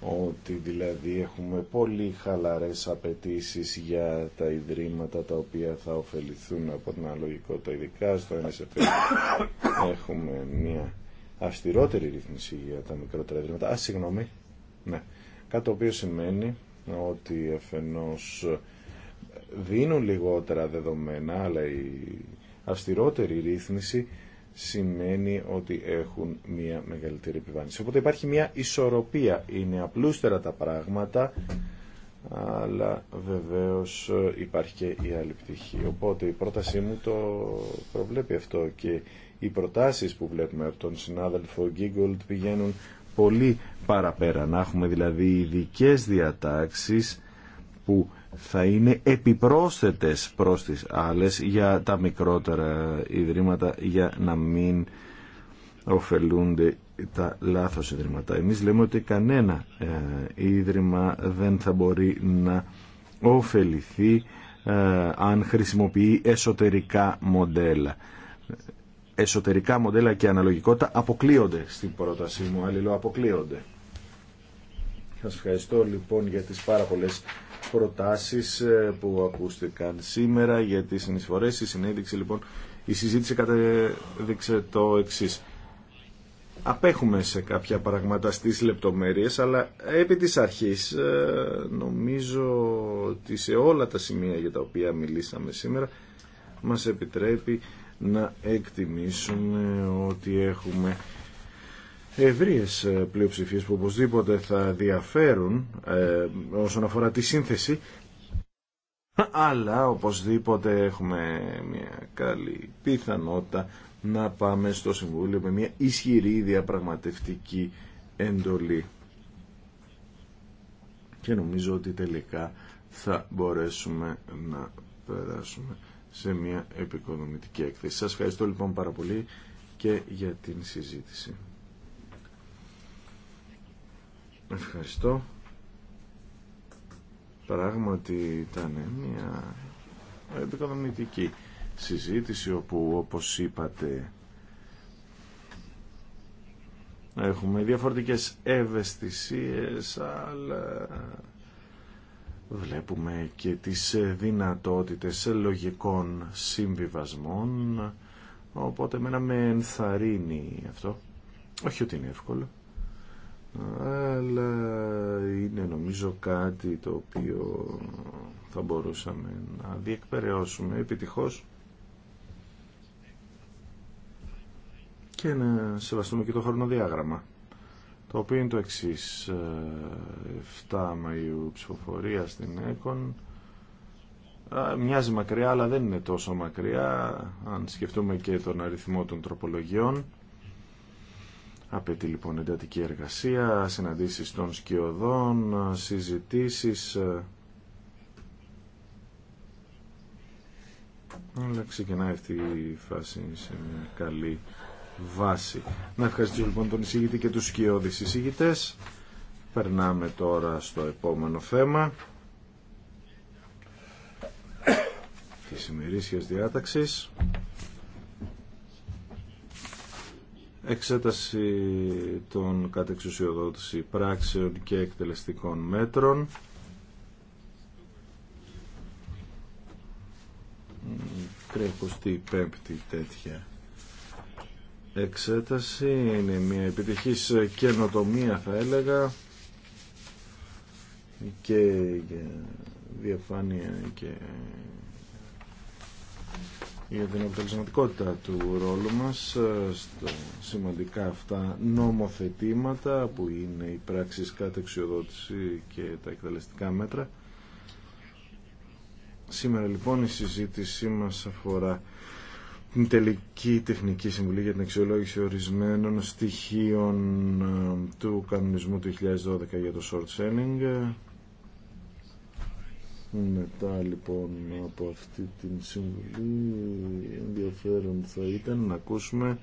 ότι δηλαδή έχουμε πολύ χαλαρές απαιτήσει για τα ιδρύματα τα οποία θα ωφεληθούν από την αλογικότητα ειδικά στο NSF έχουμε μια αυστηρότερη ρύθμιση για τα μικρότερα ιδρύματα. Α, συγγνώμη. Ναι. Κάτι το οποίο σημαίνει ότι εφενός δίνουν λιγότερα δεδομένα, αλλά η αυστηρότερη ρύθμιση σημαίνει ότι έχουν μια μεγαλύτερη επιβάρυνση. Οπότε υπάρχει μια ισορροπία. Είναι απλούστερα τα πράγματα αλλά βεβαίως ε, υπάρχει και η άλλη πτυχή. Οπότε η πρότασή μου το προβλέπει αυτό και οι προτάσεις που βλέπουμε από τον συνάδελφο Γκίγκολτ πηγαίνουν πολύ παραπέρα. Να έχουμε δηλαδή ειδικέ διατάξεις που θα είναι επιπρόσθετες προς τις άλλες για τα μικρότερα ιδρύματα για να μην ωφελούνται τα λάθος ιδρύματα. Εμείς λέμε ότι κανένα ε, ίδρυμα δεν θα μπορεί να ωφεληθεί ε, αν χρησιμοποιεί εσωτερικά μοντέλα. Εσωτερικά μοντέλα και αναλογικότητα αποκλείονται στην πρότασή μου, αποκλείονται. Σας ευχαριστώ λοιπόν για τις πάρα πολλές προτάσεις ε, που ακούστηκαν σήμερα για τις συνεισφορές. Η λοιπόν, η συζήτηση κατέδειξε το εξής απέχουμε σε κάποια πράγματα στις λεπτομέρειες, αλλά επί της αρχής ε, νομίζω ότι σε όλα τα σημεία για τα οποία μιλήσαμε σήμερα μας επιτρέπει να εκτιμήσουμε ότι έχουμε ευρείες ε, πλειοψηφίες που οπωσδήποτε θα διαφέρουν ε, όσον αφορά τη σύνθεση αλλά οπωσδήποτε έχουμε μια καλή πιθανότητα να πάμε στο Συμβούλιο με μια ισχυρή διαπραγματευτική εντολή. Και νομίζω ότι τελικά θα μπορέσουμε να περάσουμε σε μια επικοδομητική έκθεση. Σας ευχαριστώ λοιπόν πάρα πολύ και για την συζήτηση. Ευχαριστώ. Πράγματι ήταν μια επικοδομητική συζήτηση όπου όπως είπατε έχουμε διαφορετικές ευαισθησίες αλλά βλέπουμε και τις δυνατότητες λογικών συμβιβασμών οπότε εμένα με ενθαρρύνει αυτό όχι ότι είναι εύκολο αλλά είναι νομίζω κάτι το οποίο θα μπορούσαμε να διεκπαιρεώσουμε επιτυχώς και να σεβαστούμε και το χρονοδιάγραμμα το οποίο είναι το εξή 7 ε, Μαΐου ψηφοφορία στην ΕΚΟΝ μοιάζει μακριά αλλά δεν είναι τόσο μακριά αν σκεφτούμε και τον αριθμό των τροπολογιών Απαιτεί λοιπόν εντατική εργασία, συναντήσεις των σκιωδών, συζητήσεις. Ε, αλλά ξεκινάει αυτή η φάση σε μια καλή βάση. Να ευχαριστήσω λοιπόν τον εισηγητή και τους σκιώδεις εισηγητές. Περνάμε τώρα στο επόμενο θέμα της ημερήσιας διάταξης. Εξέταση των κατεξουσιοδότηση πράξεων και εκτελεστικών μέτρων. Τρέχω στη πέμπτη τέτοια εξέταση. Είναι μια επιτυχής καινοτομία θα έλεγα και διαφάνεια και για την αποτελεσματικότητα του ρόλου μας στα σημαντικά αυτά νομοθετήματα που είναι οι πράξεις κατεξιοδότηση και τα εκτελεστικά μέτρα. Σήμερα λοιπόν η συζήτησή μας αφορά την τελική τεχνική συμβουλή για την αξιολόγηση ορισμένων στοιχείων ε, του κανονισμού του 2012 για το short selling. Μετά λοιπόν από αυτή την συμβουλή ενδιαφέρον θα ήταν να ακούσουμε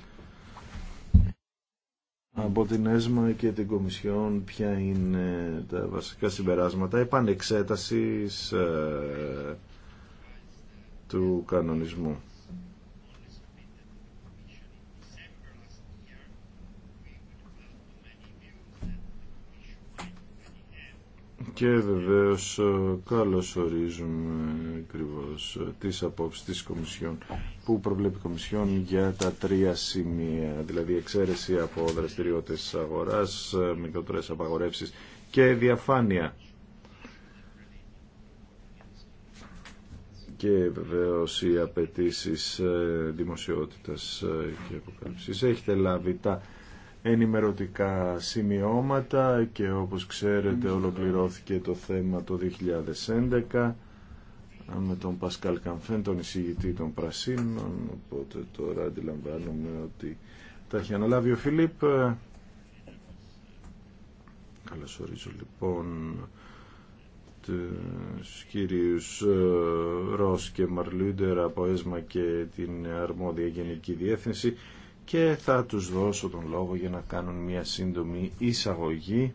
από την ΕΣΜΑ και την Κομισιόν ποια είναι τα βασικά συμπεράσματα επανεξέτασης ε, του κανονισμού. και βεβαίως ε, καλώς ορίζουμε ακριβώ ε, τις απόψεις της Κομισιόν που προβλέπει η Κομισιόν για τα τρία σημεία, δηλαδή εξαίρεση από δραστηριότητες αγοράς, ε, μικρότερε απαγορεύσεις και διαφάνεια. και βεβαίως οι απαιτήσει δημοσιότητας και αποκάλυψή. Έχετε λάβει τα ενημερωτικά σημειώματα και όπως ξέρετε ολοκληρώθηκε το θέμα το 2011 με τον Πασκάλ Καμφέν, τον εισηγητή των Πρασίνων, οπότε τώρα αντιλαμβάνομαι ότι τα έχει αναλάβει ο Φιλίπ. Καλωσορίζω λοιπόν τους κύριους ε, Ρος και Μαρλούντερ από ΕΣΜΑ και την αρμόδια Γενική Διεύθυνση και θα τους δώσω τον λόγο για να κάνουν μια σύντομη εισαγωγή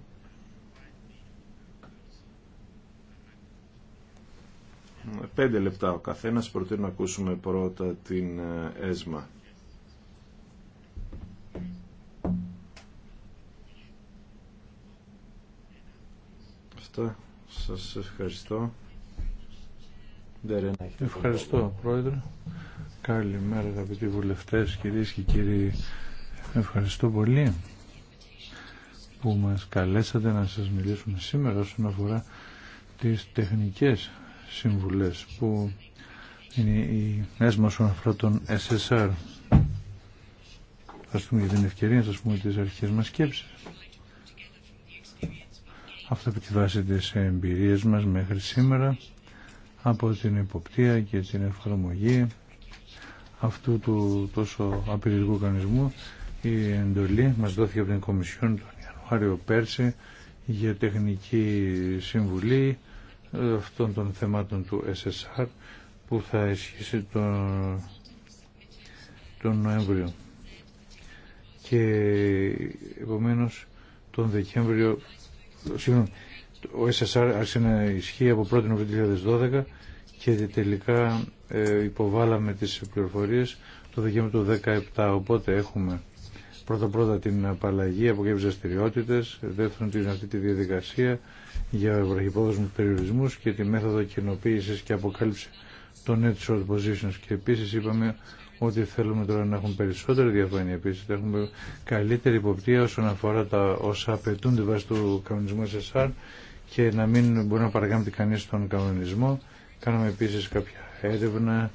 Πέντε λεπτά ο καθένας, προτείνω να ακούσουμε πρώτα την ε, ΕΣΜΑ. Αυτά, σας ευχαριστώ. Ευχαριστώ, Πρόεδρε. Καλημέρα αγαπητοί βουλευτές, κυρίες και κύριοι. Ευχαριστώ πολύ που μας καλέσατε να σας μιλήσουμε σήμερα όσον αφορά τις τεχνικές συμβουλές που είναι η έσμα όσον αφορά τον SSR. πούμε για την ευκαιρία να σας πούμε τις αρχές μας σκέψεις. Αυτό που σε εμπειρίες μας μέχρι σήμερα από την υποπτία και την εφαρμογή αυτού του τόσο απειρισμού οργανισμού, Η εντολή μας δόθηκε από την Κομισιόν τον Ιανουάριο πέρσι για τεχνική συμβουλή αυτών των θεμάτων του SSR που θα ισχύσει τον, τον Νοέμβριο. Και επομένως τον Δεκέμβριο, συγγνώμη, ο SSR άρχισε να ισχύει από 1η Νοεμβρίου 2012 και τελικά ε, υποβάλαμε τις πληροφορίες το Δεκέμβριο του 2017. Οπότε έχουμε πρώτα-πρώτα την απαλλαγή από κάποιες δραστηριότητε, δεύτερον την αυτή τη διαδικασία για βραχυπόδοσμους περιορισμούς και τη μέθοδο κοινοποίηση και αποκάλυψη των net short positions. Και επίσης είπαμε ότι θέλουμε τώρα να έχουμε περισσότερη διαφάνεια επίσης, να έχουμε καλύτερη υποπτία όσον αφορά τα όσα απαιτούνται βάσει του κανονισμού SSR και να μην μπορεί να παρακάμπτει κανείς τον κανονισμό Κάναμε επίσης κάποια έρευνα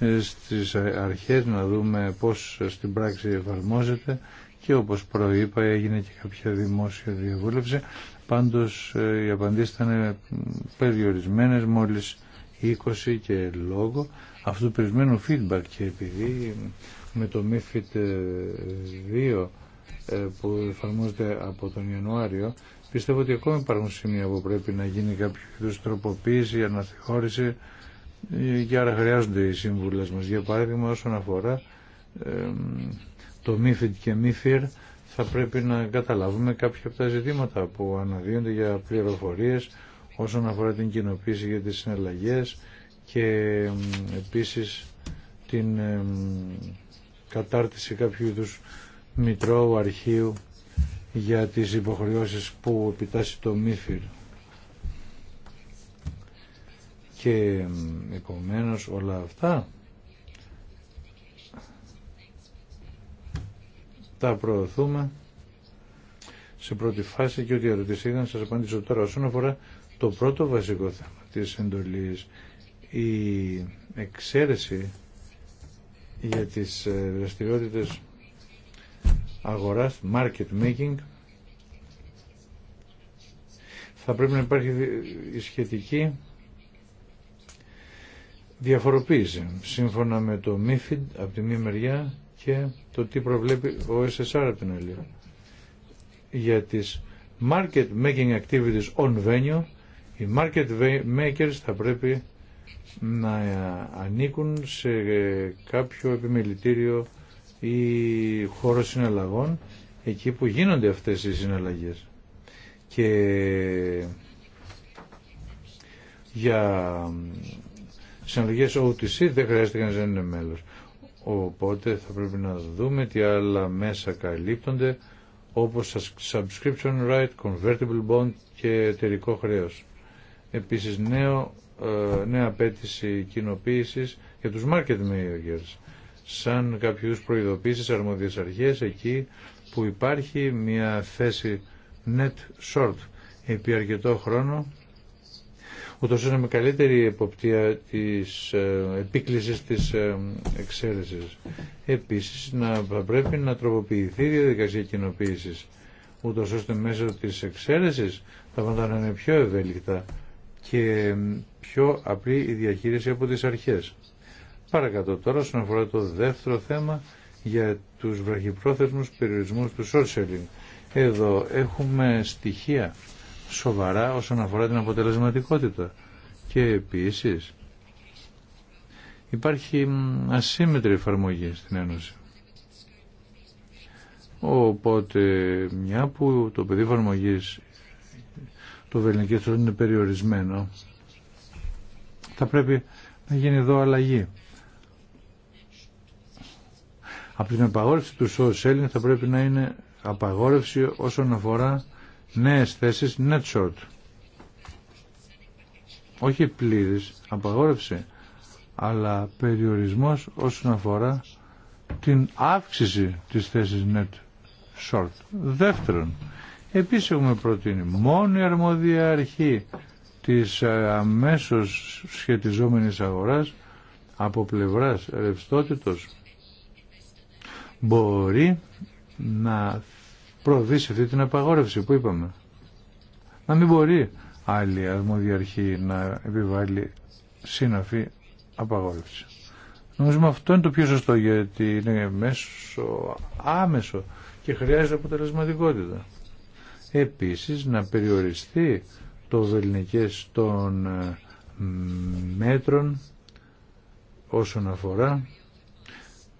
ε, στις αρχές να δούμε πώς στην πράξη εφαρμόζεται και όπως προείπα έγινε και κάποια δημόσια διαβούλευση. Πάντως ε, οι απαντήσεις ήταν ε, περιορισμένες μόλις 20 και λόγο αυτού του feedback και επειδή με το MIFID 2 που εφαρμόζεται από τον Ιανουάριο Πιστεύω ότι ακόμα υπάρχουν σημεία που πρέπει να γίνει κάποιο είδου τροποποίηση, αναθεώρηση και άρα χρειάζονται οι σύμβουλες μας. Για παράδειγμα όσον αφορά το MIFID και MIFIR θα πρέπει να καταλάβουμε κάποια από τα ζητήματα που αναδύονται για πληροφορίες όσον αφορά την κοινοποίηση για τις συναλλαγές και επίσης την κατάρτιση κάποιου είδους μητρώου αρχείου για τις υποχρεώσεις που επιτάσσει το ΜΥΦΙΡ. Και επομένως όλα αυτά τα προωθούμε σε πρώτη φάση και ό,τι ερωτήσει είχαν σας απαντήσω τώρα όσον αφορά το πρώτο βασικό θέμα της εντολής η εξαίρεση για τις ε, δραστηριότητες αγοράς, market making, θα πρέπει να υπάρχει η σχετική διαφοροποίηση σύμφωνα με το MIFID από τη μία μεριά και το τι προβλέπει ο SSR από την άλλη. Για τις market making activities on venue, οι market makers θα πρέπει να ανήκουν σε κάποιο επιμελητήριο ή χώρο συναλλαγών εκεί που γίνονται αυτές οι συναλλαγές. Και για συναλλαγές OTC δεν χρειάζεται κανείς να είναι μέλος. Οπότε θα πρέπει να δούμε τι άλλα μέσα καλύπτονται όπως subscription right, convertible bond και εταιρικό χρέος. Επίσης νέο, ε, νέα απέτηση κοινοποίησης για τους market makers σαν κάποιους προειδοποίησεις αρμόδιες αρχές εκεί που υπάρχει μια θέση net short επί αρκετό χρόνο ούτως ώστε με καλύτερη εποπτεία της ε, επίκλησης της ε, εξαίρεσης. Επίσης να, πρέπει να τροποποιηθεί η διαδικασία κοινοποίησης ούτως ώστε μέσω της εξαίρεσης θα πάντα να είναι πιο ευέλικτα και ε, πιο απλή η διαχείριση από τις αρχές. Παρακατώ τώρα όσον αφορά το δεύτερο θέμα για τους βραχυπρόθεσμους περιορισμούς του Σόρσελινγκ. Εδώ έχουμε στοιχεία σοβαρά όσον αφορά την αποτελεσματικότητα και επίσης υπάρχει ασύμμετρη εφαρμογή στην Ένωση. Οπότε μια που το πεδίο εφαρμογή του βελνικέ είναι περιορισμένο θα πρέπει να γίνει εδώ αλλαγή από την απαγόρευση του ΣΟΣ selling θα πρέπει να είναι απαγόρευση όσον αφορά νέες θέσεις net short. Όχι πλήρης απαγόρευση, αλλά περιορισμός όσον αφορά την αύξηση της θέσης net short. Δεύτερον, επίσης έχουμε προτείνει μόνο η αρμόδια αρχή της ε, αμέσως σχετιζόμενης αγοράς από πλευράς ρευστότητος μπορεί να προωθήσει αυτή την απαγόρευση που είπαμε. Να μην μπορεί άλλη αρμοδιαρχή να επιβάλλει σύναφη απαγόρευση. Νομίζω αυτό είναι το πιο σωστό γιατί είναι μέσο, άμεσο και χρειάζεται αποτελεσματικότητα. Επίσης να περιοριστεί το βελνικές των ε, μέτρων όσον αφορά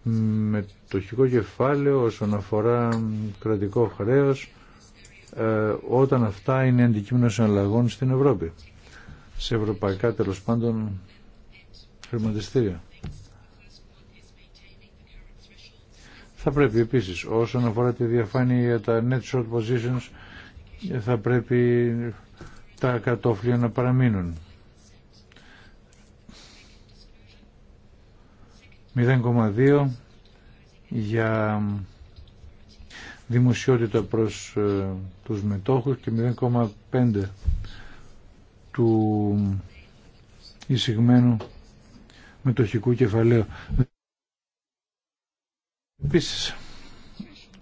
με μετοχικό κεφάλαιο όσον αφορά κρατικό χρέος ε, όταν αυτά είναι αντικείμενο συναλλαγών στην Ευρώπη σε ευρωπαϊκά τέλο πάντων χρηματιστήρια. Θα πρέπει επίσης όσον αφορά τη διαφάνεια για τα net short positions θα πρέπει τα κατόφλια να παραμείνουν για δημοσιότητα προς ε, τους μετόχους και 0,5 του εισηγμένου μετοχικού κεφαλαίου. Επίσης,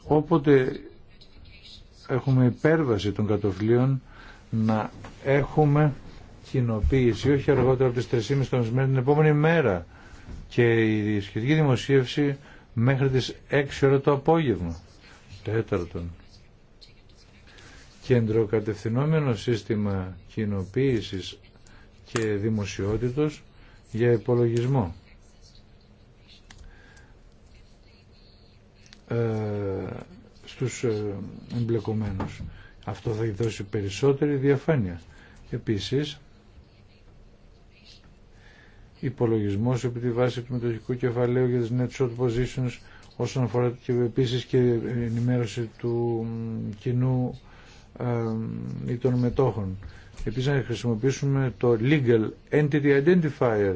όποτε έχουμε υπέρβαση των κατοφλίων να έχουμε κοινοποίηση, όχι αργότερα από τις 3.30 των την επόμενη μέρα και η σχετική δημοσίευση μέχρι τις 6 ώρα το απόγευμα. Τέταρτον, κέντρο κατευθυνόμενο σύστημα κοινοποίησης και δημοσιότητος για υπολογισμό. Ε, στους ε, εμπλεκομένους. Αυτό θα δώσει περισσότερη διαφάνεια. Επίσης, υπολογισμός επί τη βάση του μετοχικού κεφαλαίου για τις net short positions όσον αφορά και επίσης και ενημέρωση του κοινού ε, ή των μετόχων. Επίσης να χρησιμοποιήσουμε το Legal Entity Identifier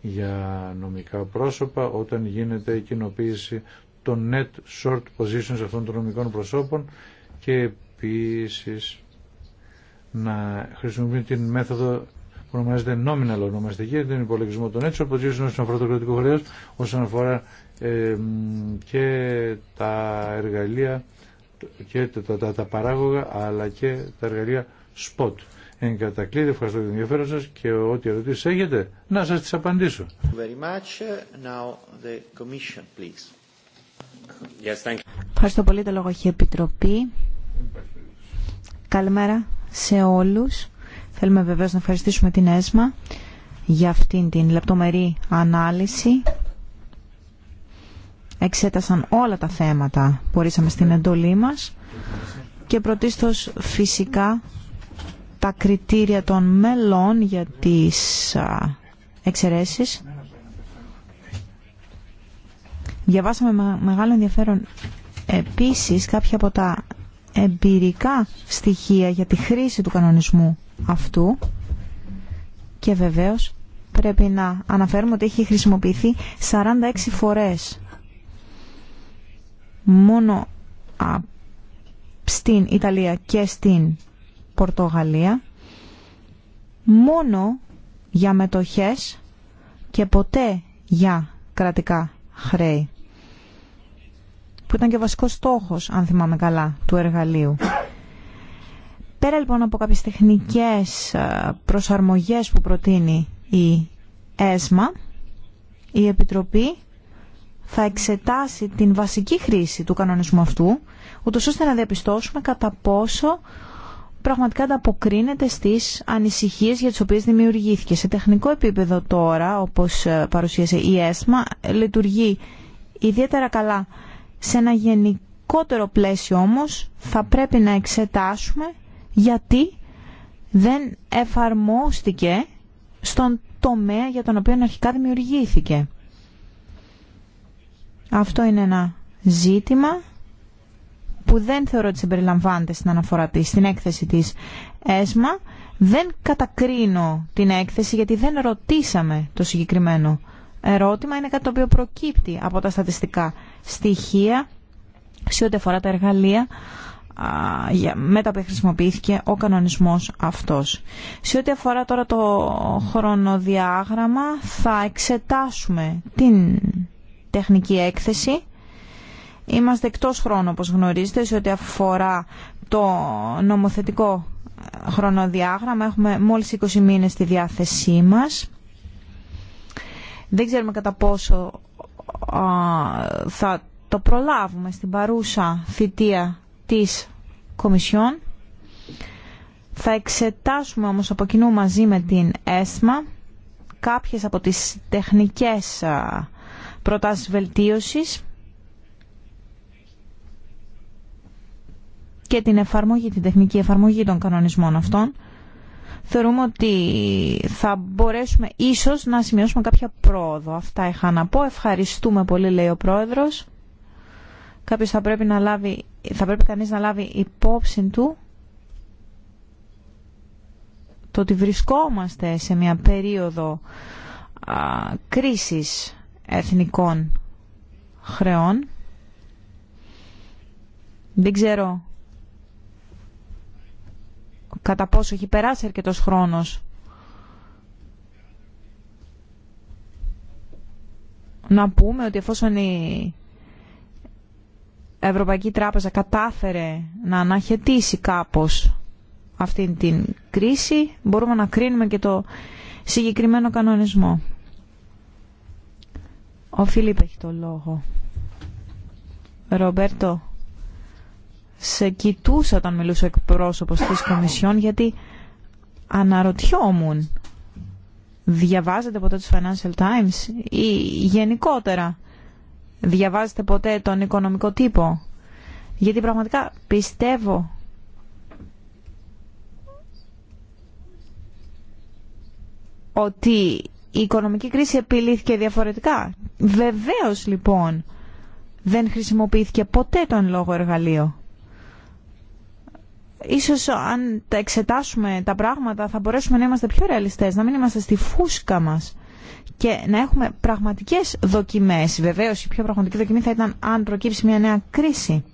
για νομικά πρόσωπα όταν γίνεται η κοινοποίηση των net short positions αυτών των νομικών προσώπων και επίσης να χρησιμοποιούμε την μέθοδο που ονομάζεται nominal ονομαστική, τον υπολογισμό των έξω, από όσον αφορά το κρατικό χρέο, όσον αφορά ε, και τα εργαλεία και τα, τα, τα, παράγωγα, αλλά και τα εργαλεία spot. Εν κατακλείδη, ευχαριστώ για την ενδιαφέρον σα και ό,τι ερωτήσει έχετε, να σα τι απαντήσω. Ευχαριστώ πολύ, το λόγο έχει επιτροπή. Καλημέρα σε όλους. Θέλουμε βεβαίως να ευχαριστήσουμε την ΕΣΜΑ για αυτήν την λεπτομερή ανάλυση. Εξέτασαν όλα τα θέματα που ορίσαμε στην εντολή μας και πρωτίστως φυσικά τα κριτήρια των μελών για τις εξαιρέσεις. Διαβάσαμε μεγάλο ενδιαφέρον επίσης κάποια από τα εμπειρικά στοιχεία για τη χρήση του κανονισμού αυτού και βεβαίως πρέπει να αναφέρουμε ότι έχει χρησιμοποιηθεί 46 φορές μόνο στην Ιταλία και στην Πορτογαλία μόνο για μετοχές και ποτέ για κρατικά χρέη που ήταν και βασικός στόχος αν θυμάμαι καλά του εργαλείου Πέρα λοιπόν από κάποιες τεχνικές ε, προσαρμογές που προτείνει η ΕΣΜΑ, η Επιτροπή θα εξετάσει την βασική χρήση του κανονισμού αυτού, ούτως ώστε να διαπιστώσουμε κατά πόσο πραγματικά ανταποκρίνεται στις ανησυχίες για τις οποίες δημιουργήθηκε. Σε τεχνικό επίπεδο τώρα, όπως ε, παρουσίασε η ΕΣΜΑ, λειτουργεί ιδιαίτερα καλά. Σε ένα γενικότερο πλαίσιο όμως θα πρέπει να εξετάσουμε γιατί δεν εφαρμόστηκε στον τομέα για τον οποίο αρχικά δημιουργήθηκε. Αυτό είναι ένα ζήτημα που δεν θεωρώ ότι συμπεριλαμβάνεται στην αναφορά της, στην έκθεση της ΕΣΜΑ. Δεν κατακρίνω την έκθεση γιατί δεν ρωτήσαμε το συγκεκριμένο ερώτημα. Είναι κάτι το οποίο προκύπτει από τα στατιστικά στοιχεία σε ό,τι αφορά τα εργαλεία μετά που χρησιμοποιήθηκε ο κανονισμός αυτός. Σε ό,τι αφορά τώρα το χρονοδιάγραμμα θα εξετάσουμε την τεχνική έκθεση. Είμαστε εκτός χρόνου όπως γνωρίζετε σε ό,τι αφορά το νομοθετικό ε, χρονοδιάγραμμα. Έχουμε μόλις 20 μήνες στη διάθεσή μας. Δεν ξέρουμε κατά πόσο θα το προλάβουμε στην παρούσα θητεία της Κομισιόν. Θα εξετάσουμε όμως από κοινού μαζί με την ΕΣΜΑ κάποιες από τις τεχνικές προτάσεις βελτίωσης και την εφαρμογή, την τεχνική εφαρμογή των κανονισμών αυτών. Θεωρούμε ότι θα μπορέσουμε ίσως να σημειώσουμε κάποια πρόοδο. Αυτά είχα να πω. Ευχαριστούμε πολύ, λέει ο Πρόεδρος. Κάποιος θα πρέπει να λάβει θα πρέπει κανείς να λάβει υπόψη του το ότι βρισκόμαστε σε μια περίοδο α, κρίσης εθνικών χρεών. Δεν ξέρω κατά πόσο έχει περάσει αρκετό χρόνος να πούμε ότι εφόσον η Ευρωπαϊκή Τράπεζα κατάφερε να αναχαιτήσει κάπως αυτήν την κρίση, μπορούμε να κρίνουμε και το συγκεκριμένο κανονισμό. Ο Φίλιπ έχει το λόγο. Ρομπέρτο, σε κοιτούσα όταν μιλούσε εκπρόσωπος της Κομισιόν γιατί αναρωτιόμουν διαβάζετε ποτέ τους Financial Times ή γενικότερα διαβάζετε ποτέ τον οικονομικό τύπο. Γιατί πραγματικά πιστεύω ότι η οικονομική κρίση επιλύθηκε διαφορετικά. Βεβαίως λοιπόν δεν χρησιμοποιήθηκε ποτέ τον λόγο εργαλείο. Ίσως αν τα εξετάσουμε τα πράγματα θα μπορέσουμε να είμαστε πιο ρεαλιστές, να μην είμαστε στη φούσκα μας και να έχουμε πραγματικές δοκιμές. Βεβαίως η πιο πραγματική δοκιμή θα ήταν αν προκύψει μια νέα κρίση.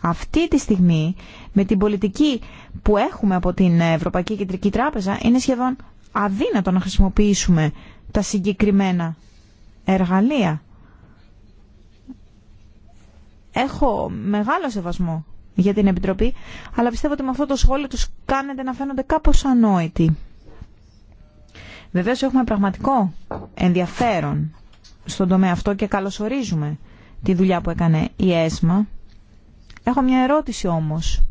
Αυτή τη στιγμή με την πολιτική που έχουμε από την Ευρωπαϊκή Κεντρική Τράπεζα είναι σχεδόν αδύνατο να χρησιμοποιήσουμε τα συγκεκριμένα εργαλεία. Έχω μεγάλο σεβασμό για την Επιτροπή, αλλά πιστεύω ότι με αυτό το σχόλιο τους κάνετε να φαίνονται κάπως ανόητοι. Βεβαίως έχουμε πραγματικό ενδιαφέρον στον τομέα αυτό και καλωσορίζουμε τη δουλειά που έκανε η ΕΣΜΑ. Έχω μια ερώτηση όμως.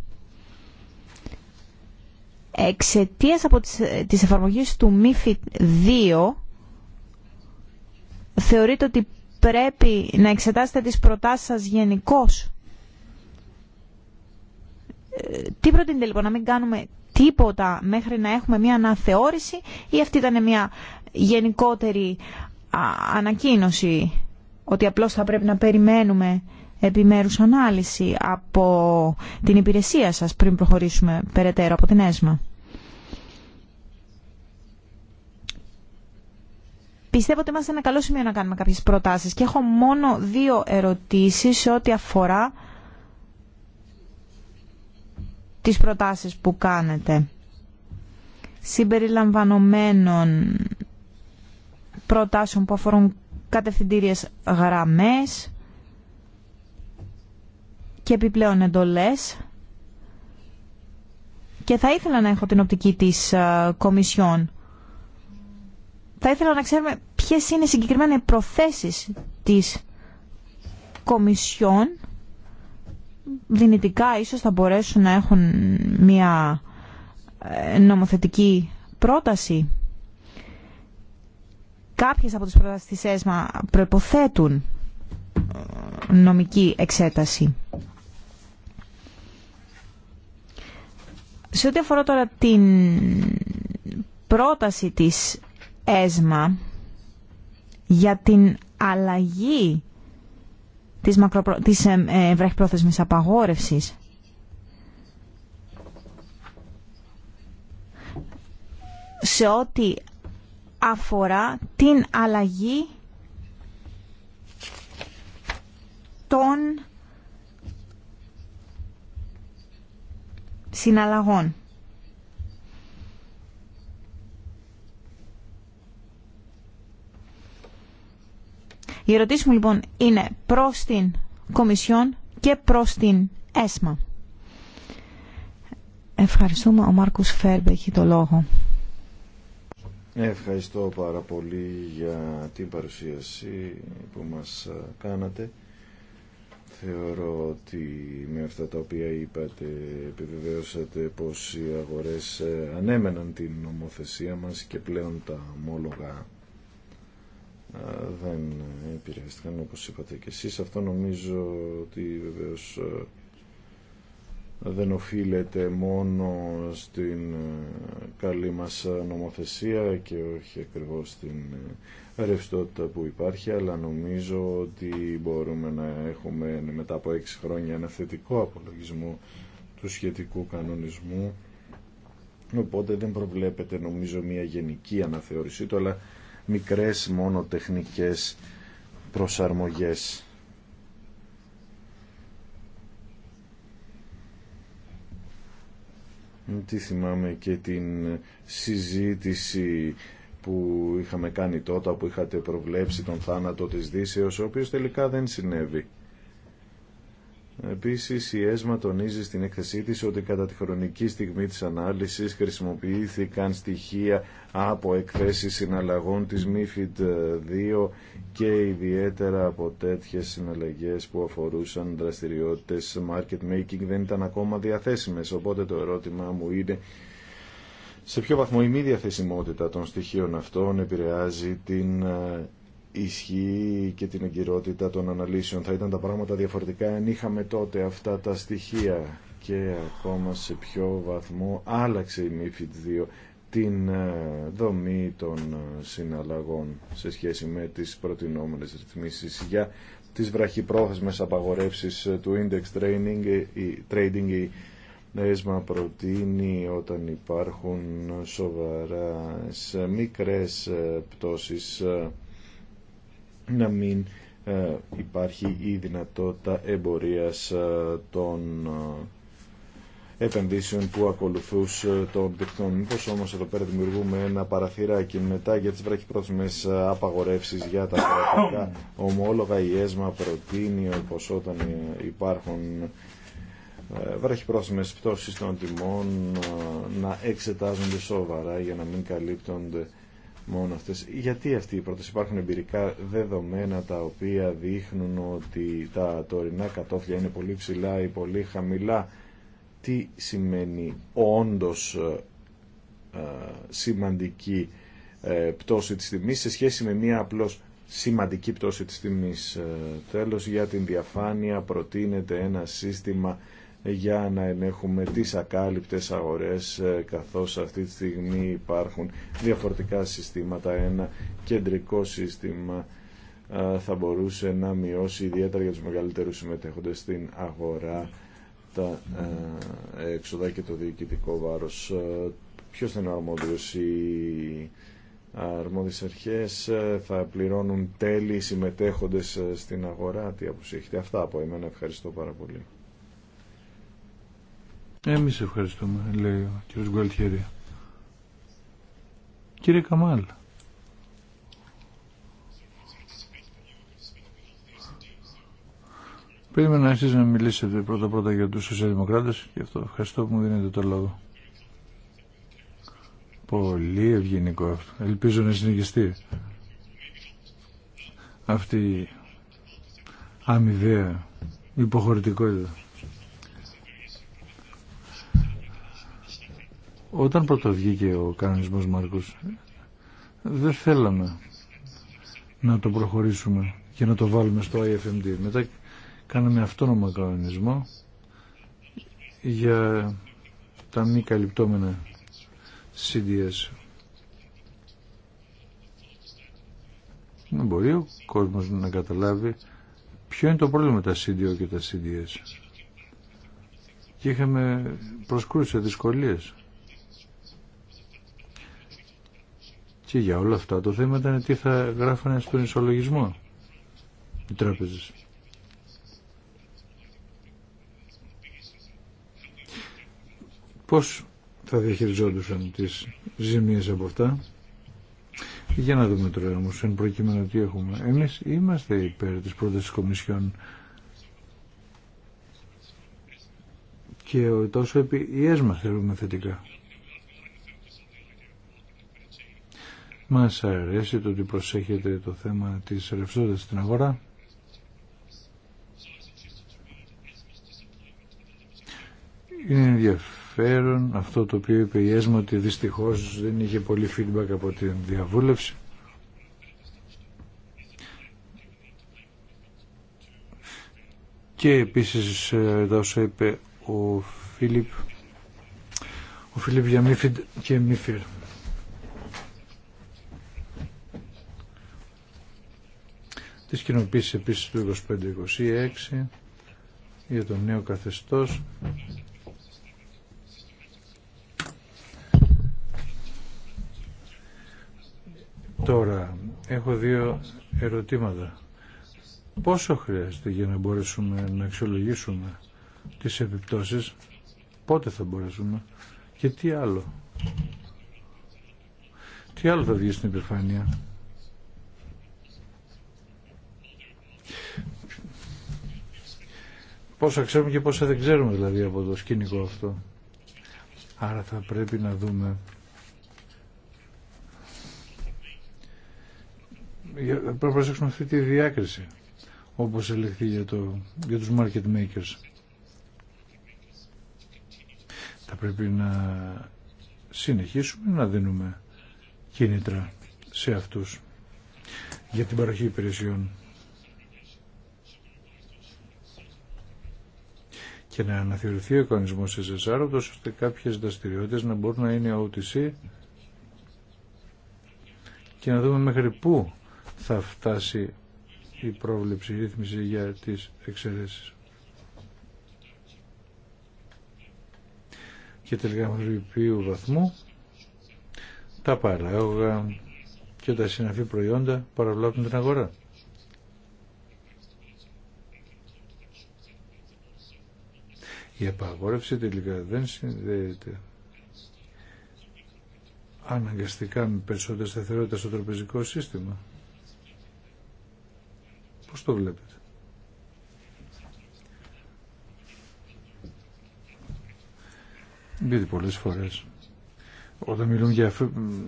Εξαιτία από τις, τις εφαρμογές του MIFID 2 θεωρείτε ότι πρέπει να εξετάσετε τις προτάσεις σας γενικώ. Ε, τι προτείνετε λοιπόν να μην κάνουμε τίποτα μέχρι να έχουμε μια αναθεώρηση ή αυτή ήταν μια γενικότερη ανακοίνωση ότι απλώς θα πρέπει να περιμένουμε επιμέρους ανάλυση από την υπηρεσία σας πριν προχωρήσουμε περαιτέρω από την ΕΣΜΑ. Πιστεύω ότι είμαστε ένα καλό σημείο να κάνουμε κάποιες προτάσεις και έχω μόνο δύο ερωτήσεις σε ό,τι αφορά τις προτάσεις που κάνετε συμπεριλαμβανομένων προτάσεων που αφορούν κατευθυντήριες γραμμές και επιπλέον εντολές και θα ήθελα να έχω την οπτική της ε, Κομισιόν. Θα ήθελα να ξέρουμε ποιες είναι συγκεκριμένα οι προθέσεις της Κομισιόν δυνητικά ίσως θα μπορέσουν να έχουν μια ε, νομοθετική πρόταση. Κάποιες από τις προτάσεις της ΕΣΜΑ προϋποθέτουν ε, νομική εξέταση. Σε ό,τι αφορά τώρα την πρόταση της ΕΣΜΑ για την αλλαγή της, μακροπρο... της ε, απαγόρευσης. Σε ό,τι αφορά την αλλαγή των συναλλαγών. Η ερωτήση μου λοιπόν είναι προς την Κομισιόν και προς την ΕΣΜΑ. Ευχαριστούμε. Ο Μάρκος Φέρμπε έχει το λόγο. Ευχαριστώ πάρα πολύ για την παρουσίαση που μας κάνατε. Θεωρώ ότι με αυτά τα οποία είπατε επιβεβαίωσατε πως οι αγορές ανέμεναν την νομοθεσία μας και πλέον τα ομόλογα δεν επηρεάστηκαν όπως είπατε και εσείς. Αυτό νομίζω ότι βεβαίως δεν οφείλεται μόνο στην καλή μας νομοθεσία και όχι ακριβώς στην ρευστότητα που υπάρχει, αλλά νομίζω ότι μπορούμε να έχουμε μετά από έξι χρόνια ένα θετικό απολογισμό του σχετικού κανονισμού. Οπότε δεν προβλέπεται νομίζω μια γενική αναθεώρησή του, αλλά μικρές μόνο τεχνικές προσαρμογές. Τι θυμάμαι και την συζήτηση που είχαμε κάνει τότε, που είχατε προβλέψει τον θάνατο της Δύσεως, ο οποίος τελικά δεν συνέβη. Επίση, η ΕΣΜΑ τονίζει στην έκθεσή τη ότι κατά τη χρονική στιγμή της ανάλυσης χρησιμοποιήθηκαν στοιχεία από εκθέσει συναλλαγών της MIFID 2 και ιδιαίτερα από τέτοιες συναλλαγές που αφορούσαν δραστηριότητες market making δεν ήταν ακόμα διαθέσιμες. Οπότε το ερώτημα μου είναι σε ποιο βαθμό η μη διαθεσιμότητα των στοιχείων αυτών επηρεάζει την ε, ισχύει και την εγκυρότητα των αναλύσεων. Θα ήταν τα πράγματα διαφορετικά αν είχαμε τότε αυτά τα στοιχεία και ακόμα σε ποιο βαθμό άλλαξε η MIFID 2 την ε, δομή των ε, συναλλαγών σε σχέση με τις προτινόμενες ρυθμίσεις για τις βραχυπρόθεσμες απαγορεύσεις ε, του index trading, η, trading η ΕΣΜΑ προτείνει όταν υπάρχουν σοβαρά μικρές πτώσεις να μην ε, υπάρχει η δυνατότητα εμπορίας ε, των ε, επενδύσεων που ακολουθούς των τεχνών. Μήπως όμως εδώ πέρα δημιουργούμε ένα παραθυράκι μετά για τις ε, απαγορεύσεις για τα κρατικά ομόλογα. Η ΕΣΜΑ προτείνει όπως όταν υπάρχουν βραχυπρόθεσμες πτώσεις των τιμών να εξετάζονται σοβαρά για να μην καλύπτονται μόνο αυτές. Γιατί αυτή η πρόταση υπάρχουν εμπειρικά δεδομένα τα οποία δείχνουν ότι τα τωρινά κατόφλια είναι πολύ ψηλά ή πολύ χαμηλά. Τι σημαίνει όντως ε, ε, σημαντική ε, πτώση της τιμής σε σχέση με μία απλώς σημαντική πτώση της τιμής. Τέλος, για την διαφάνεια προτείνεται ένα σύστημα για να ενέχουμε τις ακάλυπτες αγορές ε, καθώς αυτή τη στιγμή υπάρχουν διαφορετικά συστήματα. Ένα κεντρικό σύστημα ε, θα μπορούσε να μειώσει ιδιαίτερα για τους μεγαλύτερους συμμετέχοντες στην αγορά τα ε, έξοδα και το διοικητικό βάρος. Ποιος είναι ο αρμόδιος, οι αρμόδιες αρχές θα πληρώνουν τέλη συμμετέχοντες στην αγορά. Τι αυτά από εμένα. Ευχαριστώ πάρα πολύ. Εμείς ευχαριστούμε, λέει ο κύριος Γκουαλτιέρη. Κύριε Καμάλ. Περίμενα εσείς να μιλήσετε πρώτα-πρώτα για τους σοσιαλδημοκράτες και αυτό ευχαριστώ που μου δίνετε το λόγο. Πολύ ευγενικό αυτό. Ελπίζω να συνεχιστεί αυτή η αμοιβαία υποχωρητικότητα. Όταν πρωτοβγήκε ο κανονισμός Μάρκος, δεν θέλαμε να το προχωρήσουμε και να το βάλουμε στο IFMD. Μετά κάναμε αυτόνομο κανονισμό για τα μη καλυπτόμενα CDS. Να μπορεί ο κόσμος να καταλάβει ποιο είναι το πρόβλημα με τα CDO και τα CDS. Και είχαμε προσκρούσει δυσκολίες. Και για όλα αυτά το θέμα ήταν τι θα γράφανε στον ισολογισμό οι τράπεζες. Πώς θα διαχειριζόντουσαν τις ζημίες από αυτά. Για να δούμε τώρα όμως εν προκειμένου τι έχουμε. Εμείς είμαστε υπέρ της πρότασης κομισιών και τόσο επί ΙΕΣ μας θέλουμε θετικά. Μας αρέσει το ότι προσέχετε το θέμα της ρευστότητας στην αγορά. Είναι ενδιαφέρον αυτό το οποίο είπε η ΕΣΜΑ ότι δυστυχώς δεν είχε πολύ feedback από την διαβούλευση. Και επίσης εδώ όσο είπε ο Φίλιπ, ο Φίλιπ για Μίφιντ και Μίφιρ. της κοινοποίησης επίσης του 25-26 για το νέο καθεστώς Τώρα, έχω δύο ερωτήματα. Πόσο χρειάζεται για να μπορέσουμε να αξιολογήσουμε τις επιπτώσεις, πότε θα μπορέσουμε και τι άλλο. Τι άλλο θα βγει στην επιφάνεια. Πόσα ξέρουμε και πόσα δεν ξέρουμε δηλαδή από το σκηνικό αυτό. Άρα θα πρέπει να δούμε πρέπει να προσέξουμε αυτή τη διάκριση όπως ελεγχθεί για, το, για τους market makers. Θα πρέπει να συνεχίσουμε να δίνουμε κίνητρα σε αυτούς για την παροχή υπηρεσιών. και να αναθεωρηθεί ο τη SSR, ώστε κάποιες δραστηριότητε να μπορούν να είναι OTC και να δούμε μέχρι πού θα φτάσει η πρόβλεψη, η ρύθμιση για τις εξαιρέσει. Και τελικά μέχρι ποιου βαθμού τα παράγωγα και τα συναφή προϊόντα παραβλάπτουν την αγορά. Η απαγόρευση τελικά δεν συνδέεται αναγκαστικά με περισσότερη σταθερότητα στο τραπεζικό σύστημα. Πώς το βλέπετε. Γιατί πολλές φορές όταν μιλούν για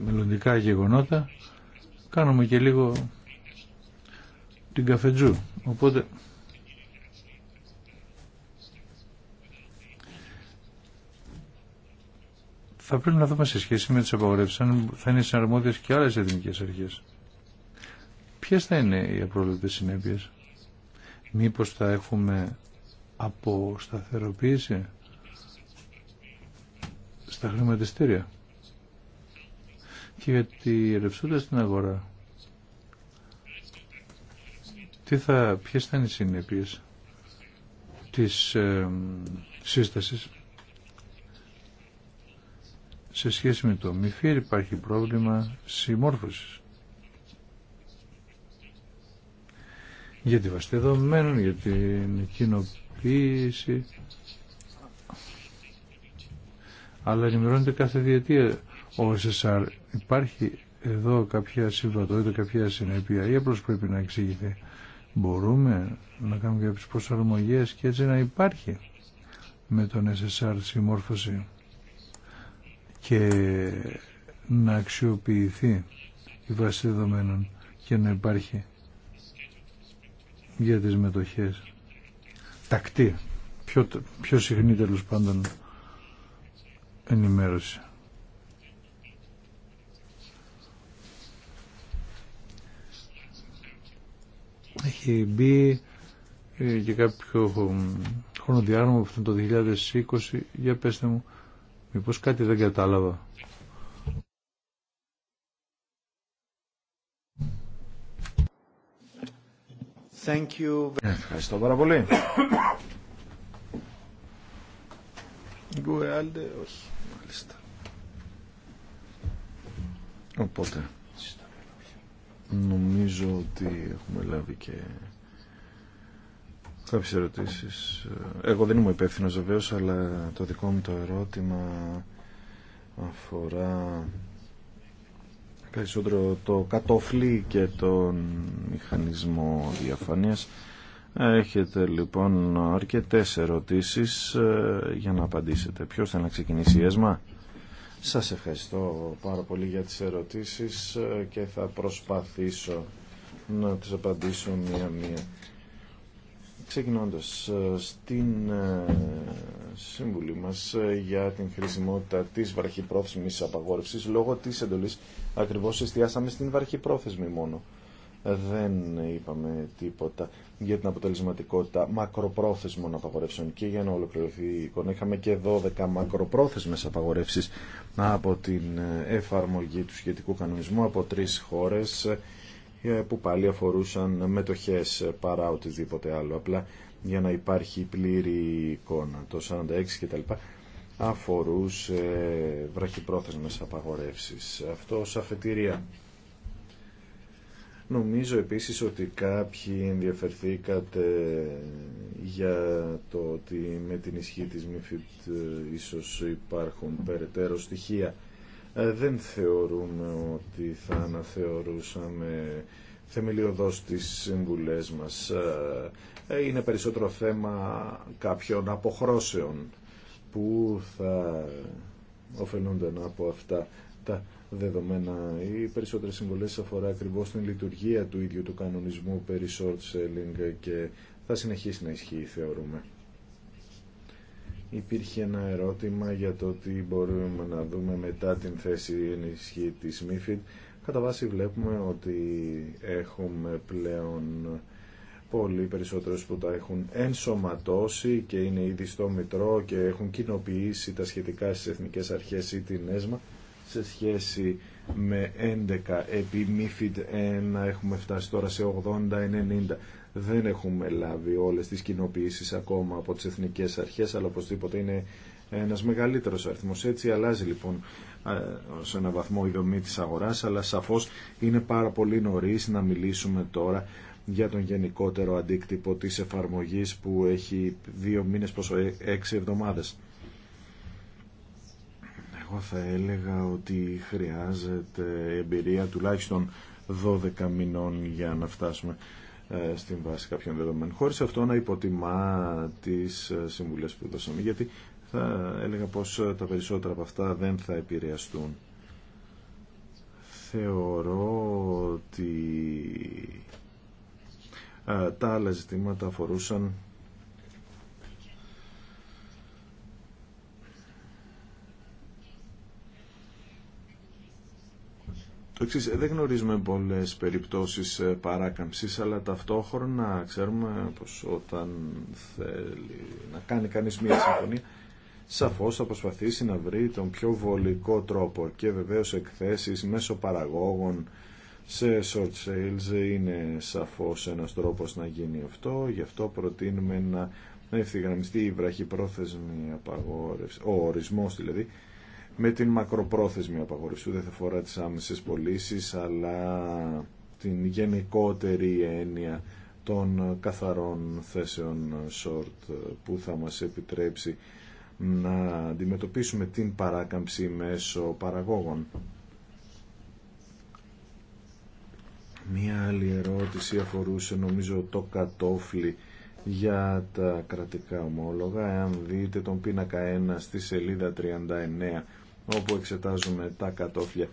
μελλοντικά γεγονότα κάνουμε και λίγο την καφετζού. Οπότε θα πρέπει να δούμε σε σχέση με τι απαγορεύσει, αν θα είναι συναρμόδιε και άλλες εθνικές αρχές. Ποιε θα είναι οι απρόβλεπτε συνέπειε Μήπως θα έχουμε αποσταθεροποίηση στα χρηματιστήρια και γιατί ρευστούντα στην αγορά. Τι θα, ποιες θα είναι οι συνέπειες της ε, σύστασης σε σχέση με το ΜΥΦΙΡ υπάρχει πρόβλημα συμμόρφωσης. Για τη βαστή για την κοινοποίηση. Αλλά ενημερώνεται κάθε διετία ο SSR. Υπάρχει εδώ κάποια συμβατότητα, κάποια συνέπεια ή απλώς πρέπει να εξηγηθεί. Μπορούμε να κάνουμε κάποιε προσαρμογές και έτσι να υπάρχει με τον SSR συμμόρφωση και να αξιοποιηθεί η βάση δεδομένων και να υπάρχει για τις μετοχές τακτή πιο, πιο συχνή τέλο πάντων ενημέρωση έχει μπει ε, και κάποιο ε, χρονοδιάγραμμα από το 2020 για πέστε μου Μήπως κάτι δεν κατάλαβα. Thank you. Ευχαριστώ πάρα πολύ. όχι. Οπότε, νομίζω ότι έχουμε λάβει και Κάποιε ερωτήσεις. Εγώ δεν είμαι υπεύθυνο βεβαίω, αλλά το δικό μου το ερώτημα αφορά περισσότερο το κατόφλι και τον μηχανισμό διαφανείας. Έχετε λοιπόν αρκετές ερωτήσεις ε, για να απαντήσετε. Ποιος θα να ξεκινήσει η ΕΣΜΑ. Σας ευχαριστώ πάρα πολύ για τις ερωτήσεις ε, και θα προσπαθήσω να τις απαντήσω μία-μία. Ξεκινώντας, ε, στην ε, σύμβουλή μας ε, για την χρησιμότητα της βαρχιπρόθεσμης απαγόρευσης, λόγω της εντολής ακριβώς εστιάσαμε στην βαρχιπρόθεσμη μόνο. Δεν είπαμε τίποτα για την αποτελεσματικότητα μακροπρόθεσμων απαγορεύσεων και για να ολοκληρωθεί η εικόνα είχαμε και 12 μακροπρόθεσμες απαγορεύσεις από την εφαρμογή του σχετικού κανονισμού από τρεις χώρες ε, που πάλι αφορούσαν μετοχές παρά οτιδήποτε άλλο. Απλά για να υπάρχει πλήρη εικόνα. Το 46 λοιπά αφορούσε βραχυπρόθεσμες απαγορεύσεις. Αυτό ως αφετηρία. Νομίζω επίσης ότι κάποιοι ενδιαφερθήκατε για το ότι με την ισχύ της ΜΥΦΙΤ ε, ίσως υπάρχουν περαιτέρω στοιχεία ε, δεν θεωρούμε ότι θα αναθεωρούσαμε θεμελιωδώς τις συμβουλές μας. Ε, ε, είναι περισσότερο θέμα κάποιων αποχρώσεων που θα ωφελούνταν από αυτά τα δεδομένα. Οι περισσότερες συμβολές αφορά ακριβώς την λειτουργία του ίδιου του κανονισμού περί short selling και θα συνεχίσει να ισχύει θεωρούμε υπήρχε ένα ερώτημα για το τι μπορούμε να δούμε μετά την θέση ενισχύ της MIFID. Κατά βάση βλέπουμε ότι έχουμε πλέον πολύ περισσότερους που τα έχουν ενσωματώσει και είναι ήδη στο Μητρό και έχουν κοινοποιήσει τα σχετικά στις Εθνικές Αρχές ή την ΕΣΜΑ σε σχέση με 11 επί MIFID 1 έχουμε φτάσει τώρα σε 80-90 δεν έχουμε λάβει όλες τις κοινοποιήσεις ακόμα από τις εθνικές αρχές, αλλά οπωσδήποτε είναι ένας μεγαλύτερος αριθμός. Έτσι αλλάζει λοιπόν σε ένα βαθμό η δομή της αγοράς, αλλά σαφώς είναι πάρα πολύ νωρίς να μιλήσουμε τώρα για τον γενικότερο αντίκτυπο της εφαρμογής που έχει δύο μήνες προς ε, έξι εβδομάδες. Εγώ θα έλεγα ότι χρειάζεται εμπειρία τουλάχιστον 12 μηνών για να φτάσουμε ε, στην βάση κάποιων δεδομένων, χωρίς αυτό να υποτιμά τις ε, συμβουλές που δώσαμε, γιατί θα έλεγα πως ε, τα περισσότερα από αυτά δεν θα επηρεαστούν. Θεωρώ ότι τα άλλα ζητήματα αφορούσαν δεν γνωρίζουμε πολλές περιπτώσεις ε, παράκαμψης, αλλά ταυτόχρονα ξέρουμε πως όταν θέλει να κάνει κανείς μία συμφωνία, σαφώς θα προσπαθήσει να βρει τον πιο βολικό τρόπο και βεβαίως εκθέσεις μέσω παραγόγων σε short sales είναι σαφώς ένας τρόπος να γίνει αυτό, γι' αυτό προτείνουμε να ευθυγραμμιστεί η βραχυπρόθεσμη απαγόρευση, ο ορισμός δηλαδή, με την μακροπρόθεσμη απαγόρευση. Δεν θα φορά τις άμεσες πωλήσει, αλλά την γενικότερη έννοια των καθαρών θέσεων short που θα μας επιτρέψει να αντιμετωπίσουμε την παράκαμψη μέσω παραγόγων. Μία άλλη ερώτηση αφορούσε νομίζω το κατόφλι για τα κρατικά ομόλογα. Εάν δείτε τον πίνακα 1 στη σελίδα 39 όπου εξετάζουμε τα κατόφλια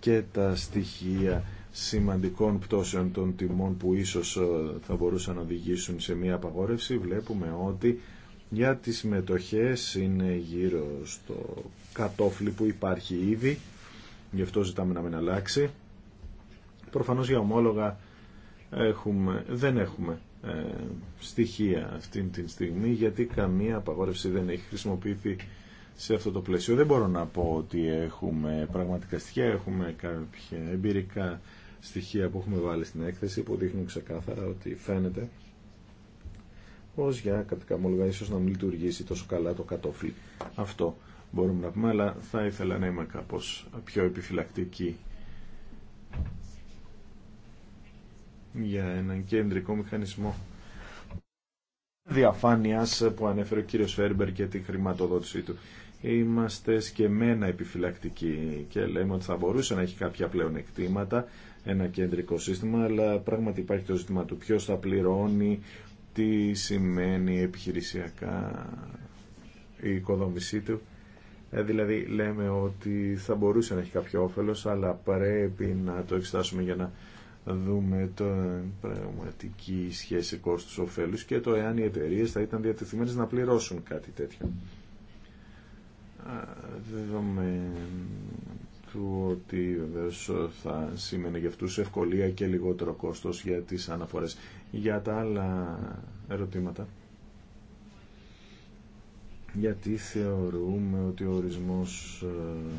και τα στοιχεία σημαντικών πτώσεων των τιμών που ίσως ε, θα μπορούσαν να οδηγήσουν σε μια απαγόρευση βλέπουμε ότι για τις μετοχές είναι γύρω στο κατόφλι που υπάρχει ήδη γι' αυτό ζητάμε να μην αλλάξει προφανώς για ομόλογα έχουμε, δεν έχουμε ε, στοιχεία αυτή τη στιγμή γιατί καμία απαγόρευση δεν έχει χρησιμοποιηθεί σε αυτό το πλαίσιο. Δεν μπορώ να πω ότι έχουμε πραγματικά στοιχεία, έχουμε κάποια εμπειρικά στοιχεία που έχουμε βάλει στην έκθεση που δείχνουν ξεκάθαρα ότι φαίνεται πως για κατ' καμόλογα ίσως να μην λειτουργήσει τόσο καλά το κατόφλι. Αυτό μπορούμε να πούμε, αλλά θα ήθελα να είμαι κάπως πιο επιφυλακτική για έναν κεντρικό μηχανισμό διαφάνειας που ανέφερε ο κύριος Φέρμπερ και τη χρηματοδότησή του είμαστε σκεμμένα επιφυλακτικοί και λέμε ότι θα μπορούσε να έχει κάποια πλέον ένα κεντρικό σύστημα, αλλά πράγματι υπάρχει το ζήτημα του ποιος θα πληρώνει, τι σημαίνει επιχειρησιακά η οικοδόμησή του. Ε, δηλαδή λέμε ότι θα μπορούσε να έχει κάποιο όφελος, αλλά πρέπει να το εξετάσουμε για να δούμε το πραγματική σχέση κόστους-οφέλους και το εάν οι εταιρείε θα ήταν διατεθειμένες να πληρώσουν κάτι τέτοιο του ότι βεβαίω θα σήμαινε για αυτούς ευκολία και λιγότερο κόστος για τις αναφορές. Για τα άλλα ερωτήματα. Γιατί θεωρούμε ότι ο ορισμός ε,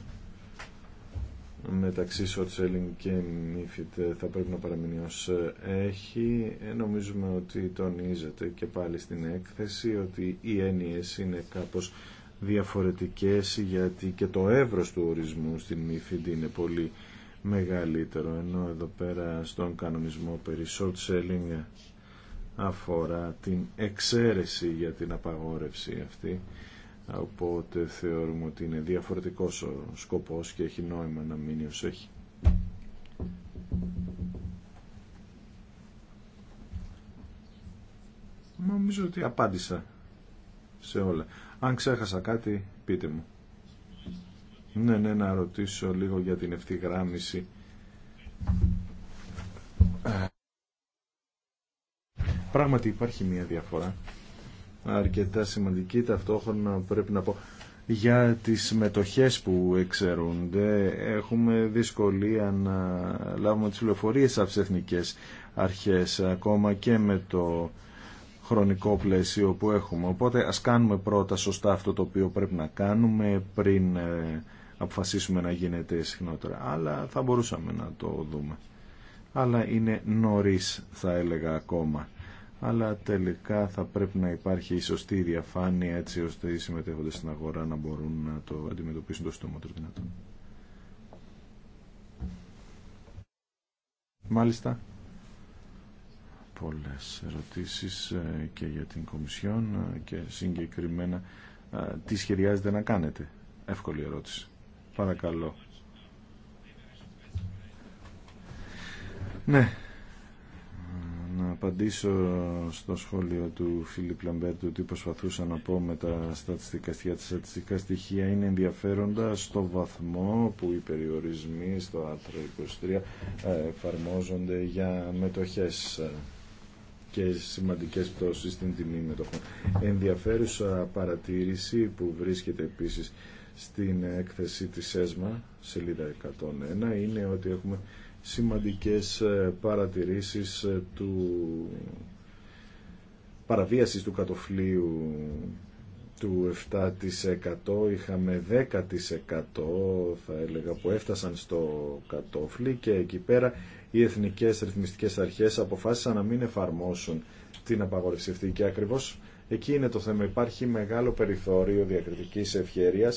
μεταξύ short-selling και MIFID ε, θα πρέπει να παραμείνει ως ε, έχει. Νομίζουμε ότι τονίζεται και πάλι στην έκθεση ότι οι έννοιες είναι κάπως διαφορετικές γιατί και το εύρος του ορισμού στην Μύφιντ είναι πολύ μεγαλύτερο ενώ εδώ πέρα στον κανονισμό περί short selling αφορά την εξαίρεση για την απαγόρευση αυτή οπότε θεωρούμε ότι είναι διαφορετικός ο σκοπός και έχει νόημα να μείνει ως έχει. Νομίζω ότι απάντησα σε όλα. Αν ξέχασα κάτι, πείτε μου. Ναι, ναι, να ρωτήσω λίγο για την ευθυγράμμιση. Πράγματι υπάρχει μια διαφορά αρκετά σημαντική ταυτόχρονα πρέπει να πω για τις μετοχές που εξαιρούνται έχουμε δυσκολία να λάβουμε τις πληροφορίες από εθνικές αρχές ακόμα και με το χρονικό πλαίσιο που έχουμε. Οπότε ας κάνουμε πρώτα σωστά αυτό το οποίο πρέπει να κάνουμε πριν ε, αποφασίσουμε να γίνεται συχνότερα. Αλλά θα μπορούσαμε να το δούμε. Αλλά είναι νωρίς θα έλεγα ακόμα. Αλλά τελικά θα πρέπει να υπάρχει η σωστή διαφάνεια έτσι ώστε οι συμμετέχοντες στην αγορά να μπορούν να το αντιμετωπίσουν το του δυνατόν. Μάλιστα πολλές ερωτήσεις ε, και για την Κομισιόν ε, και συγκεκριμένα ε, τι σχεδιάζετε να κάνετε. Εύκολη ερώτηση. Παρακαλώ. Ναι. Να απαντήσω στο σχόλιο του Φίλιπ Λαμπέρτου ότι προσπαθούσα να πω με τα στατιστικά στοιχεία. Τα στατιστικά στοιχεία είναι ενδιαφέροντα στο βαθμό που οι περιορισμοί στο άρθρο 23 εφαρμόζονται για μετοχές και σημαντικές πτώσεις στην τιμή με μετοχών. Ενδιαφέρουσα παρατήρηση που βρίσκεται επίσης στην έκθεση της ΕΣΜΑ, σελίδα 101, είναι ότι έχουμε σημαντικές ε, παρατηρήσεις ε, του παραβίασης του κατοφλίου του 7% είχαμε 10% θα έλεγα που έφτασαν στο κατόφλι και εκεί πέρα οι εθνικές ρυθμιστικές αρχές αποφάσισαν να μην εφαρμόσουν την απαγόρευση αυτή και ακριβώ. εκεί είναι το θέμα. Υπάρχει μεγάλο περιθώριο διακριτικής ευχέρεια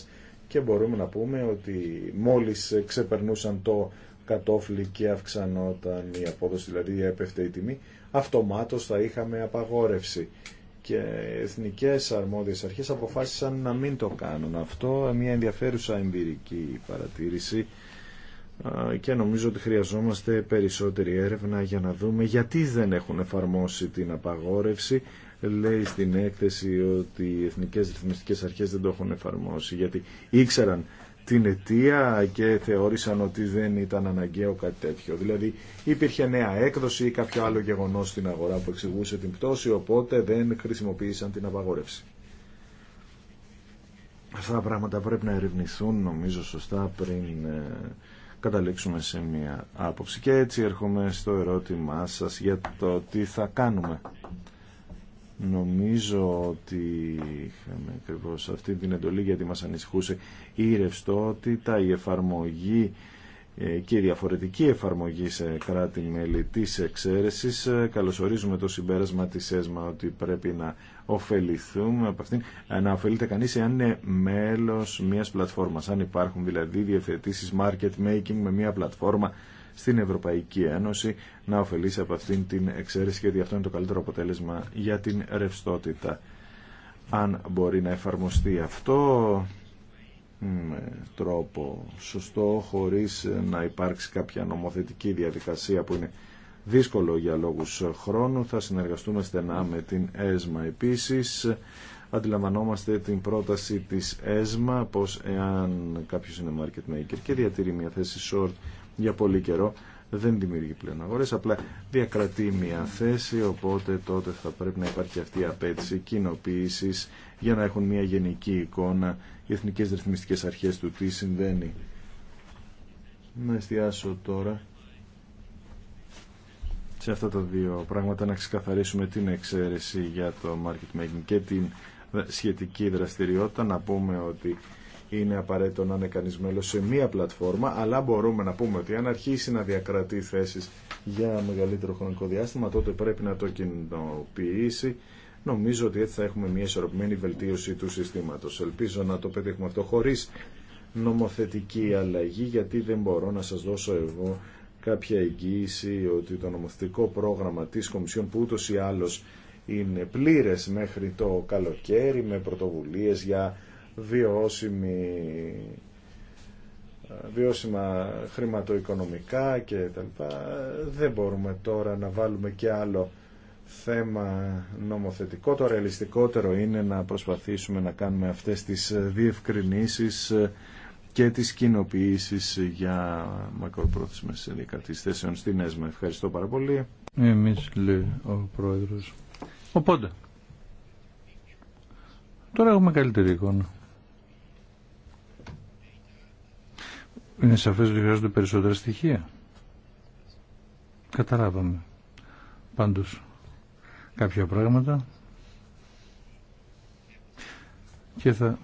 και μπορούμε να πούμε ότι μόλις ξεπερνούσαν το κατόφλι και αυξανόταν η απόδοση, δηλαδή έπεφτε η τιμή, αυτομάτως θα είχαμε απαγόρευση. Και εθνικέ αρμόδιες αρχές αποφάσισαν να μην το κάνουν. Αυτό μια ενδιαφέρουσα εμπειρική παρατήρηση και νομίζω ότι χρειαζόμαστε περισσότερη έρευνα για να δούμε γιατί δεν έχουν εφαρμόσει την απαγόρευση. Λέει στην έκθεση ότι οι εθνικές ρυθμιστικές αρχές δεν το έχουν εφαρμόσει γιατί ήξεραν την αιτία και θεώρησαν ότι δεν ήταν αναγκαίο κάτι τέτοιο. Δηλαδή υπήρχε νέα έκδοση ή κάποιο άλλο γεγονός στην αγορά που εξηγούσε την πτώση οπότε δεν χρησιμοποίησαν την απαγόρευση. Αυτά τα πράγματα πρέπει να ερευνηθούν νομίζω σωστά πριν ε, καταλήξουμε σε μια άποψη. Και έτσι έρχομαι στο ερώτημά σας για το τι θα κάνουμε. Νομίζω ότι είχαμε ακριβώ αυτή την εντολή γιατί μας ανησυχούσε η ρευστότητα, η εφαρμογή ε, και η διαφορετική εφαρμογή σε κράτη-μέλη της εξαίρεσης. Ε, καλωσορίζουμε το συμπέρασμα της ΕΣΜΑ ότι πρέπει να ωφεληθούμε από αυτήν, να ωφελείται κανείς εάν είναι μέλος μιας πλατφόρμας. Αν υπάρχουν δηλαδή διευθετήσεις market making με μια πλατφόρμα στην Ευρωπαϊκή Ένωση να ωφελήσει από αυτήν την εξαίρεση γιατί αυτό είναι το καλύτερο αποτέλεσμα για την ρευστότητα. Αν μπορεί να εφαρμοστεί αυτό με τρόπο σωστό χωρίς να υπάρξει κάποια νομοθετική διαδικασία που είναι δύσκολο για λόγους χρόνου. Θα συνεργαστούμε στενά με την ΕΣΜΑ επίσης. Αντιλαμβανόμαστε την πρόταση της ΕΣΜΑ πως εάν κάποιος είναι market maker και διατηρεί μια θέση short για πολύ καιρό δεν δημιουργεί πλέον αγορές, απλά διακρατεί μια θέση, οπότε τότε θα πρέπει να υπάρχει αυτή η απέτηση κοινοποίηση για να έχουν μια γενική εικόνα οι εθνικές ρυθμιστικές αρχές του τι συμβαίνει. Να εστιάσω τώρα σε αυτά τα δύο πράγματα να ξεκαθαρίσουμε την εξαίρεση για το market making και την σχετική δραστηριότητα να πούμε ότι είναι απαραίτητο να είναι κανείς μέλος σε μία πλατφόρμα αλλά μπορούμε να πούμε ότι αν αρχίσει να διακρατεί θέσεις για μεγαλύτερο χρονικό διάστημα τότε πρέπει να το κοινοποιήσει. νομίζω ότι έτσι θα έχουμε μια ισορροπημένη βελτίωση του συστήματος ελπίζω να το πετύχουμε αυτό χωρίς νομοθετική αλλαγή γιατί δεν μπορώ να σας δώσω εγώ κάποια εγγύηση ότι το νομοθετικό πρόγραμμα της Κομισιόν που ούτως ή άλλως είναι πλήρες μέχρι το καλοκαίρι με πρωτοβουλίες για βιώσιμη, ε, βιώσιμα χρηματοοικονομικά και Δεν μπορούμε τώρα να βάλουμε και άλλο θέμα νομοθετικό. Το ρεαλιστικότερο είναι να προσπαθήσουμε να κάνουμε αυτές τις διευκρινήσεις ε, και τις κοινοποιήσεις για μακροπρόθεσμες διακρατήσεις θέσεων στην ΕΣΜΑ. Ευχαριστώ πάρα πολύ. Εμείς λέει ο Πρόεδρος. Οπότε, τώρα έχουμε καλύτερη εικόνα. Είναι σαφές ότι χρειάζονται περισσότερα στοιχεία. Καταλάβαμε. Πάντως, κάποια πράγματα και θα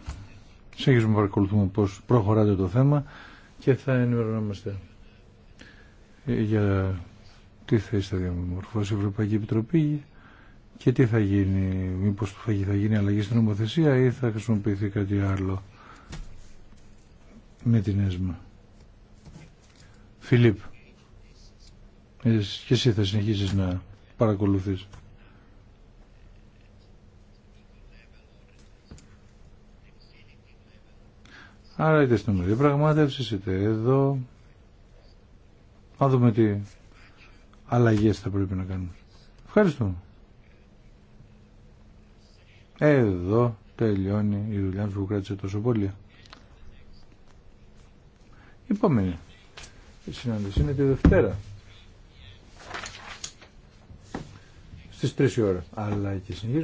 Συνεχίζουμε να παρακολουθούμε πώς προχωράτε το θέμα και θα ενημερωνόμαστε για τι θέση θα διαμορφώσει η Ευρωπαϊκή Επιτροπή και τι θα γίνει, μήπως θα γίνει αλλαγή στην νομοθεσία ή θα χρησιμοποιηθεί κάτι άλλο με την ΕΣΜΑ. Φιλίπ, και εσύ θα συνεχίσεις να παρακολουθείς. Άρα είτε στην ομιλία πραγμάτευση είτε εδώ. Να δούμε τι αλλαγέ θα πρέπει να κάνουμε. Ευχαριστούμε. Εδώ τελειώνει η δουλειά που κράτησε τόσο πολύ. Η επόμενη η συνάντηση είναι τη Δευτέρα. Στις 3 η ώρα. Αλλά και